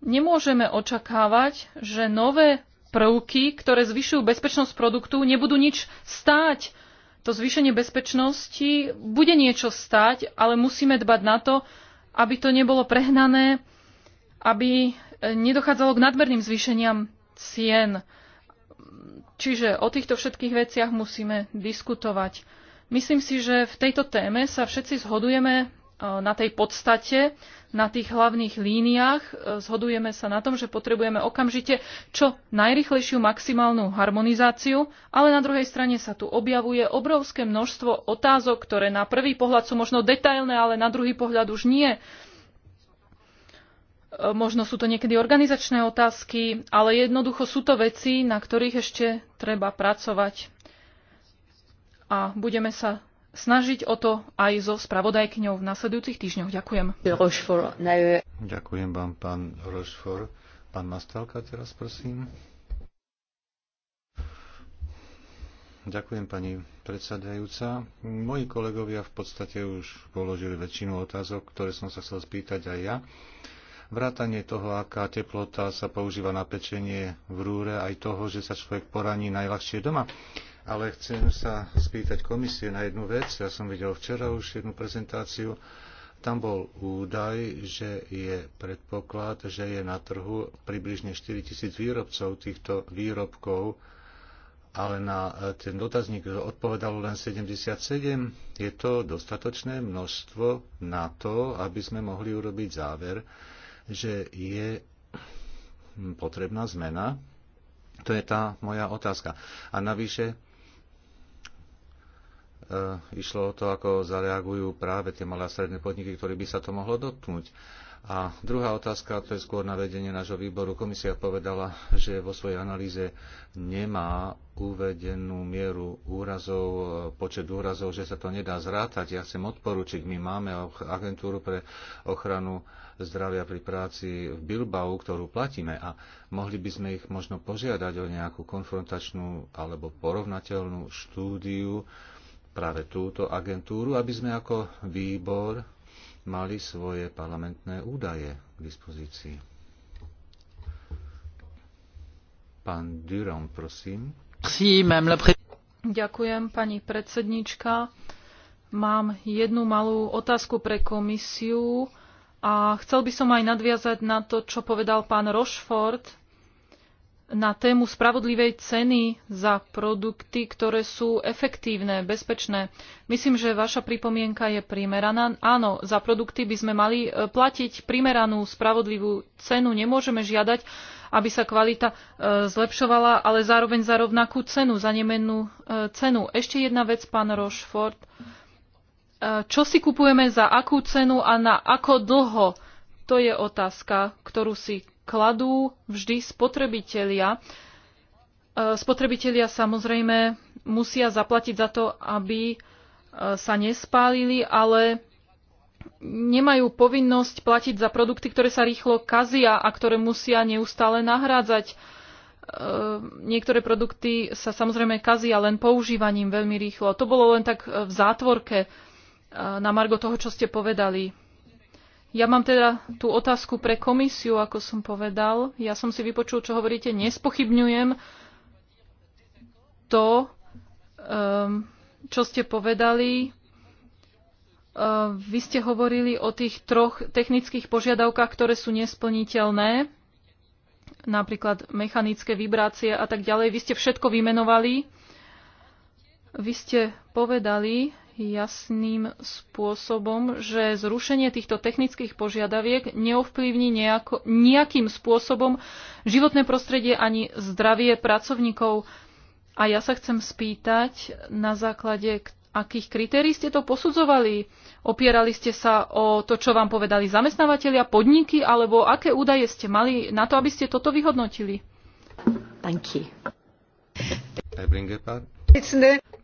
Nemôžeme očakávať, že nové prvky, ktoré zvyšujú bezpečnosť produktu, nebudú nič stáť. To zvýšenie bezpečnosti bude niečo stáť, ale musíme dbať na to, aby to nebolo prehnané, aby nedochádzalo k nadmerným zvýšeniam cien. Čiže o týchto všetkých veciach musíme diskutovať. Myslím si, že v tejto téme sa všetci zhodujeme e, na tej podstate, na tých hlavných líniách. E, zhodujeme sa na tom, že potrebujeme okamžite čo najrychlejšiu maximálnu harmonizáciu, ale na druhej strane sa tu objavuje obrovské množstvo otázok, ktoré na prvý pohľad sú možno detailné, ale na druhý pohľad už nie. E, možno sú to niekedy organizačné otázky, ale jednoducho sú to veci, na ktorých ešte treba pracovať. A budeme sa snažiť o to aj so spravodajkňou v nasledujúcich týždňoch. Ďakujem. Ďakujem vám, pán Rošfor. Pán Mastalka teraz, prosím. Ďakujem, pani predsedajúca. Moji kolegovia v podstate už položili väčšinu otázok, ktoré som sa chcel spýtať aj ja vrátanie toho, aká teplota sa používa na pečenie v rúre, aj toho, že sa človek poraní najľahšie doma. Ale chcem sa spýtať komisie na jednu vec. Ja som videl včera už jednu prezentáciu. Tam bol údaj, že je predpoklad, že je na trhu približne 4 tisíc výrobcov týchto výrobkov, ale na e, ten dotazník odpovedalo len 77. Je to dostatočné množstvo na to, aby sme mohli urobiť záver, že je potrebná zmena. To je tá moja otázka. A navyše e, išlo o to, ako zareagujú práve tie malé a stredné podniky, ktoré by sa to mohlo dotknúť. E, a druhá otázka, to je skôr na vedenie nášho výboru. Komisia povedala, že vo svojej analýze nemá uvedenú mieru úrazov, počet úrazov, že sa to nedá zrátať. Ja chcem odporučiť, my máme agentúru pre ochranu zdravia pri práci v Bilbao, ktorú platíme a mohli by sme ich možno požiadať o nejakú konfrontačnú alebo porovnateľnú štúdiu práve túto agentúru, aby sme ako výbor mali svoje parlamentné údaje k dispozícii. Pán Durand, prosím. Ďakujem, pani predsednička. Mám jednu malú otázku pre komisiu a chcel by som aj nadviazať na to, čo povedal pán Rošford na tému spravodlivej ceny za produkty, ktoré sú efektívne, bezpečné. Myslím, že vaša pripomienka je primeraná. Áno, za produkty by sme mali e, platiť primeranú spravodlivú cenu. Nemôžeme žiadať, aby sa kvalita e, zlepšovala, ale zároveň za rovnakú cenu, za nemennú e, cenu. Ešte jedna vec, pán Rochford. Čo si kupujeme za akú cenu a na ako dlho? To je otázka, ktorú si kladú vždy spotrebitelia. E, spotrebitelia samozrejme musia zaplatiť za to, aby e, sa nespálili, ale nemajú povinnosť platiť za produkty, ktoré sa rýchlo kazia a ktoré musia neustále nahrádzať. E, niektoré produkty sa samozrejme kazia len používaním veľmi rýchlo. To bolo len tak v zátvorke na margo toho, čo ste povedali. Ja mám teda tú otázku pre komisiu, ako som povedal. Ja som si vypočul, čo hovoríte. Nespochybňujem to, um, čo ste povedali. Uh, vy ste hovorili o tých troch technických požiadavkách, ktoré sú nesplniteľné, napríklad mechanické vibrácie a tak ďalej. Vy ste všetko vymenovali. Vy ste povedali, jasným spôsobom, že zrušenie týchto technických požiadaviek neovplyvní nejako, nejakým spôsobom životné prostredie ani zdravie pracovníkov. A ja sa chcem spýtať, na základe akých kritérií ste to posudzovali? Opierali ste sa o to, čo vám povedali zamestnávateľia, podniky, alebo aké údaje ste mali na to, aby ste toto vyhodnotili? Thank you.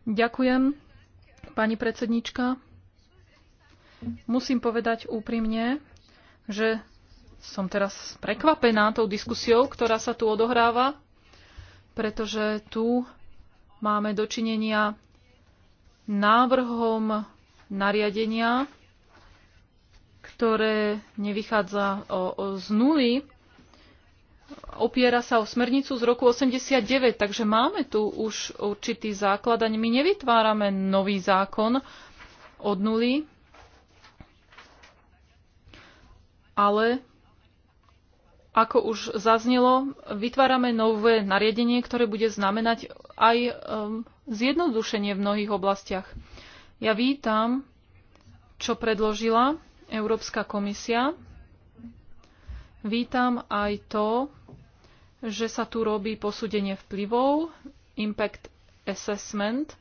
Ďakujem pani predsednička. Musím povedať úprimne, že som teraz prekvapená tou diskusiou, ktorá sa tu odohráva, pretože tu máme dočinenia návrhom nariadenia, ktoré nevychádza z nuly, opiera sa o smernicu z roku 89, takže máme tu už určitý základ, ani my nevytvárame nový zákon od nuly, ale ako už zaznelo, vytvárame nové nariadenie, ktoré bude znamenať aj um, zjednodušenie v mnohých oblastiach. Ja vítam, čo predložila Európska komisia Vítam aj to, že sa tu robí posúdenie vplyvov, impact assessment.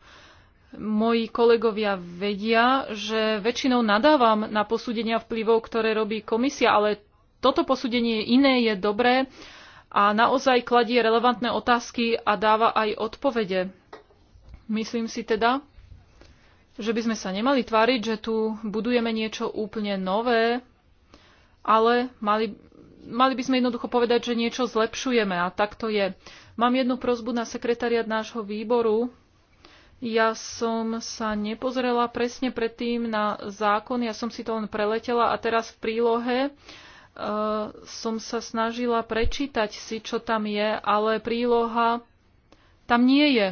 Moji kolegovia vedia, že väčšinou nadávam na posúdenia vplyvov, ktoré robí komisia, ale toto posúdenie iné je dobré a naozaj kladie relevantné otázky a dáva aj odpovede. Myslím si teda, že by sme sa nemali tváriť, že tu budujeme niečo úplne nové, ale mali, mali by sme jednoducho povedať, že niečo zlepšujeme a tak to je. Mám jednu prozbu na sekretariat nášho výboru. Ja som sa nepozrela presne predtým na zákon, ja som si to len preletela a teraz v prílohe uh, som sa snažila prečítať si, čo tam je, ale príloha tam nie je.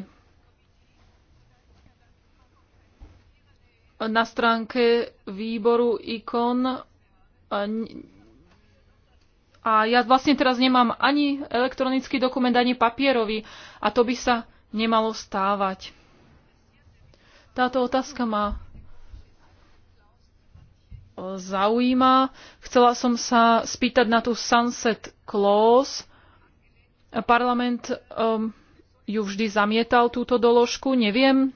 Na stránke výboru ikon e, a ja vlastne teraz nemám ani elektronický dokument, ani papierový. A to by sa nemalo stávať. Táto otázka ma e, zaujíma. Chcela som sa spýtať na tú sunset clause. Parlament um, ju vždy zamietal túto doložku. Neviem,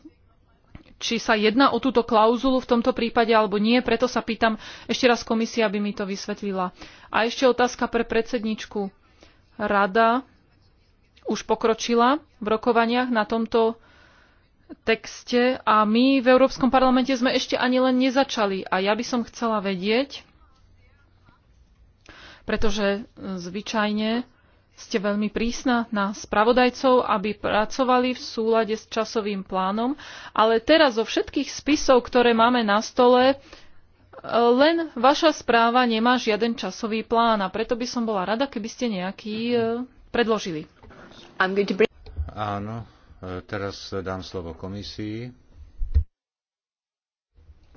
či sa jedná o túto klauzulu v tomto prípade alebo nie. Preto sa pýtam ešte raz komisia, aby mi to vysvetlila. A ešte otázka pre predsedničku. Rada už pokročila v rokovaniach na tomto texte a my v Európskom parlamente sme ešte ani len nezačali. A ja by som chcela vedieť, pretože e, zvyčajne ste veľmi prísna na spravodajcov, aby pracovali v súlade s časovým plánom, ale teraz zo všetkých spisov, ktoré máme na stole, e, len vaša správa nemá žiaden časový plán a preto by som bola rada, keby ste nejaký e, predložili. Áno, e, teraz dám slovo komisii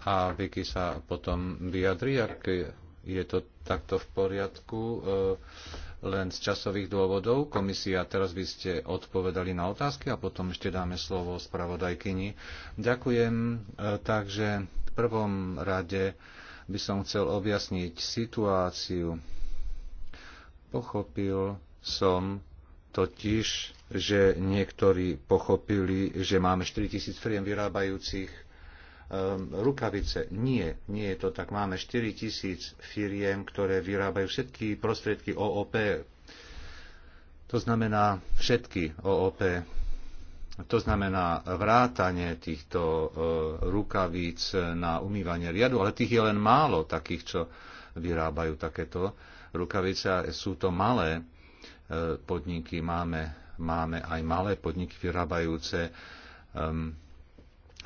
a Vicky sa potom vyjadri, ak je to takto v poriadku. E, len z časových dôvodov. Komisia, teraz by ste odpovedali na otázky a potom ešte dáme slovo spravodajkyni. Ďakujem. E, takže v prvom rade by som chcel objasniť situáciu. Pochopil som totiž, že niektorí pochopili, že máme 4000 firiem vyrábajúcich Ehm, rukavice. Nie, nie je to tak. Máme 4 tisíc firiem, ktoré vyrábajú všetky prostriedky OOP. To znamená všetky OOP. To znamená vrátanie týchto eh, rukavíc na umývanie riadu, ale tých je len málo takých, čo vyrábajú takéto rukavice. Sú to malé eh, podniky, máme, máme aj malé podniky vyrábajúce ehm,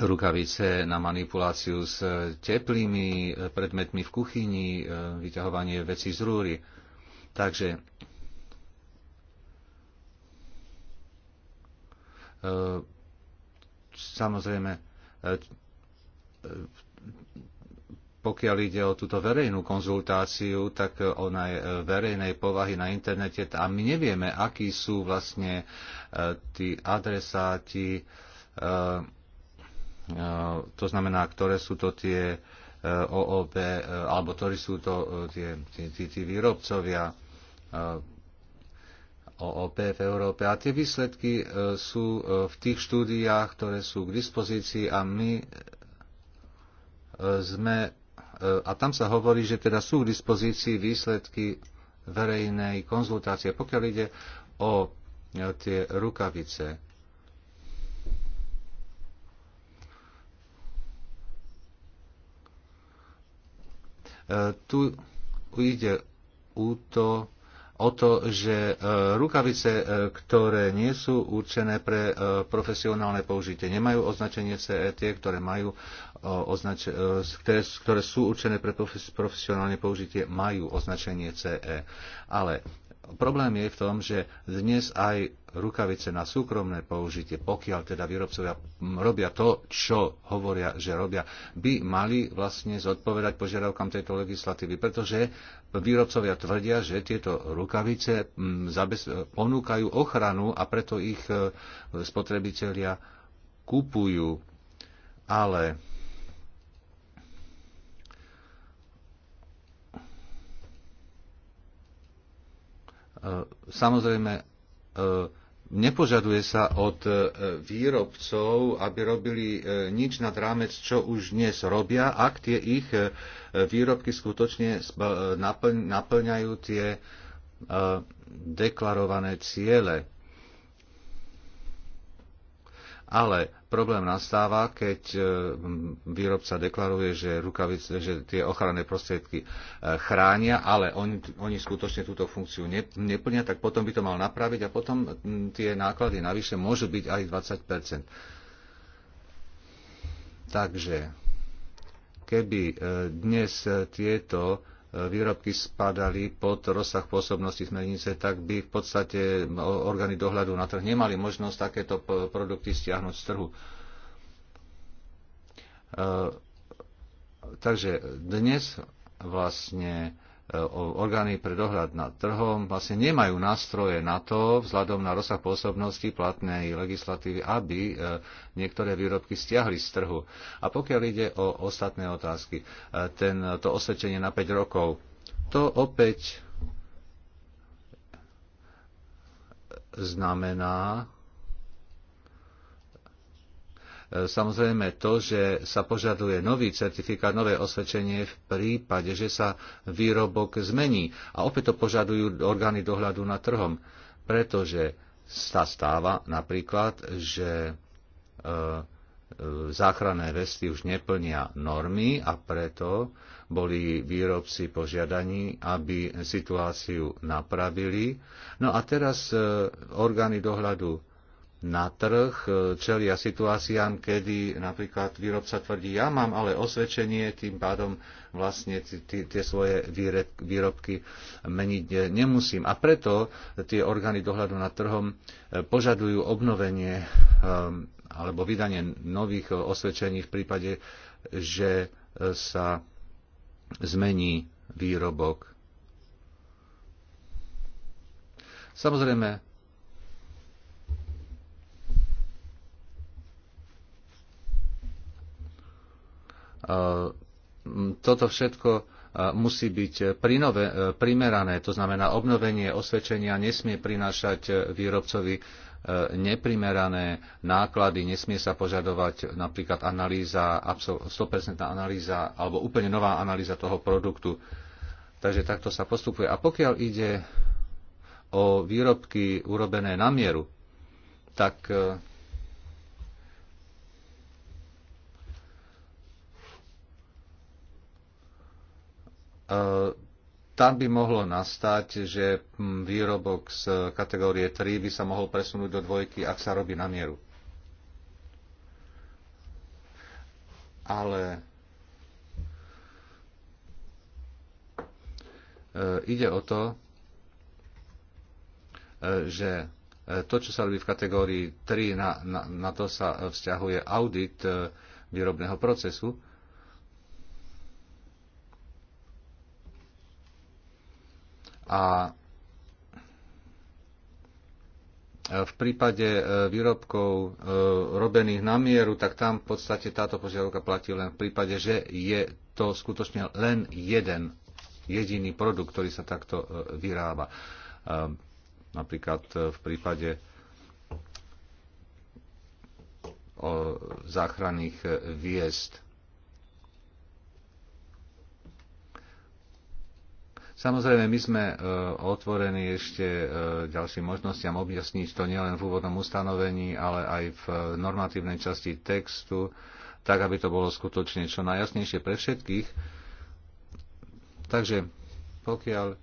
rukavice na manipuláciu s e, teplými e, predmetmi v kuchyni, e, vyťahovanie vecí z rúry. Takže samozrejme, pokiaľ ide o túto verejnú konzultáciu, tak ona je verejnej povahy na internete a my nevieme, akí sú vlastne tí adresáti Eh, to znamená, ktoré sú to tie eh, OOP, eh, alebo ktorí sú to tie, tie, tie, tie výrobcovia OOP v Európe. A tie výsledky sú v tých štúdiách, ktoré sú k dispozícii a my sme, a tam sa hovorí, že teda sú k dispozícii výsledky verejnej konzultácie, pokiaľ ide o tie rukavice Tu ide u to, o to, že e, rukavice, e, ktoré nie sú určené pre e, profesionálne použitie, nemajú označenie CE, tie, ktoré, majú označ- ktoré, ktoré sú určené pre profesionálne použitie, majú označenie CE. Ale Problém je v tom, že dnes aj rukavice na súkromné použitie, pokiaľ teda výrobcovia robia to, čo hovoria, že robia, by mali vlastne zodpovedať požiadavkám tejto legislatívy, pretože výrobcovia tvrdia, že tieto rukavice mm, ponúkajú ochranu a preto ich e, spotrebitelia kupujú. Ale E, samozrejme, e, nepožaduje sa od e, výrobcov, aby robili nič nad rámec, čo už dnes robia, ak tie ich výrobky skutočne naplňajú tie deklarované ciele. Ale problém nastáva, keď e, výrobca deklaruje, že, rukavice, že tie ochranné prostriedky e, chránia, ale oni, oni skutočne túto funkciu neplnia, tak potom by to mal napraviť a potom tie náklady navyše môžu byť aj 20 Takže keby e, dnes tieto výrobky spadali pod rozsah pôsobnosti smernice, tak by v podstate orgány dohľadu na trh nemali možnosť takéto produkty stiahnuť z trhu. E, takže dnes vlastne orgány pre dohľad nad trhom vlastne nemajú nástroje na to, vzhľadom na rozsah pôsobnosti platnej legislatívy, aby e, niektoré výrobky stiahli z trhu. A pokiaľ ide o ostatné otázky, e, ten, to osvedčenie na 5 rokov, to opäť znamená, Samozrejme to, že sa požaduje nový certifikát, nové osvedčenie v prípade, že sa výrobok zmení. A opäť to požadujú orgány dohľadu na trhom, pretože sa stáva napríklad, že e, e, záchranné vesty už neplnia normy a preto boli výrobci požiadaní, aby situáciu napravili. No a teraz e, orgány dohľadu na trh, e, čelia situáciám, kedy napríklad výrobca tvrdí, ja mám ale osvedčenie, tým pádom vlastne tie svoje výrobky meniť nemusím. A preto tie orgány dohľadu nad trhom e, požadujú obnovenie e, alebo vydanie nových osvedčení v prípade, že sa zmení výrobok. Samozrejme, Ehm, toto všetko e, musí byť e, prinove, e, primerané, to znamená obnovenie osvedčenia nesmie prinášať výrobcovi neprimerané náklady, nesmie sa požadovať napríklad analýza, 100% analýza alebo úplne nová analýza toho produktu. Takže takto sa postupuje. A pokiaľ ide o výrobky urobené na mieru, tak E, tam by mohlo nastať, že hm, výrobok z kategórie 3 by sa mohol presunúť do dvojky, ak sa robí na mieru. Ale e, ide o to, e, že to, čo sa robí v kategórii 3, na, na, na to sa vzťahuje audit výrobného procesu A v prípade e, výrobkov e, robených na mieru, tak tam v podstate táto požiadavka platí len v prípade, že je to skutočne len jeden jediný produkt, ktorý sa takto e, vyrába. Napríklad v prípade záchranných viest Samozrejme, my sme e, otvorení ešte e, ďalším možnostiam objasniť to nielen v úvodnom ustanovení, ale aj v e, normatívnej časti textu, tak aby to bolo skutočne čo najjasnejšie pre všetkých. Takže pokiaľ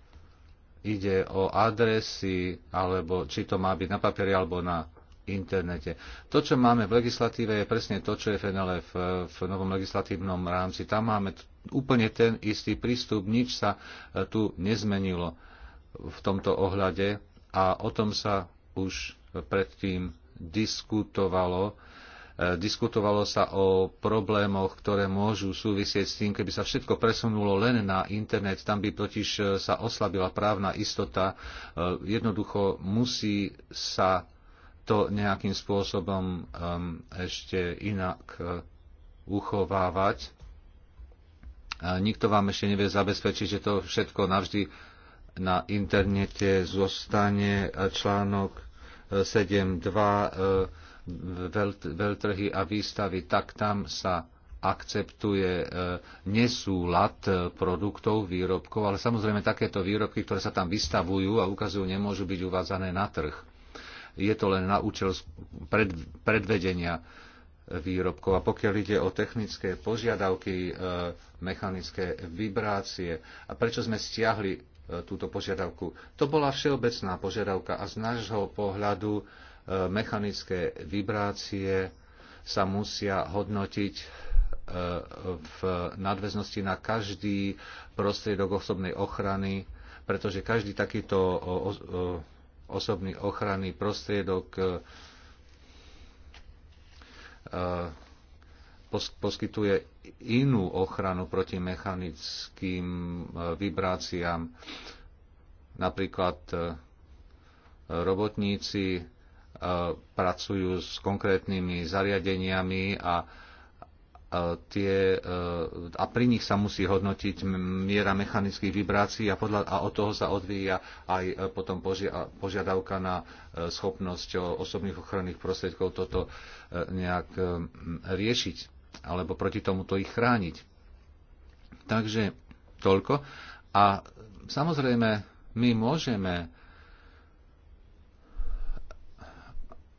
ide o adresy, alebo či to má byť na papieri alebo na internete. To, čo máme v legislatíve, je presne to, čo je v NLF v novom legislatívnom rámci. Tam máme úplne ten istý prístup, nič sa e, tu nezmenilo v tomto ohľade a o tom sa už predtým diskutovalo. E, diskutovalo sa o problémoch, ktoré môžu súvisieť s tým, keby sa všetko presunulo len na internet, tam by totiž e, sa oslabila právna istota. Jednoducho musí sa to nejakým spôsobom um, ešte inak uh, uchovávať. Nikto vám ešte nevie zabezpečiť, že to všetko navždy na internete zostane článok 7.2 uh, uh, veľtrhy a výstavy, tak tam sa akceptuje nesúlad produktov, výrobkov, ale samozrejme takéto výrobky, ktoré sa tam vystavujú a ukazujú, nemôžu byť uvádzané na trh je to len na účel pred, predvedenia výrobkov. A pokiaľ ide o technické požiadavky, e, mechanické vibrácie a prečo sme stiahli e, túto požiadavku. To bola všeobecná požiadavka a z nášho pohľadu e, mechanické vibrácie sa musia hodnotiť v nadväznosti na každý prostriedok osobnej ochrany, pretože každý takýto osobný ochranný prostriedok e, poskytuje inú ochranu proti mechanickým e, vibráciám. Napríklad e, robotníci pracujú s konkrétnymi zariadeniami a tie, e, a pri nich sa musí hodnotiť miera mechanických vibrácií a, podľa, a od toho sa odvíja aj e, potom požia, požiadavka na e, schopnosť osobných ochranných prostriedkov toto nejak riešiť alebo proti tomuto ich chrániť. Takže toľko. A samozrejme, my môžeme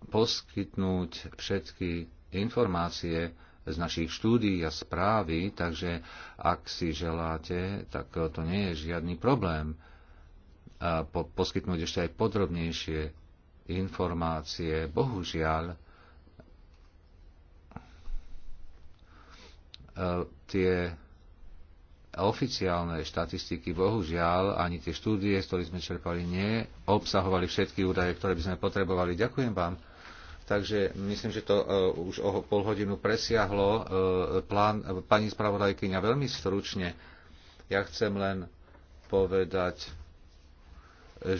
poskytnúť všetky informácie, z našich štúdií a správy, takže ak si želáte, tak to nie je žiadny problém po, poskytnúť ešte aj podrobnejšie informácie. Bohužiaľ, e, tie oficiálne štatistiky, bohužiaľ, ani tie štúdie, z ktorých sme čerpali, neobsahovali všetky údaje, ktoré by sme potrebovali. Ďakujem vám Takže myslím, že to e, už o pol hodinu presiahlo e, plán e, pani spravodajkyňa veľmi stručne. Ja chcem len povedať,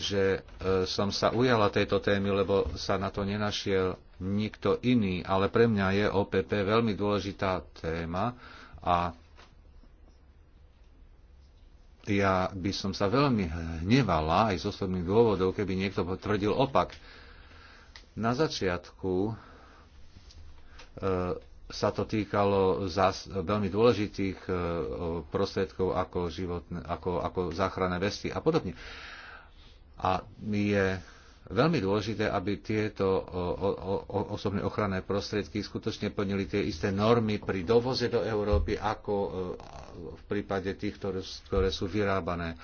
že som sa ujala tejto témy, lebo sa na to nenašiel nikto iný, ale pre mňa je OPP veľmi dôležitá téma a ja by som sa veľmi hnevala aj z osobných dôvodov, keby niekto tvrdil opak. Na začiatku e, sa to týkalo veľmi dôležitých e, prostriedkov ako, životne, ako, ako záchranné vesty a podobne. A je veľmi dôležité, aby tieto osobné ochranné prostriedky skutočne plnili tie isté normy pri dovoze do Európy, ako e, v prípade tých, ktoré, ktoré sú vyrábané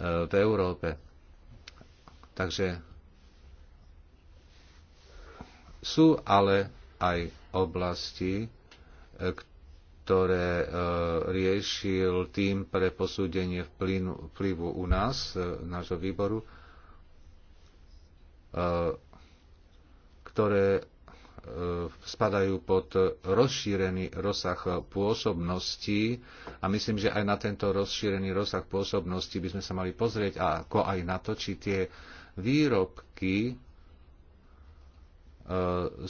v Európe. Takže sú ale aj oblasti, e, ktoré e, riešil tým pre posúdenie vplyvu u nás, e, nášho výboru, ktoré spadajú pod rozšírený rozsah pôsobností a myslím, že aj na tento rozšírený rozsah pôsobností by sme sa mali pozrieť ako aj na to, či tie výrobky E,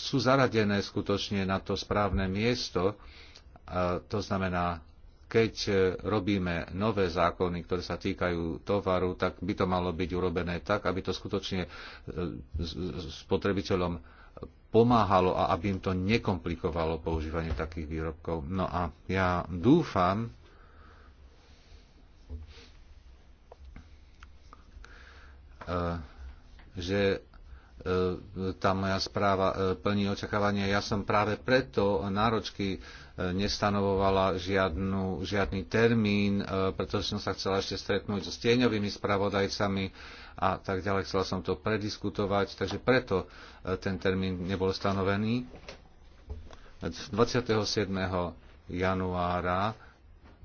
sú zaradené skutočne na to správne miesto. E, to znamená, keď e, robíme nové zákony, ktoré sa týkajú tovaru, tak by to malo byť urobené tak, aby to skutočne spotrebiteľom pomáhalo a aby im to nekomplikovalo používanie takých výrobkov. No a ja dúfam, že E, tá moja správa e, plní očakávania. Ja som práve preto náročky e, nestanovovala žiadnu, žiadny termín, pretože som sa chcela ešte stretnúť s tieňovými spravodajcami a tak ďalej. Chcela som to prediskutovať, takže preto ten termín nebol stanovený. 27. januára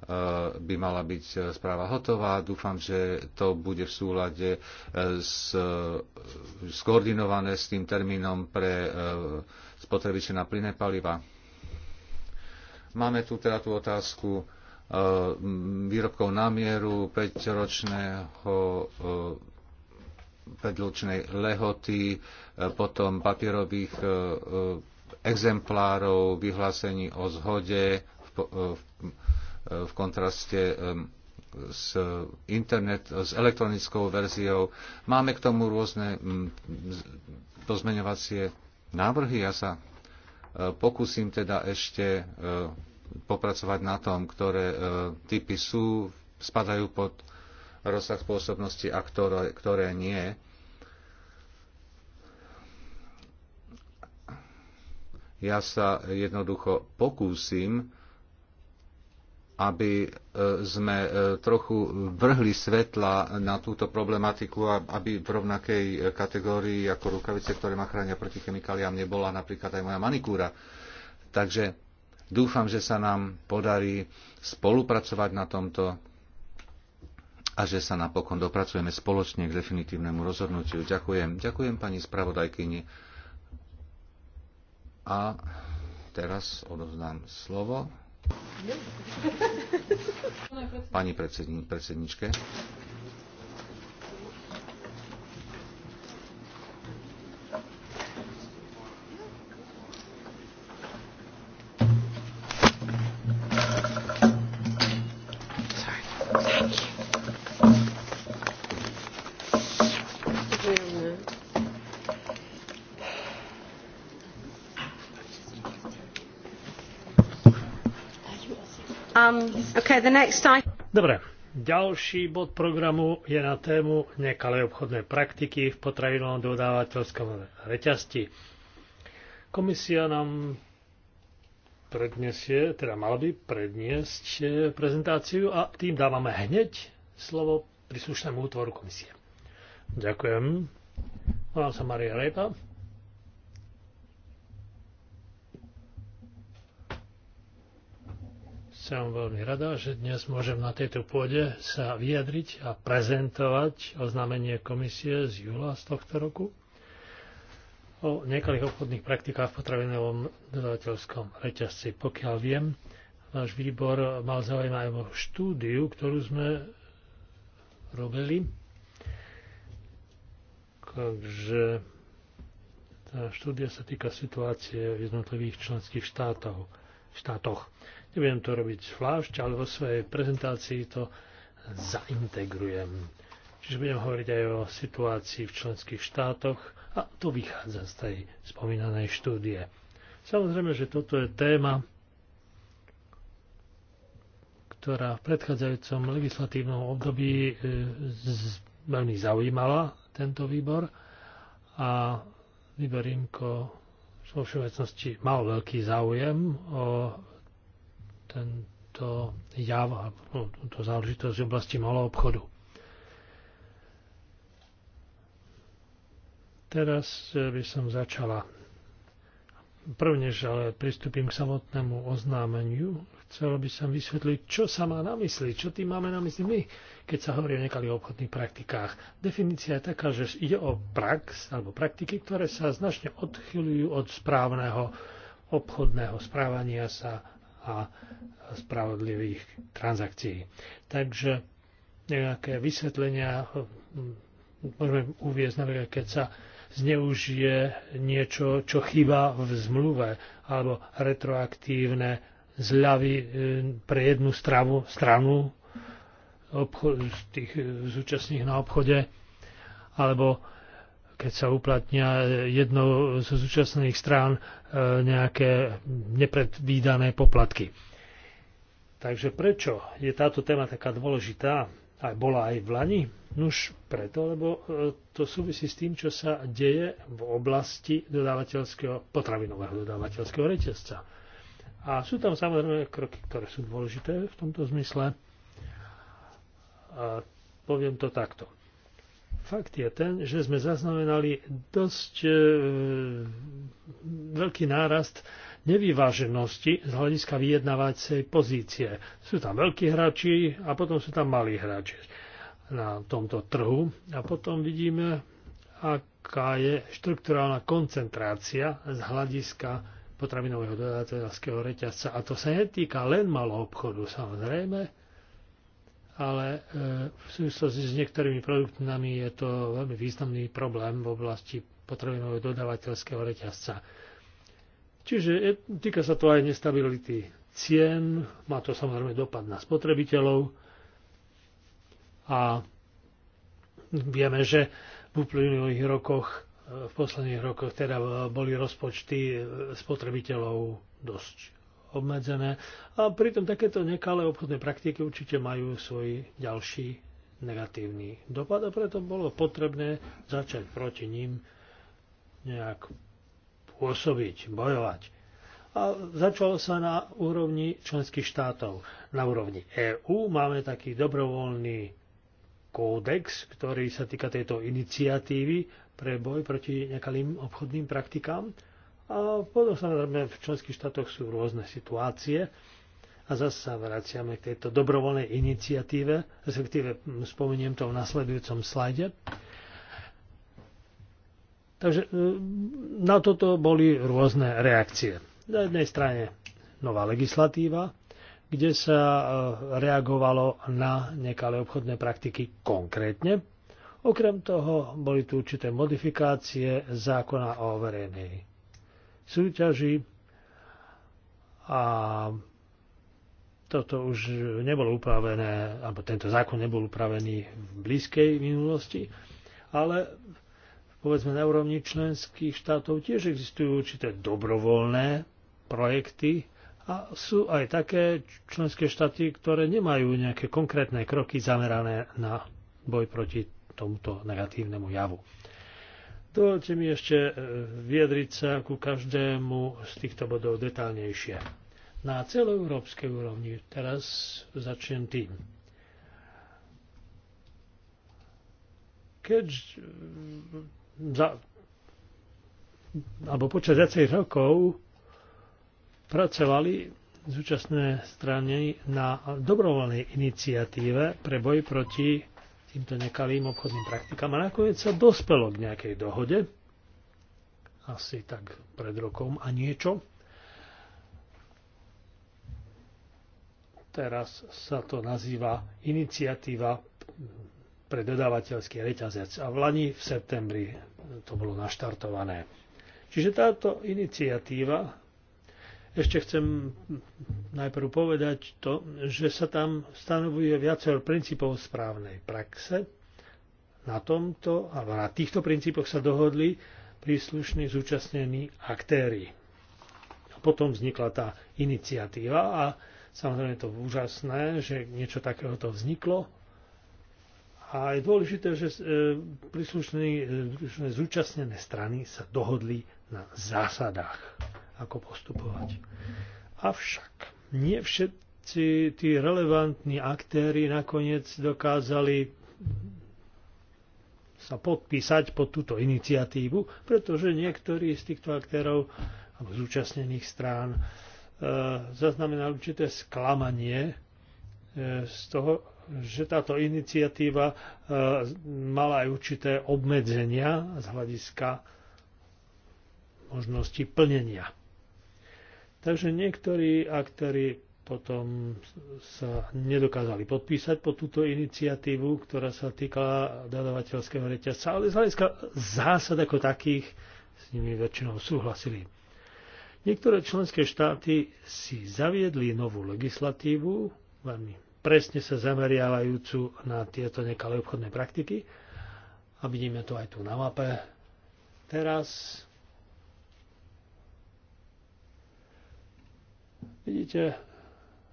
Eh, by mala byť eh, správa hotová. Dúfam, že to bude v súlade eh, s, skoordinované s tým termínom pre spotrebiče na plyné paliva. Máme tu teda tú otázku výrobkov na mieru 5-ročného predlučnej lehoty, potom papierových exemplárov, vyhlásení o zhode v, v v kontraste s internet, s elektronickou verziou. Máme k tomu rôzne pozmeňovacie návrhy. Ja sa e, pokúsim teda ešte e, popracovať na tom, ktoré e, typy sú, spadajú pod rozsah spôsobnosti a ktoré, ktoré nie. Ja sa jednoducho pokúsim aby e, sme e, trochu vrhli svetla na túto problematiku, aby v rovnakej kategórii ako rukavice, ktoré ma chránia proti chemikáliám, nebola napríklad aj moja manikúra. Takže dúfam, že sa nám podarí spolupracovať na tomto a že sa napokon dopracujeme spoločne k definitívnemu rozhodnutiu. Ďakujem. Ďakujem pani spravodajkyni. A teraz odovzdám slovo Pani predsedni, predsedničke. Dobre, ďalší bod programu je na tému nekalé obchodné praktiky v potravinovom dodávateľskom reťazci. Komisia nám predniesie, teda mala by predniesť eh, prezentáciu a tým dávame hneď slovo príslušnému útvoru komisie. Ďakujem. Volám sa Maria Rejpa. som veľmi rada, že dnes môžem na tejto pôde sa vyjadriť a prezentovať oznámenie komisie z júla z tohto roku o nekalých obchodných praktikách v potravinovom dodateľskom reťazci. Pokiaľ viem, náš výbor mal záujem aj o štúdiu, ktorú sme robili. Takže tá štúdia sa týka situácie v jednotlivých členských štátoch. štátoch. Nebudem to robiť zvlášť, ale vo svojej prezentácii to zaintegrujem. Čiže budem hovoriť aj o situácii v členských štátoch a to vychádza z tej spomínanej štúdie. Samozrejme, že toto je téma, ktorá v predchádzajúcom legislatívnom období e, veľmi zaujímala tento výbor a výbor IMKO vo všeobecnosti mal veľký záujem o tento jav, no, túto záležitosť v oblasti malého obchodu. Teraz eh, by som začala. Prvnež ale pristúpim k samotnému oznámeniu. Chcela by som vysvetliť, čo sa má na mysli, čo tým máme na mysli my, keď sa hovorí o nekalých obchodných praktikách. Definícia je taká, že ide o prax alebo praktiky, ktoré sa značne odchyľujú od správneho obchodného správania sa a spravodlivých transakcií. Takže nejaké vysvetlenia môžeme uviezť, napríklad keď sa zneužije niečo, čo chýba v zmluve, alebo retroaktívne zľavy e, pre jednu stravu, stranu obchod, tých e, zúčastných na obchode, alebo keď sa uplatnia jednou z súčasných strán e, nejaké nepredvídané poplatky. Takže prečo je táto téma taká dôležitá? Aj bola aj v Lani? Nuž preto, lebo e, to súvisí s tým, čo sa deje v oblasti dodávateľského, potravinového dodávateľského reťazca. A sú tam samozrejme kroky, ktoré sú dôležité v tomto zmysle. A poviem to takto. Fakt je ten, že sme zaznamenali dosť e, veľký nárast nevyváženosti z hľadiska vyjednávacej pozície. Sú tam veľkí hráči a potom sú tam malí hráči na tomto trhu. A potom vidíme, aká je štrukturálna koncentrácia z hľadiska potravinového dodateľského reťazca. A to sa netýka len malého obchodu, samozrejme, ale e, v súvislosti s niektorými produktami je to veľmi významný problém v oblasti potravinového dodávateľského reťazca. Čiže týka sa to aj nestability cien, má to samozrejme dopad na spotrebiteľov a vieme, že v uplynulých rokoch, e, v posledných rokoch teda e, boli rozpočty spotrebiteľov dosť obmedzené a pritom takéto nekalé obchodné praktiky určite majú svoj ďalší negatívny dopad a preto bolo potrebné začať proti ním nejak pôsobiť, bojovať. A začalo sa na úrovni členských štátov. Na úrovni EÚ máme taký dobrovoľný kódex, ktorý sa týka tejto iniciatívy pre boj proti nekalým obchodným praktikám. A potom samozrejme v členských štátoch sú rôzne situácie a zase sa vraciame k tejto dobrovoľnej iniciatíve, respektíve hm, spomeniem to v nasledujúcom slajde. Takže hm, na toto boli rôzne reakcie. Na jednej strane nová legislatíva, kde sa hm, reagovalo na nekalé obchodné praktiky konkrétne. Okrem toho boli tu určité modifikácie zákona o verejnej súťaži a toto už nebolo upravené, alebo tento zákon nebol upravený v blízkej minulosti, ale povedzme na úrovni členských štátov tiež existujú určité dobrovoľné projekty a sú aj také členské štáty, ktoré nemajú nejaké konkrétne kroky zamerané na boj proti tomuto negatívnemu javu. Dovolte mi ešte e, vyjadriť sa ku každému z týchto bodov detálnejšie. Na celoeurópskej úrovni teraz začnem tým. Keď e, za, alebo počas viacej rokov pracovali zúčastné strany na dobrovoľnej iniciatíve pre boj proti týmto nekalým obchodným praktikám. A nakoniec sa dospelo k nejakej dohode, asi tak pred rokom a niečo. Teraz sa to nazýva iniciatíva pre dodávateľský reťazec. A v Lani v septembri to bolo naštartované. Čiže táto iniciatíva ešte chcem najprv povedať to, že sa tam stanovuje viacero princípov správnej praxe. Na tomto, alebo na týchto princípoch sa dohodli príslušní zúčastnení aktéry. A potom vznikla tá iniciatíva a samozrejme je to úžasné, že niečo takéhoto vzniklo. A je dôležité, že e, e, príslušné zúčastnené strany sa dohodli na zásadách, ako postupovať. Avšak nie všetci tí relevantní aktéry nakoniec dokázali sa podpísať pod túto iniciatívu, pretože niektorí z týchto aktérov alebo zúčastnených strán e, zaznamenali určité sklamanie e, z toho, že táto iniciatíva e, mala aj určité obmedzenia z hľadiska možnosti plnenia. Takže niektorí aktéry potom sa nedokázali podpísať po túto iniciatívu, ktorá sa týkala dodavateľského reťazca, ale z hľadiska zásad ako takých s nimi väčšinou súhlasili. Niektoré členské štáty si zaviedli novú legislatívu, veľmi presne sa zameriavajúcu na tieto nekalé obchodné praktiky a vidíme to aj tu na mape. Teraz Vidíte,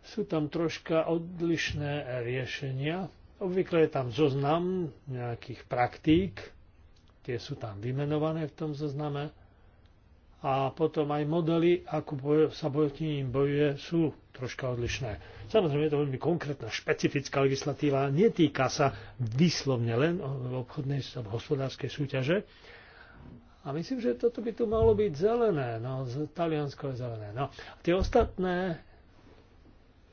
sú tam troška odlišné riešenia. Obvykle je tam zoznam nejakých praktík, tie sú tam vymenované v tom zozname a potom aj modely, ako bojo, sa proti ním bojuje, sú troška odlišné. Samozrejme, je to veľmi konkrétna, špecifická legislatíva, netýka sa vyslovne len obchodnej hospodárskej súťaže, a myslím, že toto by tu malo byť zelené, no, taliansko je zelené. No. A tie ostatné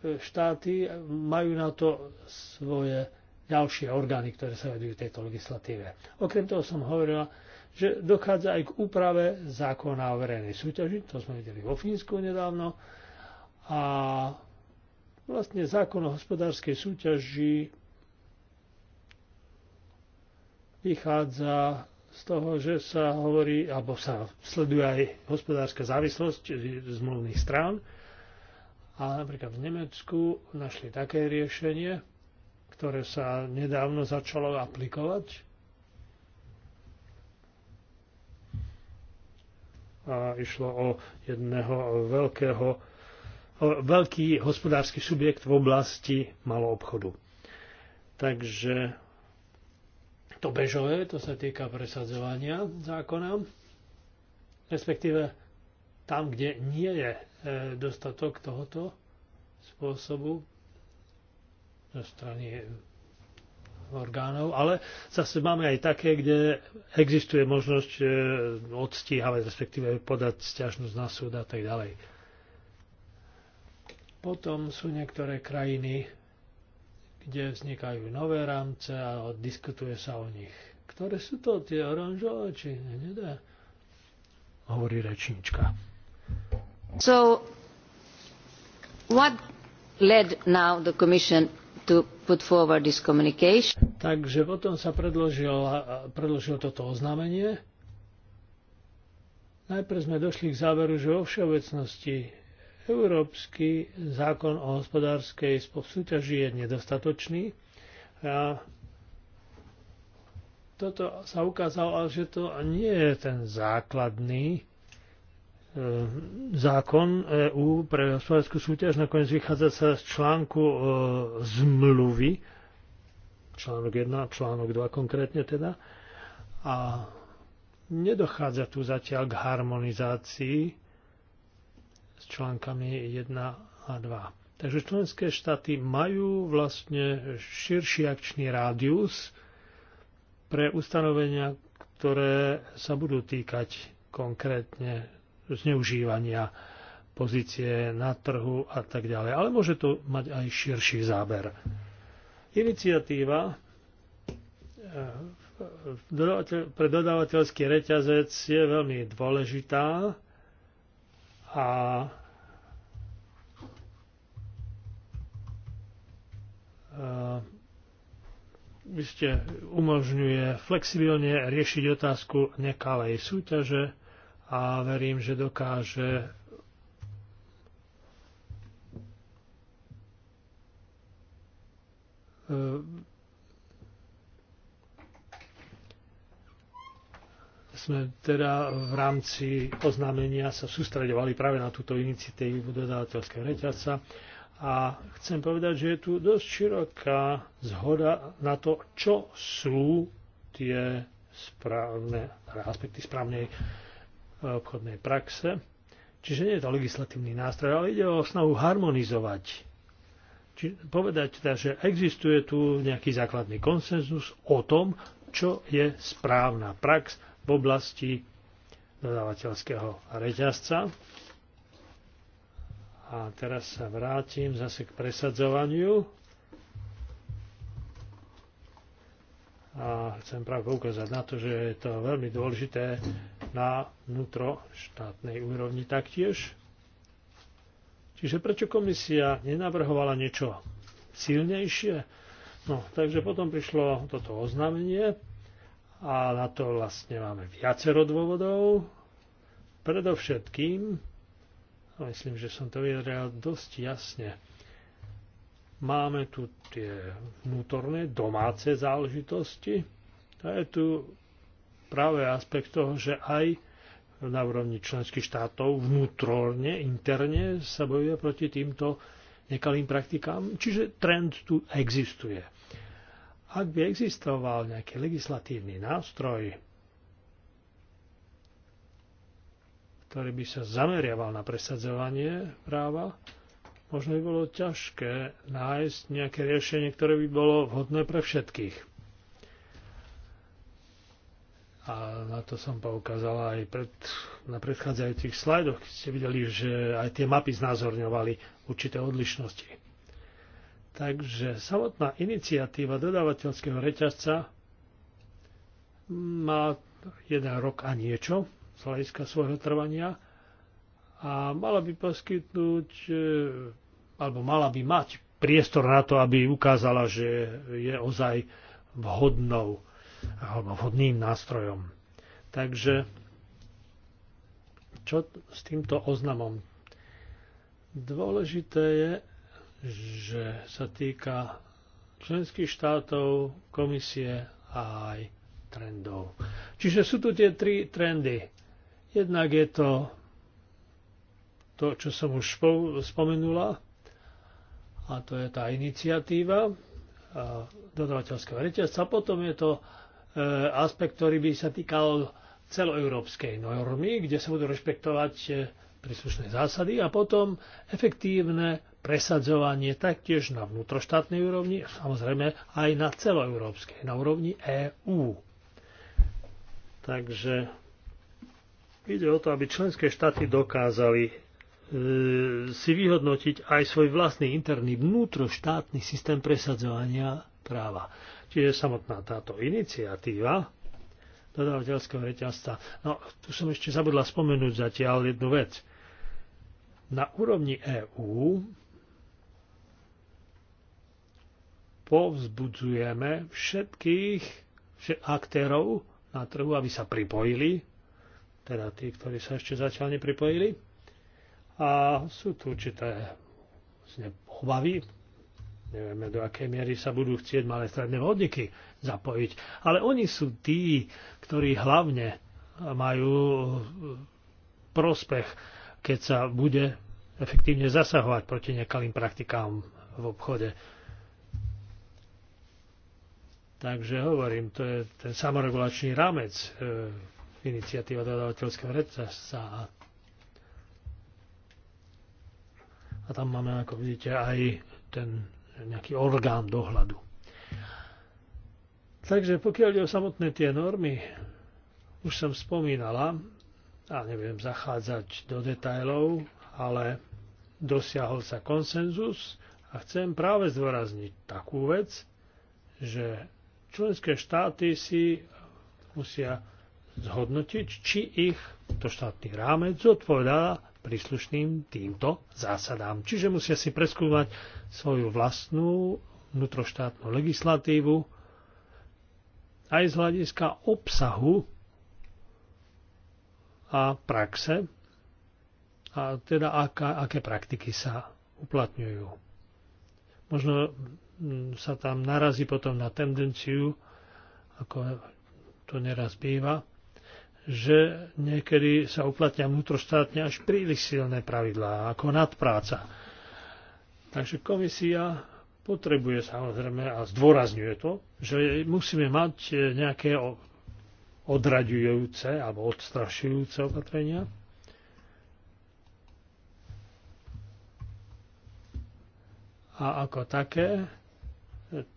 e, štáty majú na to svoje ďalšie orgány, ktoré sa vedujú tejto legislatíve. Okrem toho som hovorila, že dochádza aj k úprave zákona o verejnej súťaži, to sme videli vo Fínsku nedávno, a vlastne zákon o hospodárskej súťaži vychádza z toho, že sa hovorí, alebo sa sleduje aj hospodárska závislosť zmluvných strán. A napríklad v Nemecku našli také riešenie, ktoré sa nedávno začalo aplikovať. A išlo o jedného veľkého, o veľký hospodársky subjekt v oblasti malou obchodu. Takže to bežové, to sa týka presadzovania zákona, respektíve tam, kde nie je e, dostatok tohoto spôsobu zo strany orgánov, ale zase máme aj také, kde existuje možnosť e, odstíhavať, respektíve podať stiažnosť na súd a tak ďalej. Potom sú niektoré krajiny, kde vznikajú nové rámce a diskutuje sa o nich. Ktoré sú to tie oranžové či hnedé? Hovorí rečnička. So, what led now the Commission to put forward this communication? Takže potom sa predložil, predložil toto oznámenie. Najprv sme došli k záveru, že vo všeobecnosti Európsky zákon o hospodárskej súťaži je nedostatočný a toto sa ukázalo, že to nie je ten základný e, zákon EÚ pre hospodárskú súťaž. Nakoniec vychádza sa z článku e, zmluvy, článok 1, článok 2 konkrétne teda. A nedochádza tu zatiaľ k harmonizácii s článkami 1 a 2. Takže členské štáty majú vlastne širší akčný rádius pre ustanovenia, ktoré sa budú týkať konkrétne zneužívania pozície na trhu a tak ďalej. Ale môže to mať aj širší záber. Iniciatíva eh, pre dodávateľský reťazec je veľmi dôležitá a e, ešte umožňuje flexibilne riešiť otázku nekalej súťaže a verím, že dokáže sme teda v rámci oznámenia sa sústredovali práve na túto iniciatívu dodávateľského reťazca a chcem povedať, že je tu dosť široká zhoda na to, čo sú tie správne, aspekty správnej e, obchodnej praxe. Čiže nie je to legislatívny nástroj, ale ide o snahu harmonizovať. Či, povedať teda, že existuje tu nejaký základný konsenzus o tom, čo je správna prax v oblasti dodávateľského reťazca. A teraz sa vrátim zase k presadzovaniu. A chcem práve ukázať na to, že je to veľmi dôležité na vnútroštátnej úrovni taktiež. Čiže prečo komisia nenavrhovala niečo silnejšie? No, takže potom prišlo toto oznámenie a na to vlastne máme viacero dôvodov. Predovšetkým, a myslím, že som to vyjadril dosť jasne, máme tu tie vnútorné, domáce záležitosti a je tu práve aspekt toho, že aj na úrovni členských štátov vnútorne, interne sa bojuje proti týmto nekalým praktikám. Čiže trend tu existuje. Ak by existoval nejaký legislatívny nástroj, ktorý by sa zameriaval na presadzovanie práva, možno by bolo ťažké nájsť nejaké riešenie, ktoré by bolo vhodné pre všetkých. A na to som poukázala aj pred, na predchádzajúcich slajdoch, keď ste videli, že aj tie mapy znázorňovali určité odlišnosti. Takže samotná iniciatíva dodávateľského reťazca má jeden rok a niečo z hľadiska svojho trvania a mala by poskytnúť, e, alebo mala by mať priestor na to, aby ukázala, že je ozaj vhodnou alebo vhodným nástrojom. Takže čo s týmto oznamom? Dôležité je, že sa týka členských štátov, komisie a aj trendov. Čiže sú tu tie tri trendy. Jednak je to to, čo som už spomenula, a to je tá iniciatíva dodavateľského reťazca. Potom je to e, aspekt, ktorý by sa týkal celoeurópskej normy, kde sa budú rešpektovať e, príslušné zásady a potom efektívne presadzovanie taktiež na vnútroštátnej úrovni, a samozrejme aj na celoeurópskej, na úrovni EÚ. Takže ide o to, aby členské štáty dokázali e, si vyhodnotiť aj svoj vlastný interný vnútroštátny systém presadzovania práva. Čiže samotná táto iniciatíva dodávateľského reťazca. No, tu som ešte zabudla spomenúť zatiaľ jednu vec na úrovni EÚ povzbudzujeme všetkých aktérov na trhu, aby sa pripojili, teda tí, ktorí sa ešte zatiaľ nepripojili. A sú tu určité obavy, nevieme do akej miery sa budú chcieť malé stredné vodníky zapojiť, ale oni sú tí, ktorí hlavne majú prospech keď sa bude efektívne zasahovať proti nekalým praktikám v obchode. Takže hovorím, to je ten samoregulačný rámec e, iniciatíva dodávateľského reťazca. A tam máme, ako vidíte, aj ten nejaký orgán dohľadu. Takže pokiaľ ide o samotné tie normy, už som spomínala, a neviem zachádzať do detajlov, ale dosiahol sa konsenzus a chcem práve zdôrazniť takú vec, že členské štáty si musia zhodnotiť, či ich to štátny rámec zodpovedá príslušným týmto zásadám. Čiže musia si preskúmať svoju vlastnú vnútroštátnu legislatívu aj z hľadiska obsahu a praxe, a teda aká, aké praktiky sa uplatňujú. Možno mm, sa tam narazí potom na tendenciu, ako to neraz býva, že niekedy sa uplatňa vnútroštátne až príliš silné pravidlá, ako nadpráca. Takže komisia potrebuje samozrejme a zdôrazňuje to, že musíme mať nejaké odraďujúce alebo odstrašujúce opatrenia. A ako také,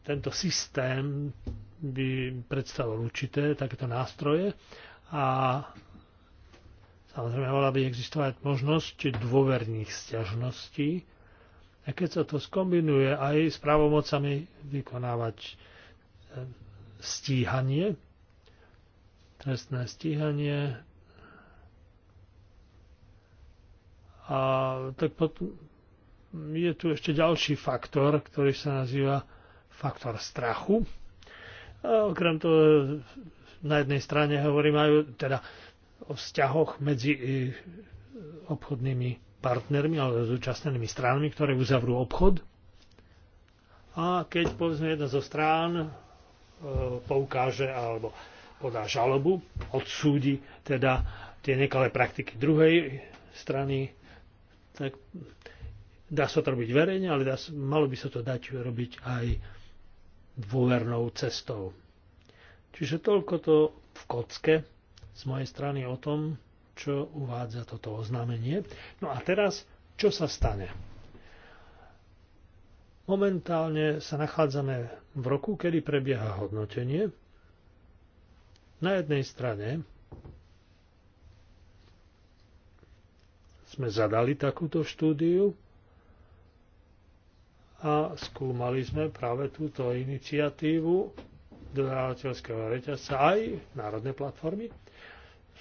tento systém by predstavoval určité takéto nástroje a samozrejme mala by existovať možnosť dôverných stiažností a keď sa to skombinuje aj s právomocami vykonávať eh, stíhanie, trestné stíhanie a tak potom je tu ešte ďalší faktor, ktorý sa nazýva faktor strachu. A okrem toho na jednej strane hovorím aj teda o vzťahoch medzi e, obchodnými partnermi alebo zúčastnenými stránmi, ktoré uzavrú obchod. A keď povedzme jedna zo strán e, poukáže alebo podá žalobu, odsúdi teda tie nekalé praktiky druhej strany, tak dá sa to robiť verejne, ale dá, malo by sa to dať robiť aj dôvernou cestou. Čiže toľko to v kocke z mojej strany o tom, čo uvádza toto oznámenie. No a teraz, čo sa stane? Momentálne sa nachádzame v roku, kedy prebieha hodnotenie na jednej strane sme zadali takúto štúdiu a skúmali sme práve túto iniciatívu dodávateľského reťazca aj národné platformy.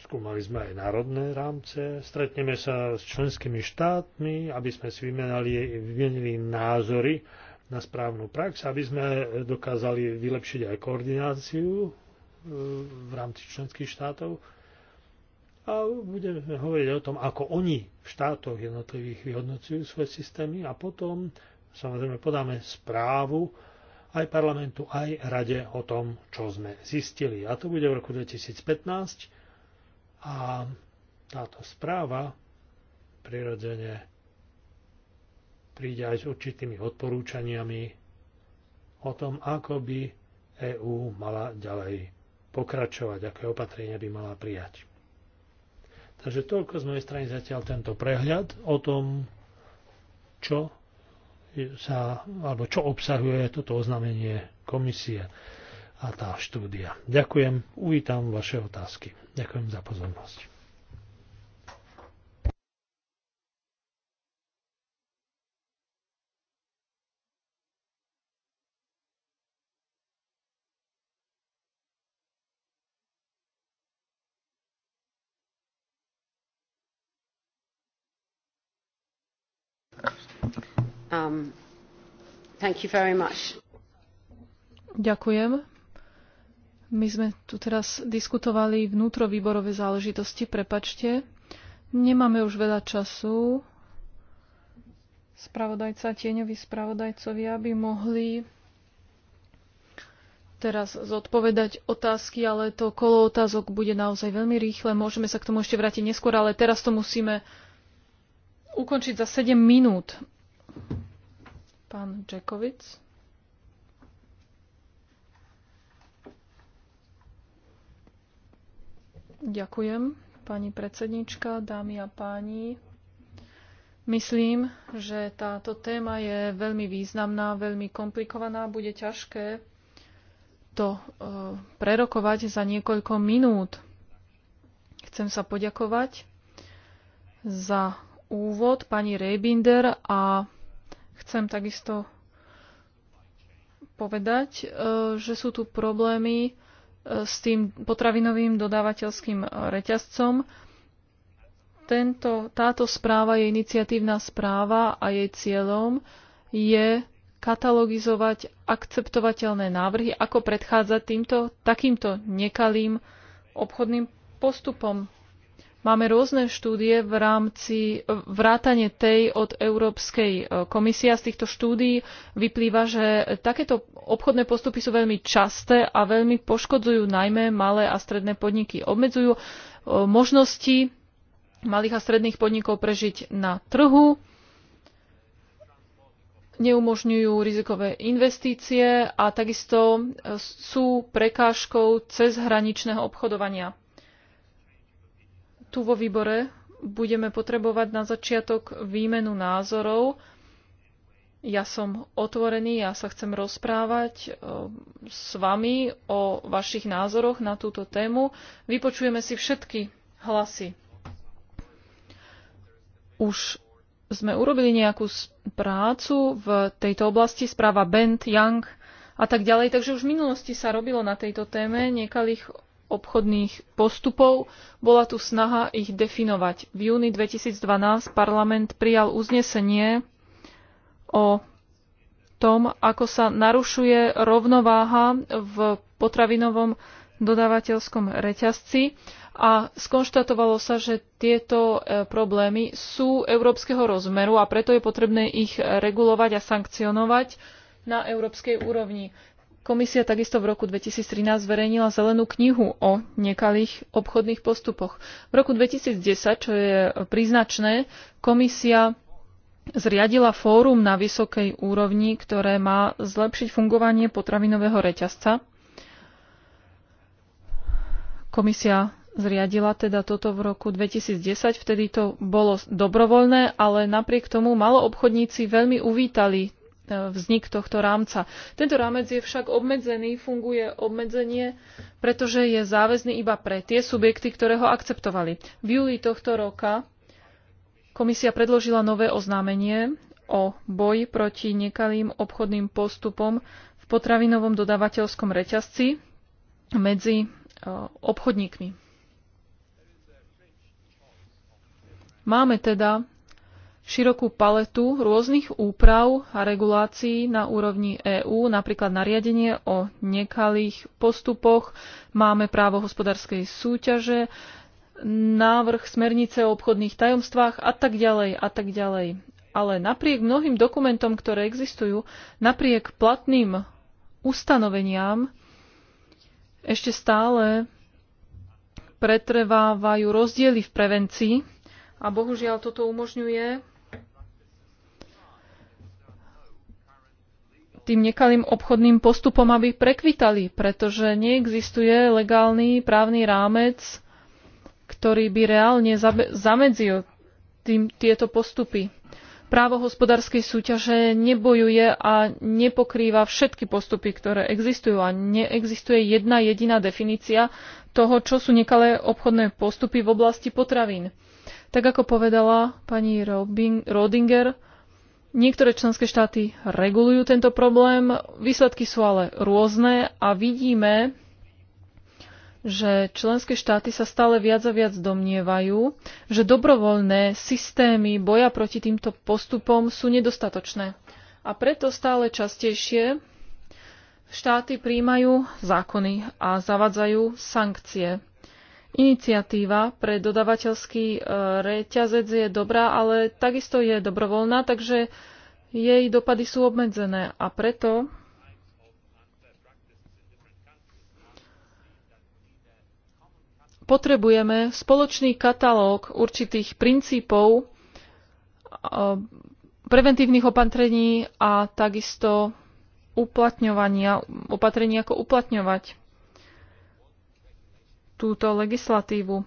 Skúmali sme aj národné rámce, stretneme sa s členskými štátmi, aby sme si vymenali, vymenili názory na správnu prax, aby sme dokázali vylepšiť aj koordináciu v rámci členských štátov a budeme hovoriť o tom, ako oni v štátoch jednotlivých vyhodnocujú svoje systémy a potom samozrejme podáme správu aj parlamentu, aj rade o tom, čo sme zistili. A to bude v roku 2015 a táto správa prirodzene príde aj s určitými odporúčaniami o tom, ako by EÚ mala ďalej pokračovať, aké opatrenia by mala prijať. Takže toľko z mojej strany zatiaľ tento prehľad o tom, čo sa, alebo čo obsahuje toto oznámenie komisie a tá štúdia. Ďakujem, uvítam vaše otázky. Ďakujem za pozornosť. Um, Ďakujem. My sme tu teraz diskutovali vnútrovýborové záležitosti, prepačte. Nemáme už veľa času. Spravodajca, tieňoví spravodajcovia by mohli teraz zodpovedať otázky, ale to kolo otázok bude naozaj veľmi rýchle. Môžeme sa k tomu ešte vrátiť neskôr, ale teraz to musíme ukončiť za 7 minút. Pán Čekovic. Ďakujem, pani predsednička, dámy a páni. Myslím, že táto téma je veľmi významná, veľmi komplikovaná. Bude ťažké to e, prerokovať za niekoľko minút. Chcem sa poďakovať za úvod pani Rebinder a Chcem takisto povedať, e, že sú tu problémy e, s tým potravinovým dodávateľským e, reťazcom. Tento, táto správa je iniciatívna správa a jej cieľom je katalogizovať akceptovateľné návrhy, ako predchádzať týmto takýmto nekalým obchodným postupom. Máme rôzne štúdie v rámci vrátane tej od Európskej e, komisie. Z týchto štúdií vyplýva, že takéto obchodné postupy sú veľmi časté a veľmi poškodzujú najmä malé a stredné podniky. Obmedzujú e, možnosti malých a stredných podnikov prežiť na trhu, neumožňujú rizikové investície a takisto e, sú prekážkou cezhraničného obchodovania tu vo výbore budeme potrebovať na začiatok výmenu názorov. Ja som otvorený, ja sa chcem rozprávať eh, s vami o vašich názoroch na túto tému. Vypočujeme si všetky hlasy. Už sme urobili nejakú prácu v tejto oblasti, správa Bent, Young a tak ďalej, takže už v minulosti sa robilo na tejto téme. Nekalých obchodných postupov. Bola tu snaha ich definovať. V júni 2012 parlament prijal uznesenie o tom, ako sa narušuje rovnováha v potravinovom dodávateľskom reťazci a skonštatovalo sa, že tieto e, problémy sú európskeho rozmeru a preto je potrebné ich regulovať a sankcionovať na európskej úrovni. Komisia takisto v roku 2013 zverejnila zelenú knihu o nekalých obchodných postupoch. V roku 2010, čo je príznačné, komisia zriadila fórum na vysokej úrovni, ktoré má zlepšiť fungovanie potravinového reťazca. Komisia zriadila teda toto v roku 2010, vtedy to bolo dobrovoľné, ale napriek tomu malo obchodníci veľmi uvítali vznik tohto rámca. Tento rámec je však obmedzený, funguje obmedzenie, pretože je záväzný iba pre tie subjekty, ktoré ho akceptovali. V júli tohto roka komisia predložila nové oznámenie o boji proti nekalým obchodným postupom v potravinovom dodávateľskom reťazci medzi e, obchodníkmi. Máme teda širokú paletu rôznych úprav a regulácií na úrovni EÚ, napríklad nariadenie o nekalých postupoch, máme právo hospodárskej súťaže, návrh smernice o obchodných tajomstvách a tak ďalej a tak ďalej. Ale napriek mnohým dokumentom, ktoré existujú, napriek platným ustanoveniam, ešte stále pretrvávajú rozdiely v prevencii a bohužiaľ toto umožňuje tým nekalým obchodným postupom, aby prekvitali, pretože neexistuje legálny právny rámec, ktorý by reálne zamedzil tým, tieto postupy. Právo hospodárskej súťaže nebojuje a nepokrýva všetky postupy, ktoré existujú a neexistuje jedna jediná definícia toho, čo sú nekalé obchodné postupy v oblasti potravín. Tak ako povedala pani Robin, Rodinger, Niektoré členské štáty regulujú tento problém, výsledky sú ale rôzne a vidíme, že členské štáty sa stále viac a viac domnievajú, že dobrovoľné systémy boja proti týmto postupom sú nedostatočné. A preto stále častejšie štáty príjmajú zákony a zavadzajú sankcie. Iniciatíva pre dodavateľský e, reťazec je dobrá, ale takisto je dobrovoľná, takže jej dopady sú obmedzené a preto potrebujeme spoločný katalóg určitých princípov, e, preventívnych opatrení a takisto uplatňovania, opatrení ako uplatňovať túto legislatívu.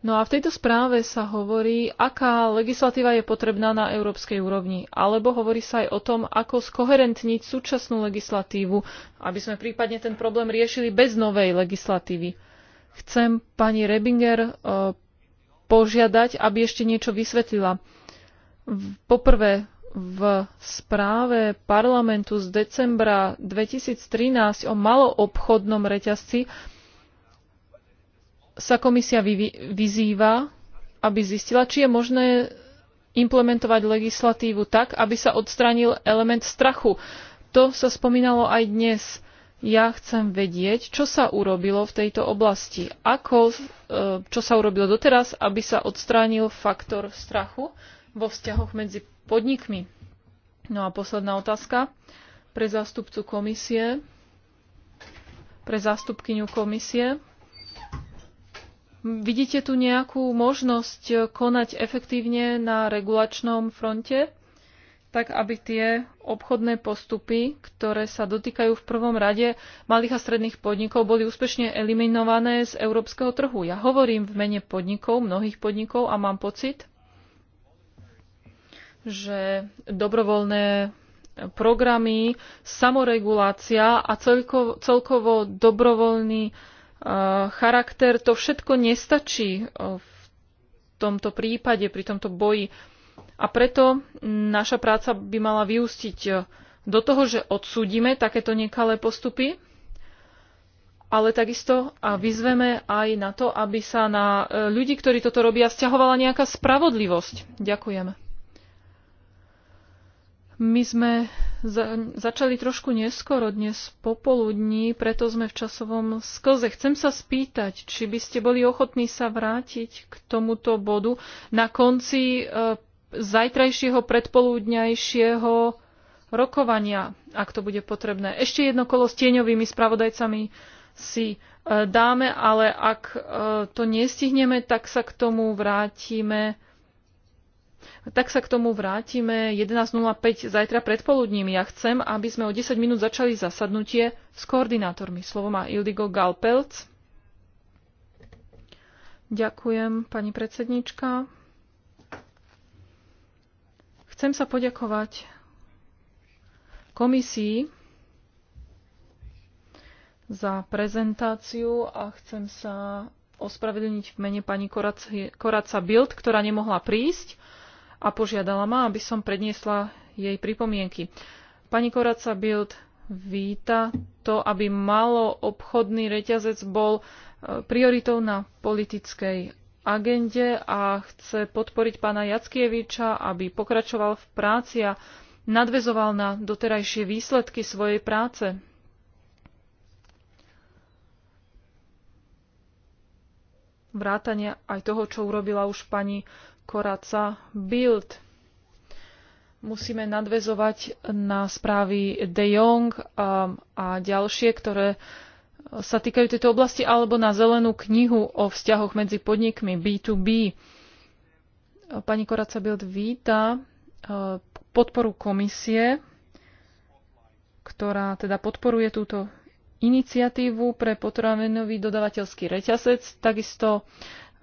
No a v tejto správe sa hovorí, aká legislatíva je potrebná na európskej úrovni, alebo hovorí sa aj o tom, ako skoherentniť súčasnú legislatívu, aby sme prípadne ten problém riešili bez novej legislatívy. Chcem pani Rebinger eh, požiadať, aby ešte niečo vysvetlila. Poprvé, v správe parlamentu z decembra 2013 o maloobchodnom reťazci sa komisia vyzýva, aby zistila, či je možné implementovať legislatívu tak, aby sa odstránil element strachu. To sa spomínalo aj dnes. Ja chcem vedieť, čo sa urobilo v tejto oblasti. Ako, e, čo sa urobilo doteraz, aby sa odstránil faktor strachu vo vzťahoch medzi podnikmi. No a posledná otázka pre zástupcu komisie, pre zástupkyňu komisie. Vidíte tu nejakú možnosť eh, konať efektívne na regulačnom fronte, tak aby tie obchodné postupy, ktoré sa dotýkajú v prvom rade malých a stredných podnikov, boli úspešne eliminované z európskeho trhu. Ja hovorím v mene podnikov, mnohých podnikov a mám pocit, že dobrovoľné programy, samoregulácia a celkovo, celkovo dobrovoľný charakter, to všetko nestačí e, v tomto prípade, pri tomto boji. A preto naša práca by mala vyústiť e, do toho, že odsúdime takéto nekalé postupy, ale takisto a vyzveme aj na to, aby sa na e, ľudí, ktorí toto robia, stiahovala nejaká spravodlivosť. Ďakujeme. My sme za- začali trošku neskoro dnes popoludní, preto sme v časovom sklze. Chcem sa spýtať, či by ste boli ochotní sa vrátiť k tomuto bodu na konci e, zajtrajšieho predpoludňajšieho rokovania, ak to bude potrebné. Ešte jedno kolo s tieňovými spravodajcami si e, dáme, ale ak e, to nestihneme, tak sa k tomu vrátime tak sa k tomu vrátime 11.05 zajtra predpoludním. Ja chcem, aby sme o 10 minút začali zasadnutie s koordinátormi. Slovo má Ildigo Galpelc. Ďakujem, pani predsednička. Chcem sa poďakovať komisii za prezentáciu a chcem sa ospravedlniť v mene pani Koraca Bild, ktorá nemohla prísť a požiadala ma, aby som predniesla jej pripomienky. Pani Koraca Bild víta to, aby malo obchodný reťazec bol e, prioritou na politickej agende a chce podporiť pána Jackieviča, aby pokračoval v práci a nadvezoval na doterajšie výsledky svojej práce. Vrátania aj toho, čo urobila už pani Koraca Bild. Musíme nadvezovať na správy De Jong a, a ďalšie, ktoré sa týkajú tejto oblasti, alebo na zelenú knihu o vzťahoch medzi podnikmi B2B. Pani Koraca Bild víta podporu komisie, ktorá teda podporuje túto iniciatívu pre potravinový dodavateľský reťazec. Takisto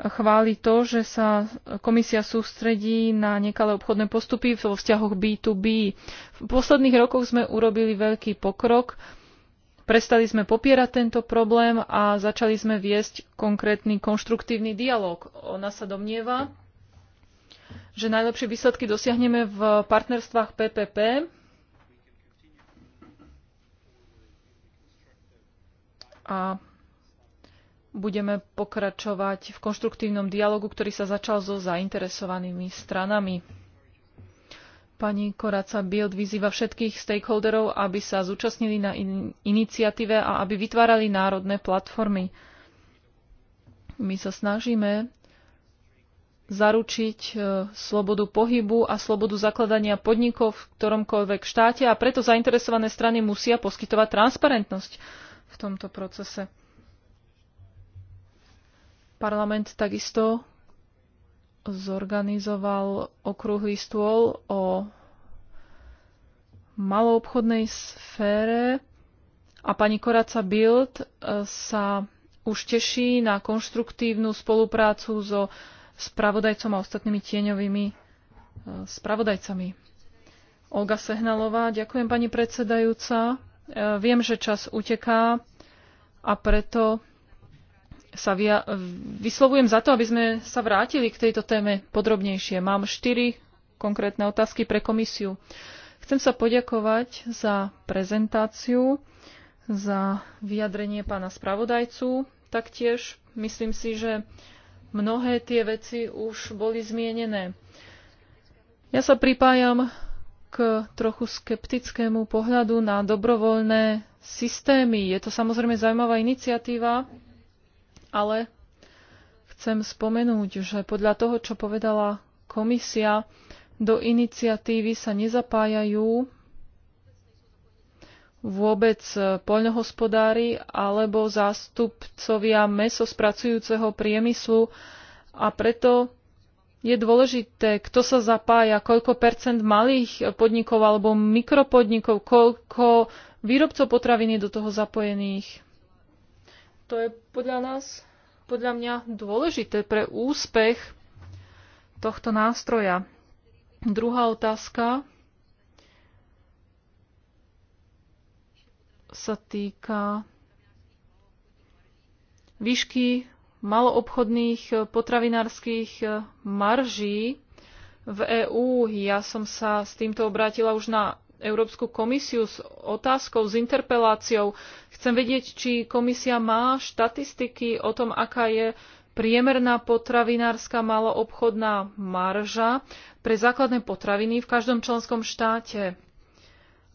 chváli to, že sa komisia sústredí na nekalé obchodné postupy vo vzťahoch B2B. V posledných rokoch sme urobili veľký pokrok. Prestali sme popierať tento problém a začali sme viesť konkrétny konštruktívny dialog. Ona sa domnieva, že najlepšie výsledky dosiahneme v partnerstvách PPP, a budeme pokračovať v konštruktívnom dialogu, ktorý sa začal so zainteresovanými stranami. Pani Koraca Bild vyzýva všetkých stakeholderov, aby sa zúčastnili na in- iniciatíve a aby vytvárali národné platformy. My sa snažíme zaručiť e, slobodu pohybu a slobodu zakladania podnikov v ktoromkoľvek štáte a preto zainteresované strany musia poskytovať transparentnosť v tomto procese. Parlament takisto zorganizoval okrúhly stôl o maloobchodnej sfére a pani Koraca Bild e, sa už teší na konštruktívnu spoluprácu so spravodajcom a ostatnými tieňovými e, spravodajcami. Olga Sehnalová, ďakujem pani predsedajúca. E, viem, že čas uteká a preto sa via- vyslovujem za to, aby sme sa vrátili k tejto téme podrobnejšie. Mám štyri konkrétne otázky pre komisiu. Chcem sa poďakovať za prezentáciu, za vyjadrenie pána spravodajcu. Taktiež myslím si, že mnohé tie veci už boli zmienené. Ja sa pripájam k trochu skeptickému pohľadu na dobrovoľné systémy. Je to samozrejme zaujímavá iniciatíva, ale chcem spomenúť, že podľa toho, čo povedala komisia, do iniciatívy sa nezapájajú vôbec poľnohospodári alebo zástupcovia mesospracujúceho priemyslu a preto je dôležité, kto sa zapája, koľko percent malých podnikov alebo mikropodnikov, koľko výrobcov potravín je do toho zapojených. To je podľa nás, podľa mňa dôležité pre úspech tohto nástroja. Druhá otázka sa týka výšky maloobchodných potravinárskych marží v EÚ. Ja som sa s týmto obrátila už na Európsku komisiu s otázkou, s interpeláciou. Chcem vedieť, či komisia má štatistiky o tom, aká je priemerná potravinárska maloobchodná marža pre základné potraviny v každom členskom štáte.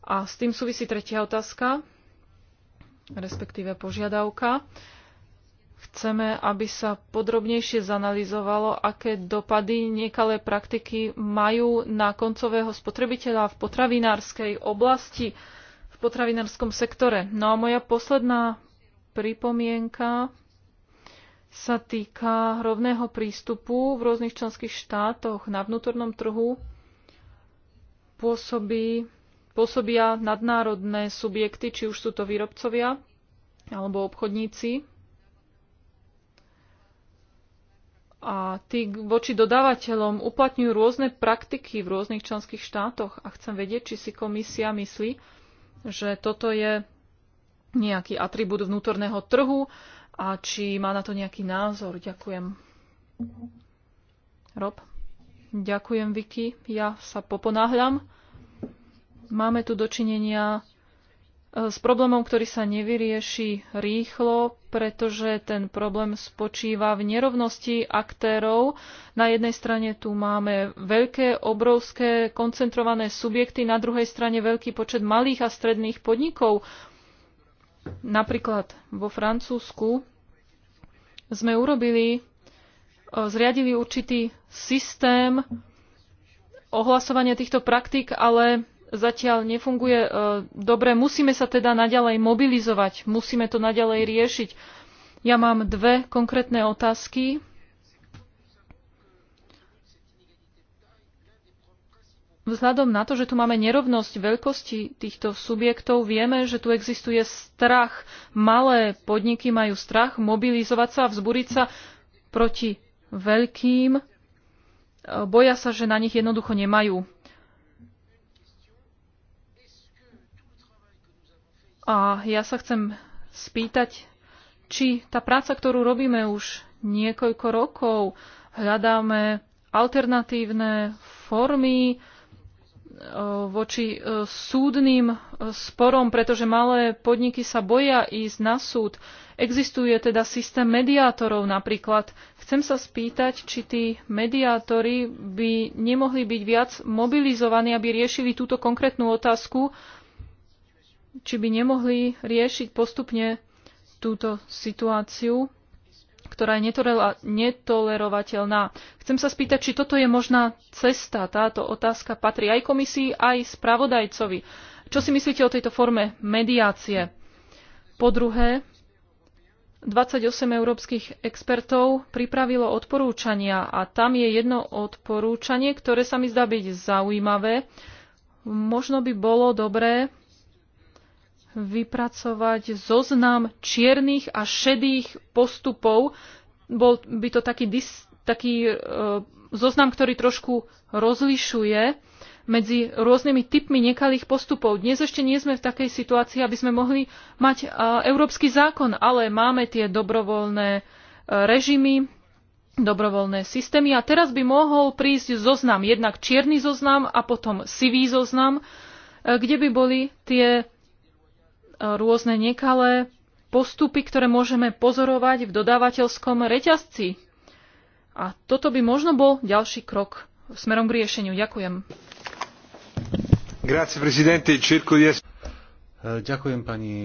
A s tým súvisí tretia otázka, respektíve požiadavka. Uh, Chceme, aby sa podrobnejšie zanalizovalo, aké dopady niekalé praktiky majú na koncového spotrebiteľa v potravinárskej oblasti, v potravinárskom sektore. No a moja posledná pripomienka sa týka rovného prístupu v rôznych členských štátoch na vnútornom trhu pôsobí, pôsobia nadnárodné subjekty, či už sú to výrobcovia alebo obchodníci. A tí voči dodávateľom uplatňujú rôzne praktiky v rôznych členských štátoch a chcem vedieť, či si komisia myslí, že toto je nejaký atribút vnútorného trhu a či má na to nejaký názor. Ďakujem. Rob? Ďakujem, Vicky. Ja sa poponáhľam. Máme tu dočinenia s problémom, ktorý sa nevyrieši rýchlo, pretože ten problém spočíva v nerovnosti aktérov. Na jednej strane tu máme veľké, obrovské, koncentrované subjekty, na druhej strane veľký počet malých a stredných podnikov. Napríklad vo Francúzsku sme urobili, e, zriadili určitý systém ohlasovania týchto praktík, ale zatiaľ nefunguje e, dobre. Musíme sa teda naďalej mobilizovať, musíme to naďalej riešiť. Ja mám dve konkrétne otázky. Vzhľadom na to, že tu máme nerovnosť veľkosti týchto subjektov, vieme, že tu existuje strach. Malé podniky majú strach mobilizovať sa a vzburiť sa proti veľkým. E, boja sa, že na nich jednoducho nemajú A ja sa chcem spýtať, či tá práca, ktorú robíme už niekoľko rokov, hľadáme alternatívne formy e, voči e, súdnym e, sporom, pretože malé podniky sa boja ísť na súd. Existuje teda systém mediátorov napríklad. Chcem sa spýtať, či tí mediátori by nemohli byť viac mobilizovaní, aby riešili túto konkrétnu otázku či by nemohli riešiť postupne túto situáciu, ktorá je netolerovateľná. Chcem sa spýtať, či toto je možná cesta. Táto otázka patrí aj komisii, aj spravodajcovi. Čo si myslíte o tejto forme mediácie? Po druhé, 28 európskych expertov pripravilo odporúčania a tam je jedno odporúčanie, ktoré sa mi zdá byť zaujímavé. Možno by bolo dobré vypracovať zoznam čiernych a šedých postupov. Bol by to taký, dis, taký e, zoznam, ktorý trošku rozlišuje medzi rôznymi typmi nekalých postupov. Dnes ešte nie sme v takej situácii, aby sme mohli mať e, európsky zákon, ale máme tie dobrovoľné e, režimy, dobrovoľné systémy a teraz by mohol prísť zoznam, jednak čierny zoznam a potom sivý zoznam, e, kde by boli tie rôzne nekalé postupy, ktoré môžeme pozorovať v dodávateľskom reťazci. A toto by možno bol ďalší krok smerom k riešeniu. Ďakujem. Grazie, presidente. Ďakujem pani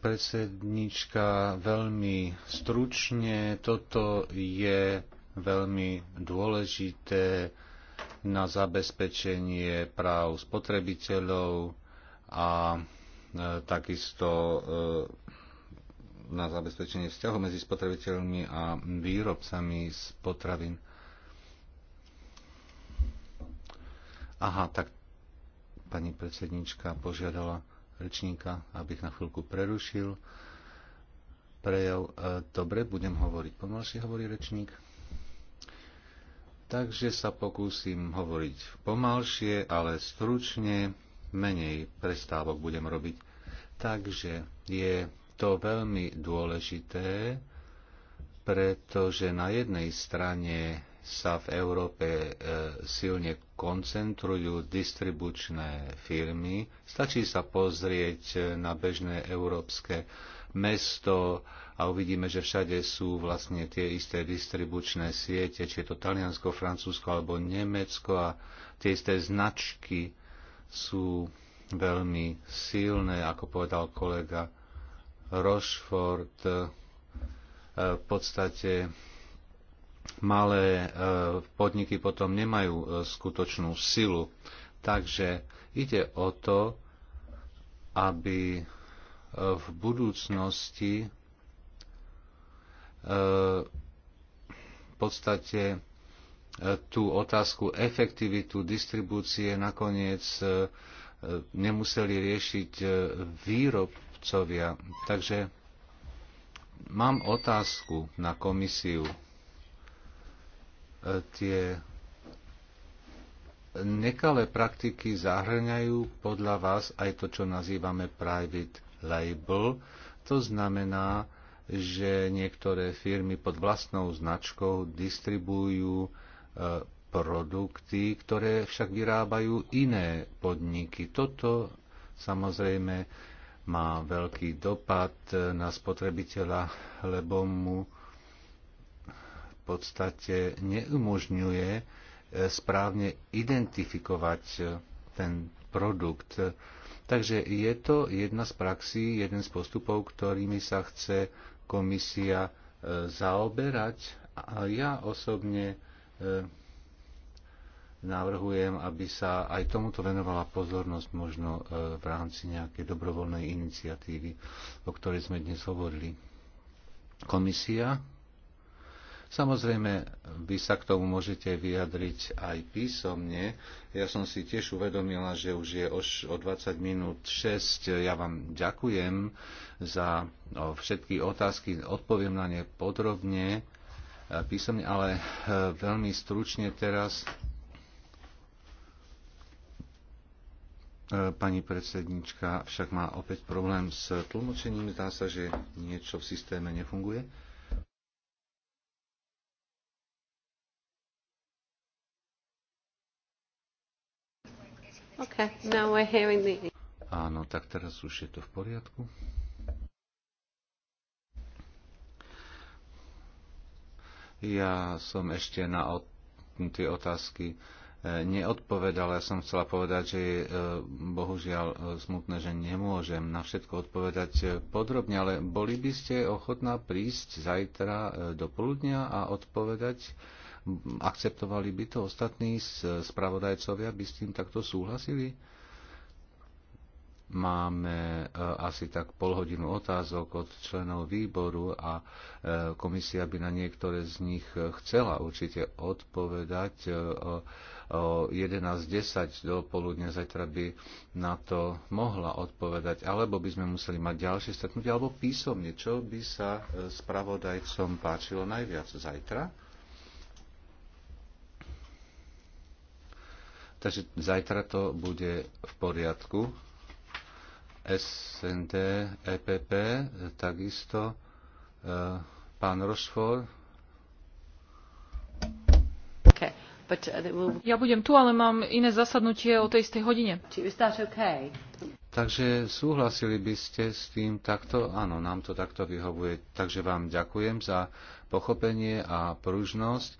predsednička veľmi stručne. Toto je veľmi dôležité na zabezpečenie práv spotrebiteľov a E, takisto e, na zabezpečenie vzťahu medzi spotrebiteľmi a výrobcami z potravín. Aha, tak pani predsednička požiadala rečníka, abych na chvíľku prerušil. Prejav, e, dobre, budem hovoriť. Pomalšie hovorí rečník. Takže sa pokúsim hovoriť pomalšie, ale stručne menej prestávok budem robiť. Takže je to veľmi dôležité, pretože na jednej strane sa v Európe e, silne koncentrujú distribučné firmy. Stačí sa pozrieť e, na bežné európske mesto a uvidíme, že všade sú vlastne tie isté distribučné siete, či je to Taliansko, Francúzsko alebo Nemecko a tie isté značky sú veľmi silné, ako povedal kolega Rochefort. E, v podstate malé e, podniky potom nemajú e, skutočnú silu. Takže ide o to, aby v budúcnosti v podstate tú otázku efektivitu distribúcie nakoniec e, e, nemuseli riešiť e, výrobcovia. Takže mám otázku na komisiu. Tie nekalé praktiky zahrňajú podľa vás aj to, čo nazývame private label. To znamená, že niektoré firmy pod vlastnou značkou distribujú produkty, ktoré však vyrábajú iné podniky. Toto samozrejme má veľký dopad na spotrebiteľa, lebo mu v podstate neumožňuje eh, správne identifikovať eh, ten produkt. Takže je to jedna z praxí, jeden z postupov, ktorými sa chce komisia eh, zaoberať. A ja osobne E, navrhujem, aby sa aj tomuto venovala pozornosť možno e, v rámci nejakej dobrovoľnej iniciatívy, o ktorej sme dnes hovorili. Komisia. Samozrejme, vy sa k tomu môžete vyjadriť aj písomne. Ja som si tiež uvedomila, že už je už o 20 minút 6. Ja vám ďakujem za všetky otázky. Odpoviem na ne podrobne písomne, ale eh, veľmi stručne teraz eh, Pani predsednička však má opäť problém s tlmočením. Zdá sa, že niečo v systéme nefunguje. Okay, now we're hearing the... Áno, tak teraz už je to v poriadku. Ja som ešte na tie otázky e, neodpovedal. Ja som chcela povedať, že je bohužiaľ e, smutné, že nemôžem na všetko odpovedať e, podrobne, ale boli by ste ochotná prísť zajtra do poludnia a odpovedať? Akceptovali by to ostatní spravodajcovia? By s tým takto súhlasili? Máme eh, asi tak pol hodinu otázok od členov výboru a eh, komisia by na niektoré z nich eh, chcela určite odpovedať. O 11.10 do poludne zajtra by na to mohla odpovedať, alebo by sme museli mať ďalšie stretnutie, alebo písomne, čo by sa spravodajcom páčilo najviac zajtra. Takže zajtra to bude v poriadku. SND, EPP, takisto e, pán Rošfor. Uh, ja budem tu, ale mám iné zasadnutie o tej istej hodine. Takže súhlasili by ste s tým takto? Áno, nám to takto vyhovuje. Takže vám ďakujem za pochopenie a pružnosť.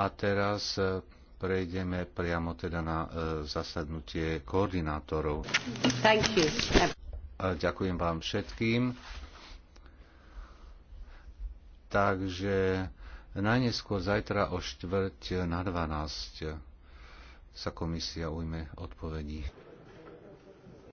A teraz e, prejdeme priamo teda na e, zasadnutie koordinátorov. Thank you. Ďakujem vám všetkým. Takže najneskôr zajtra o štvrť na 12 sa komisia ujme odpovedí.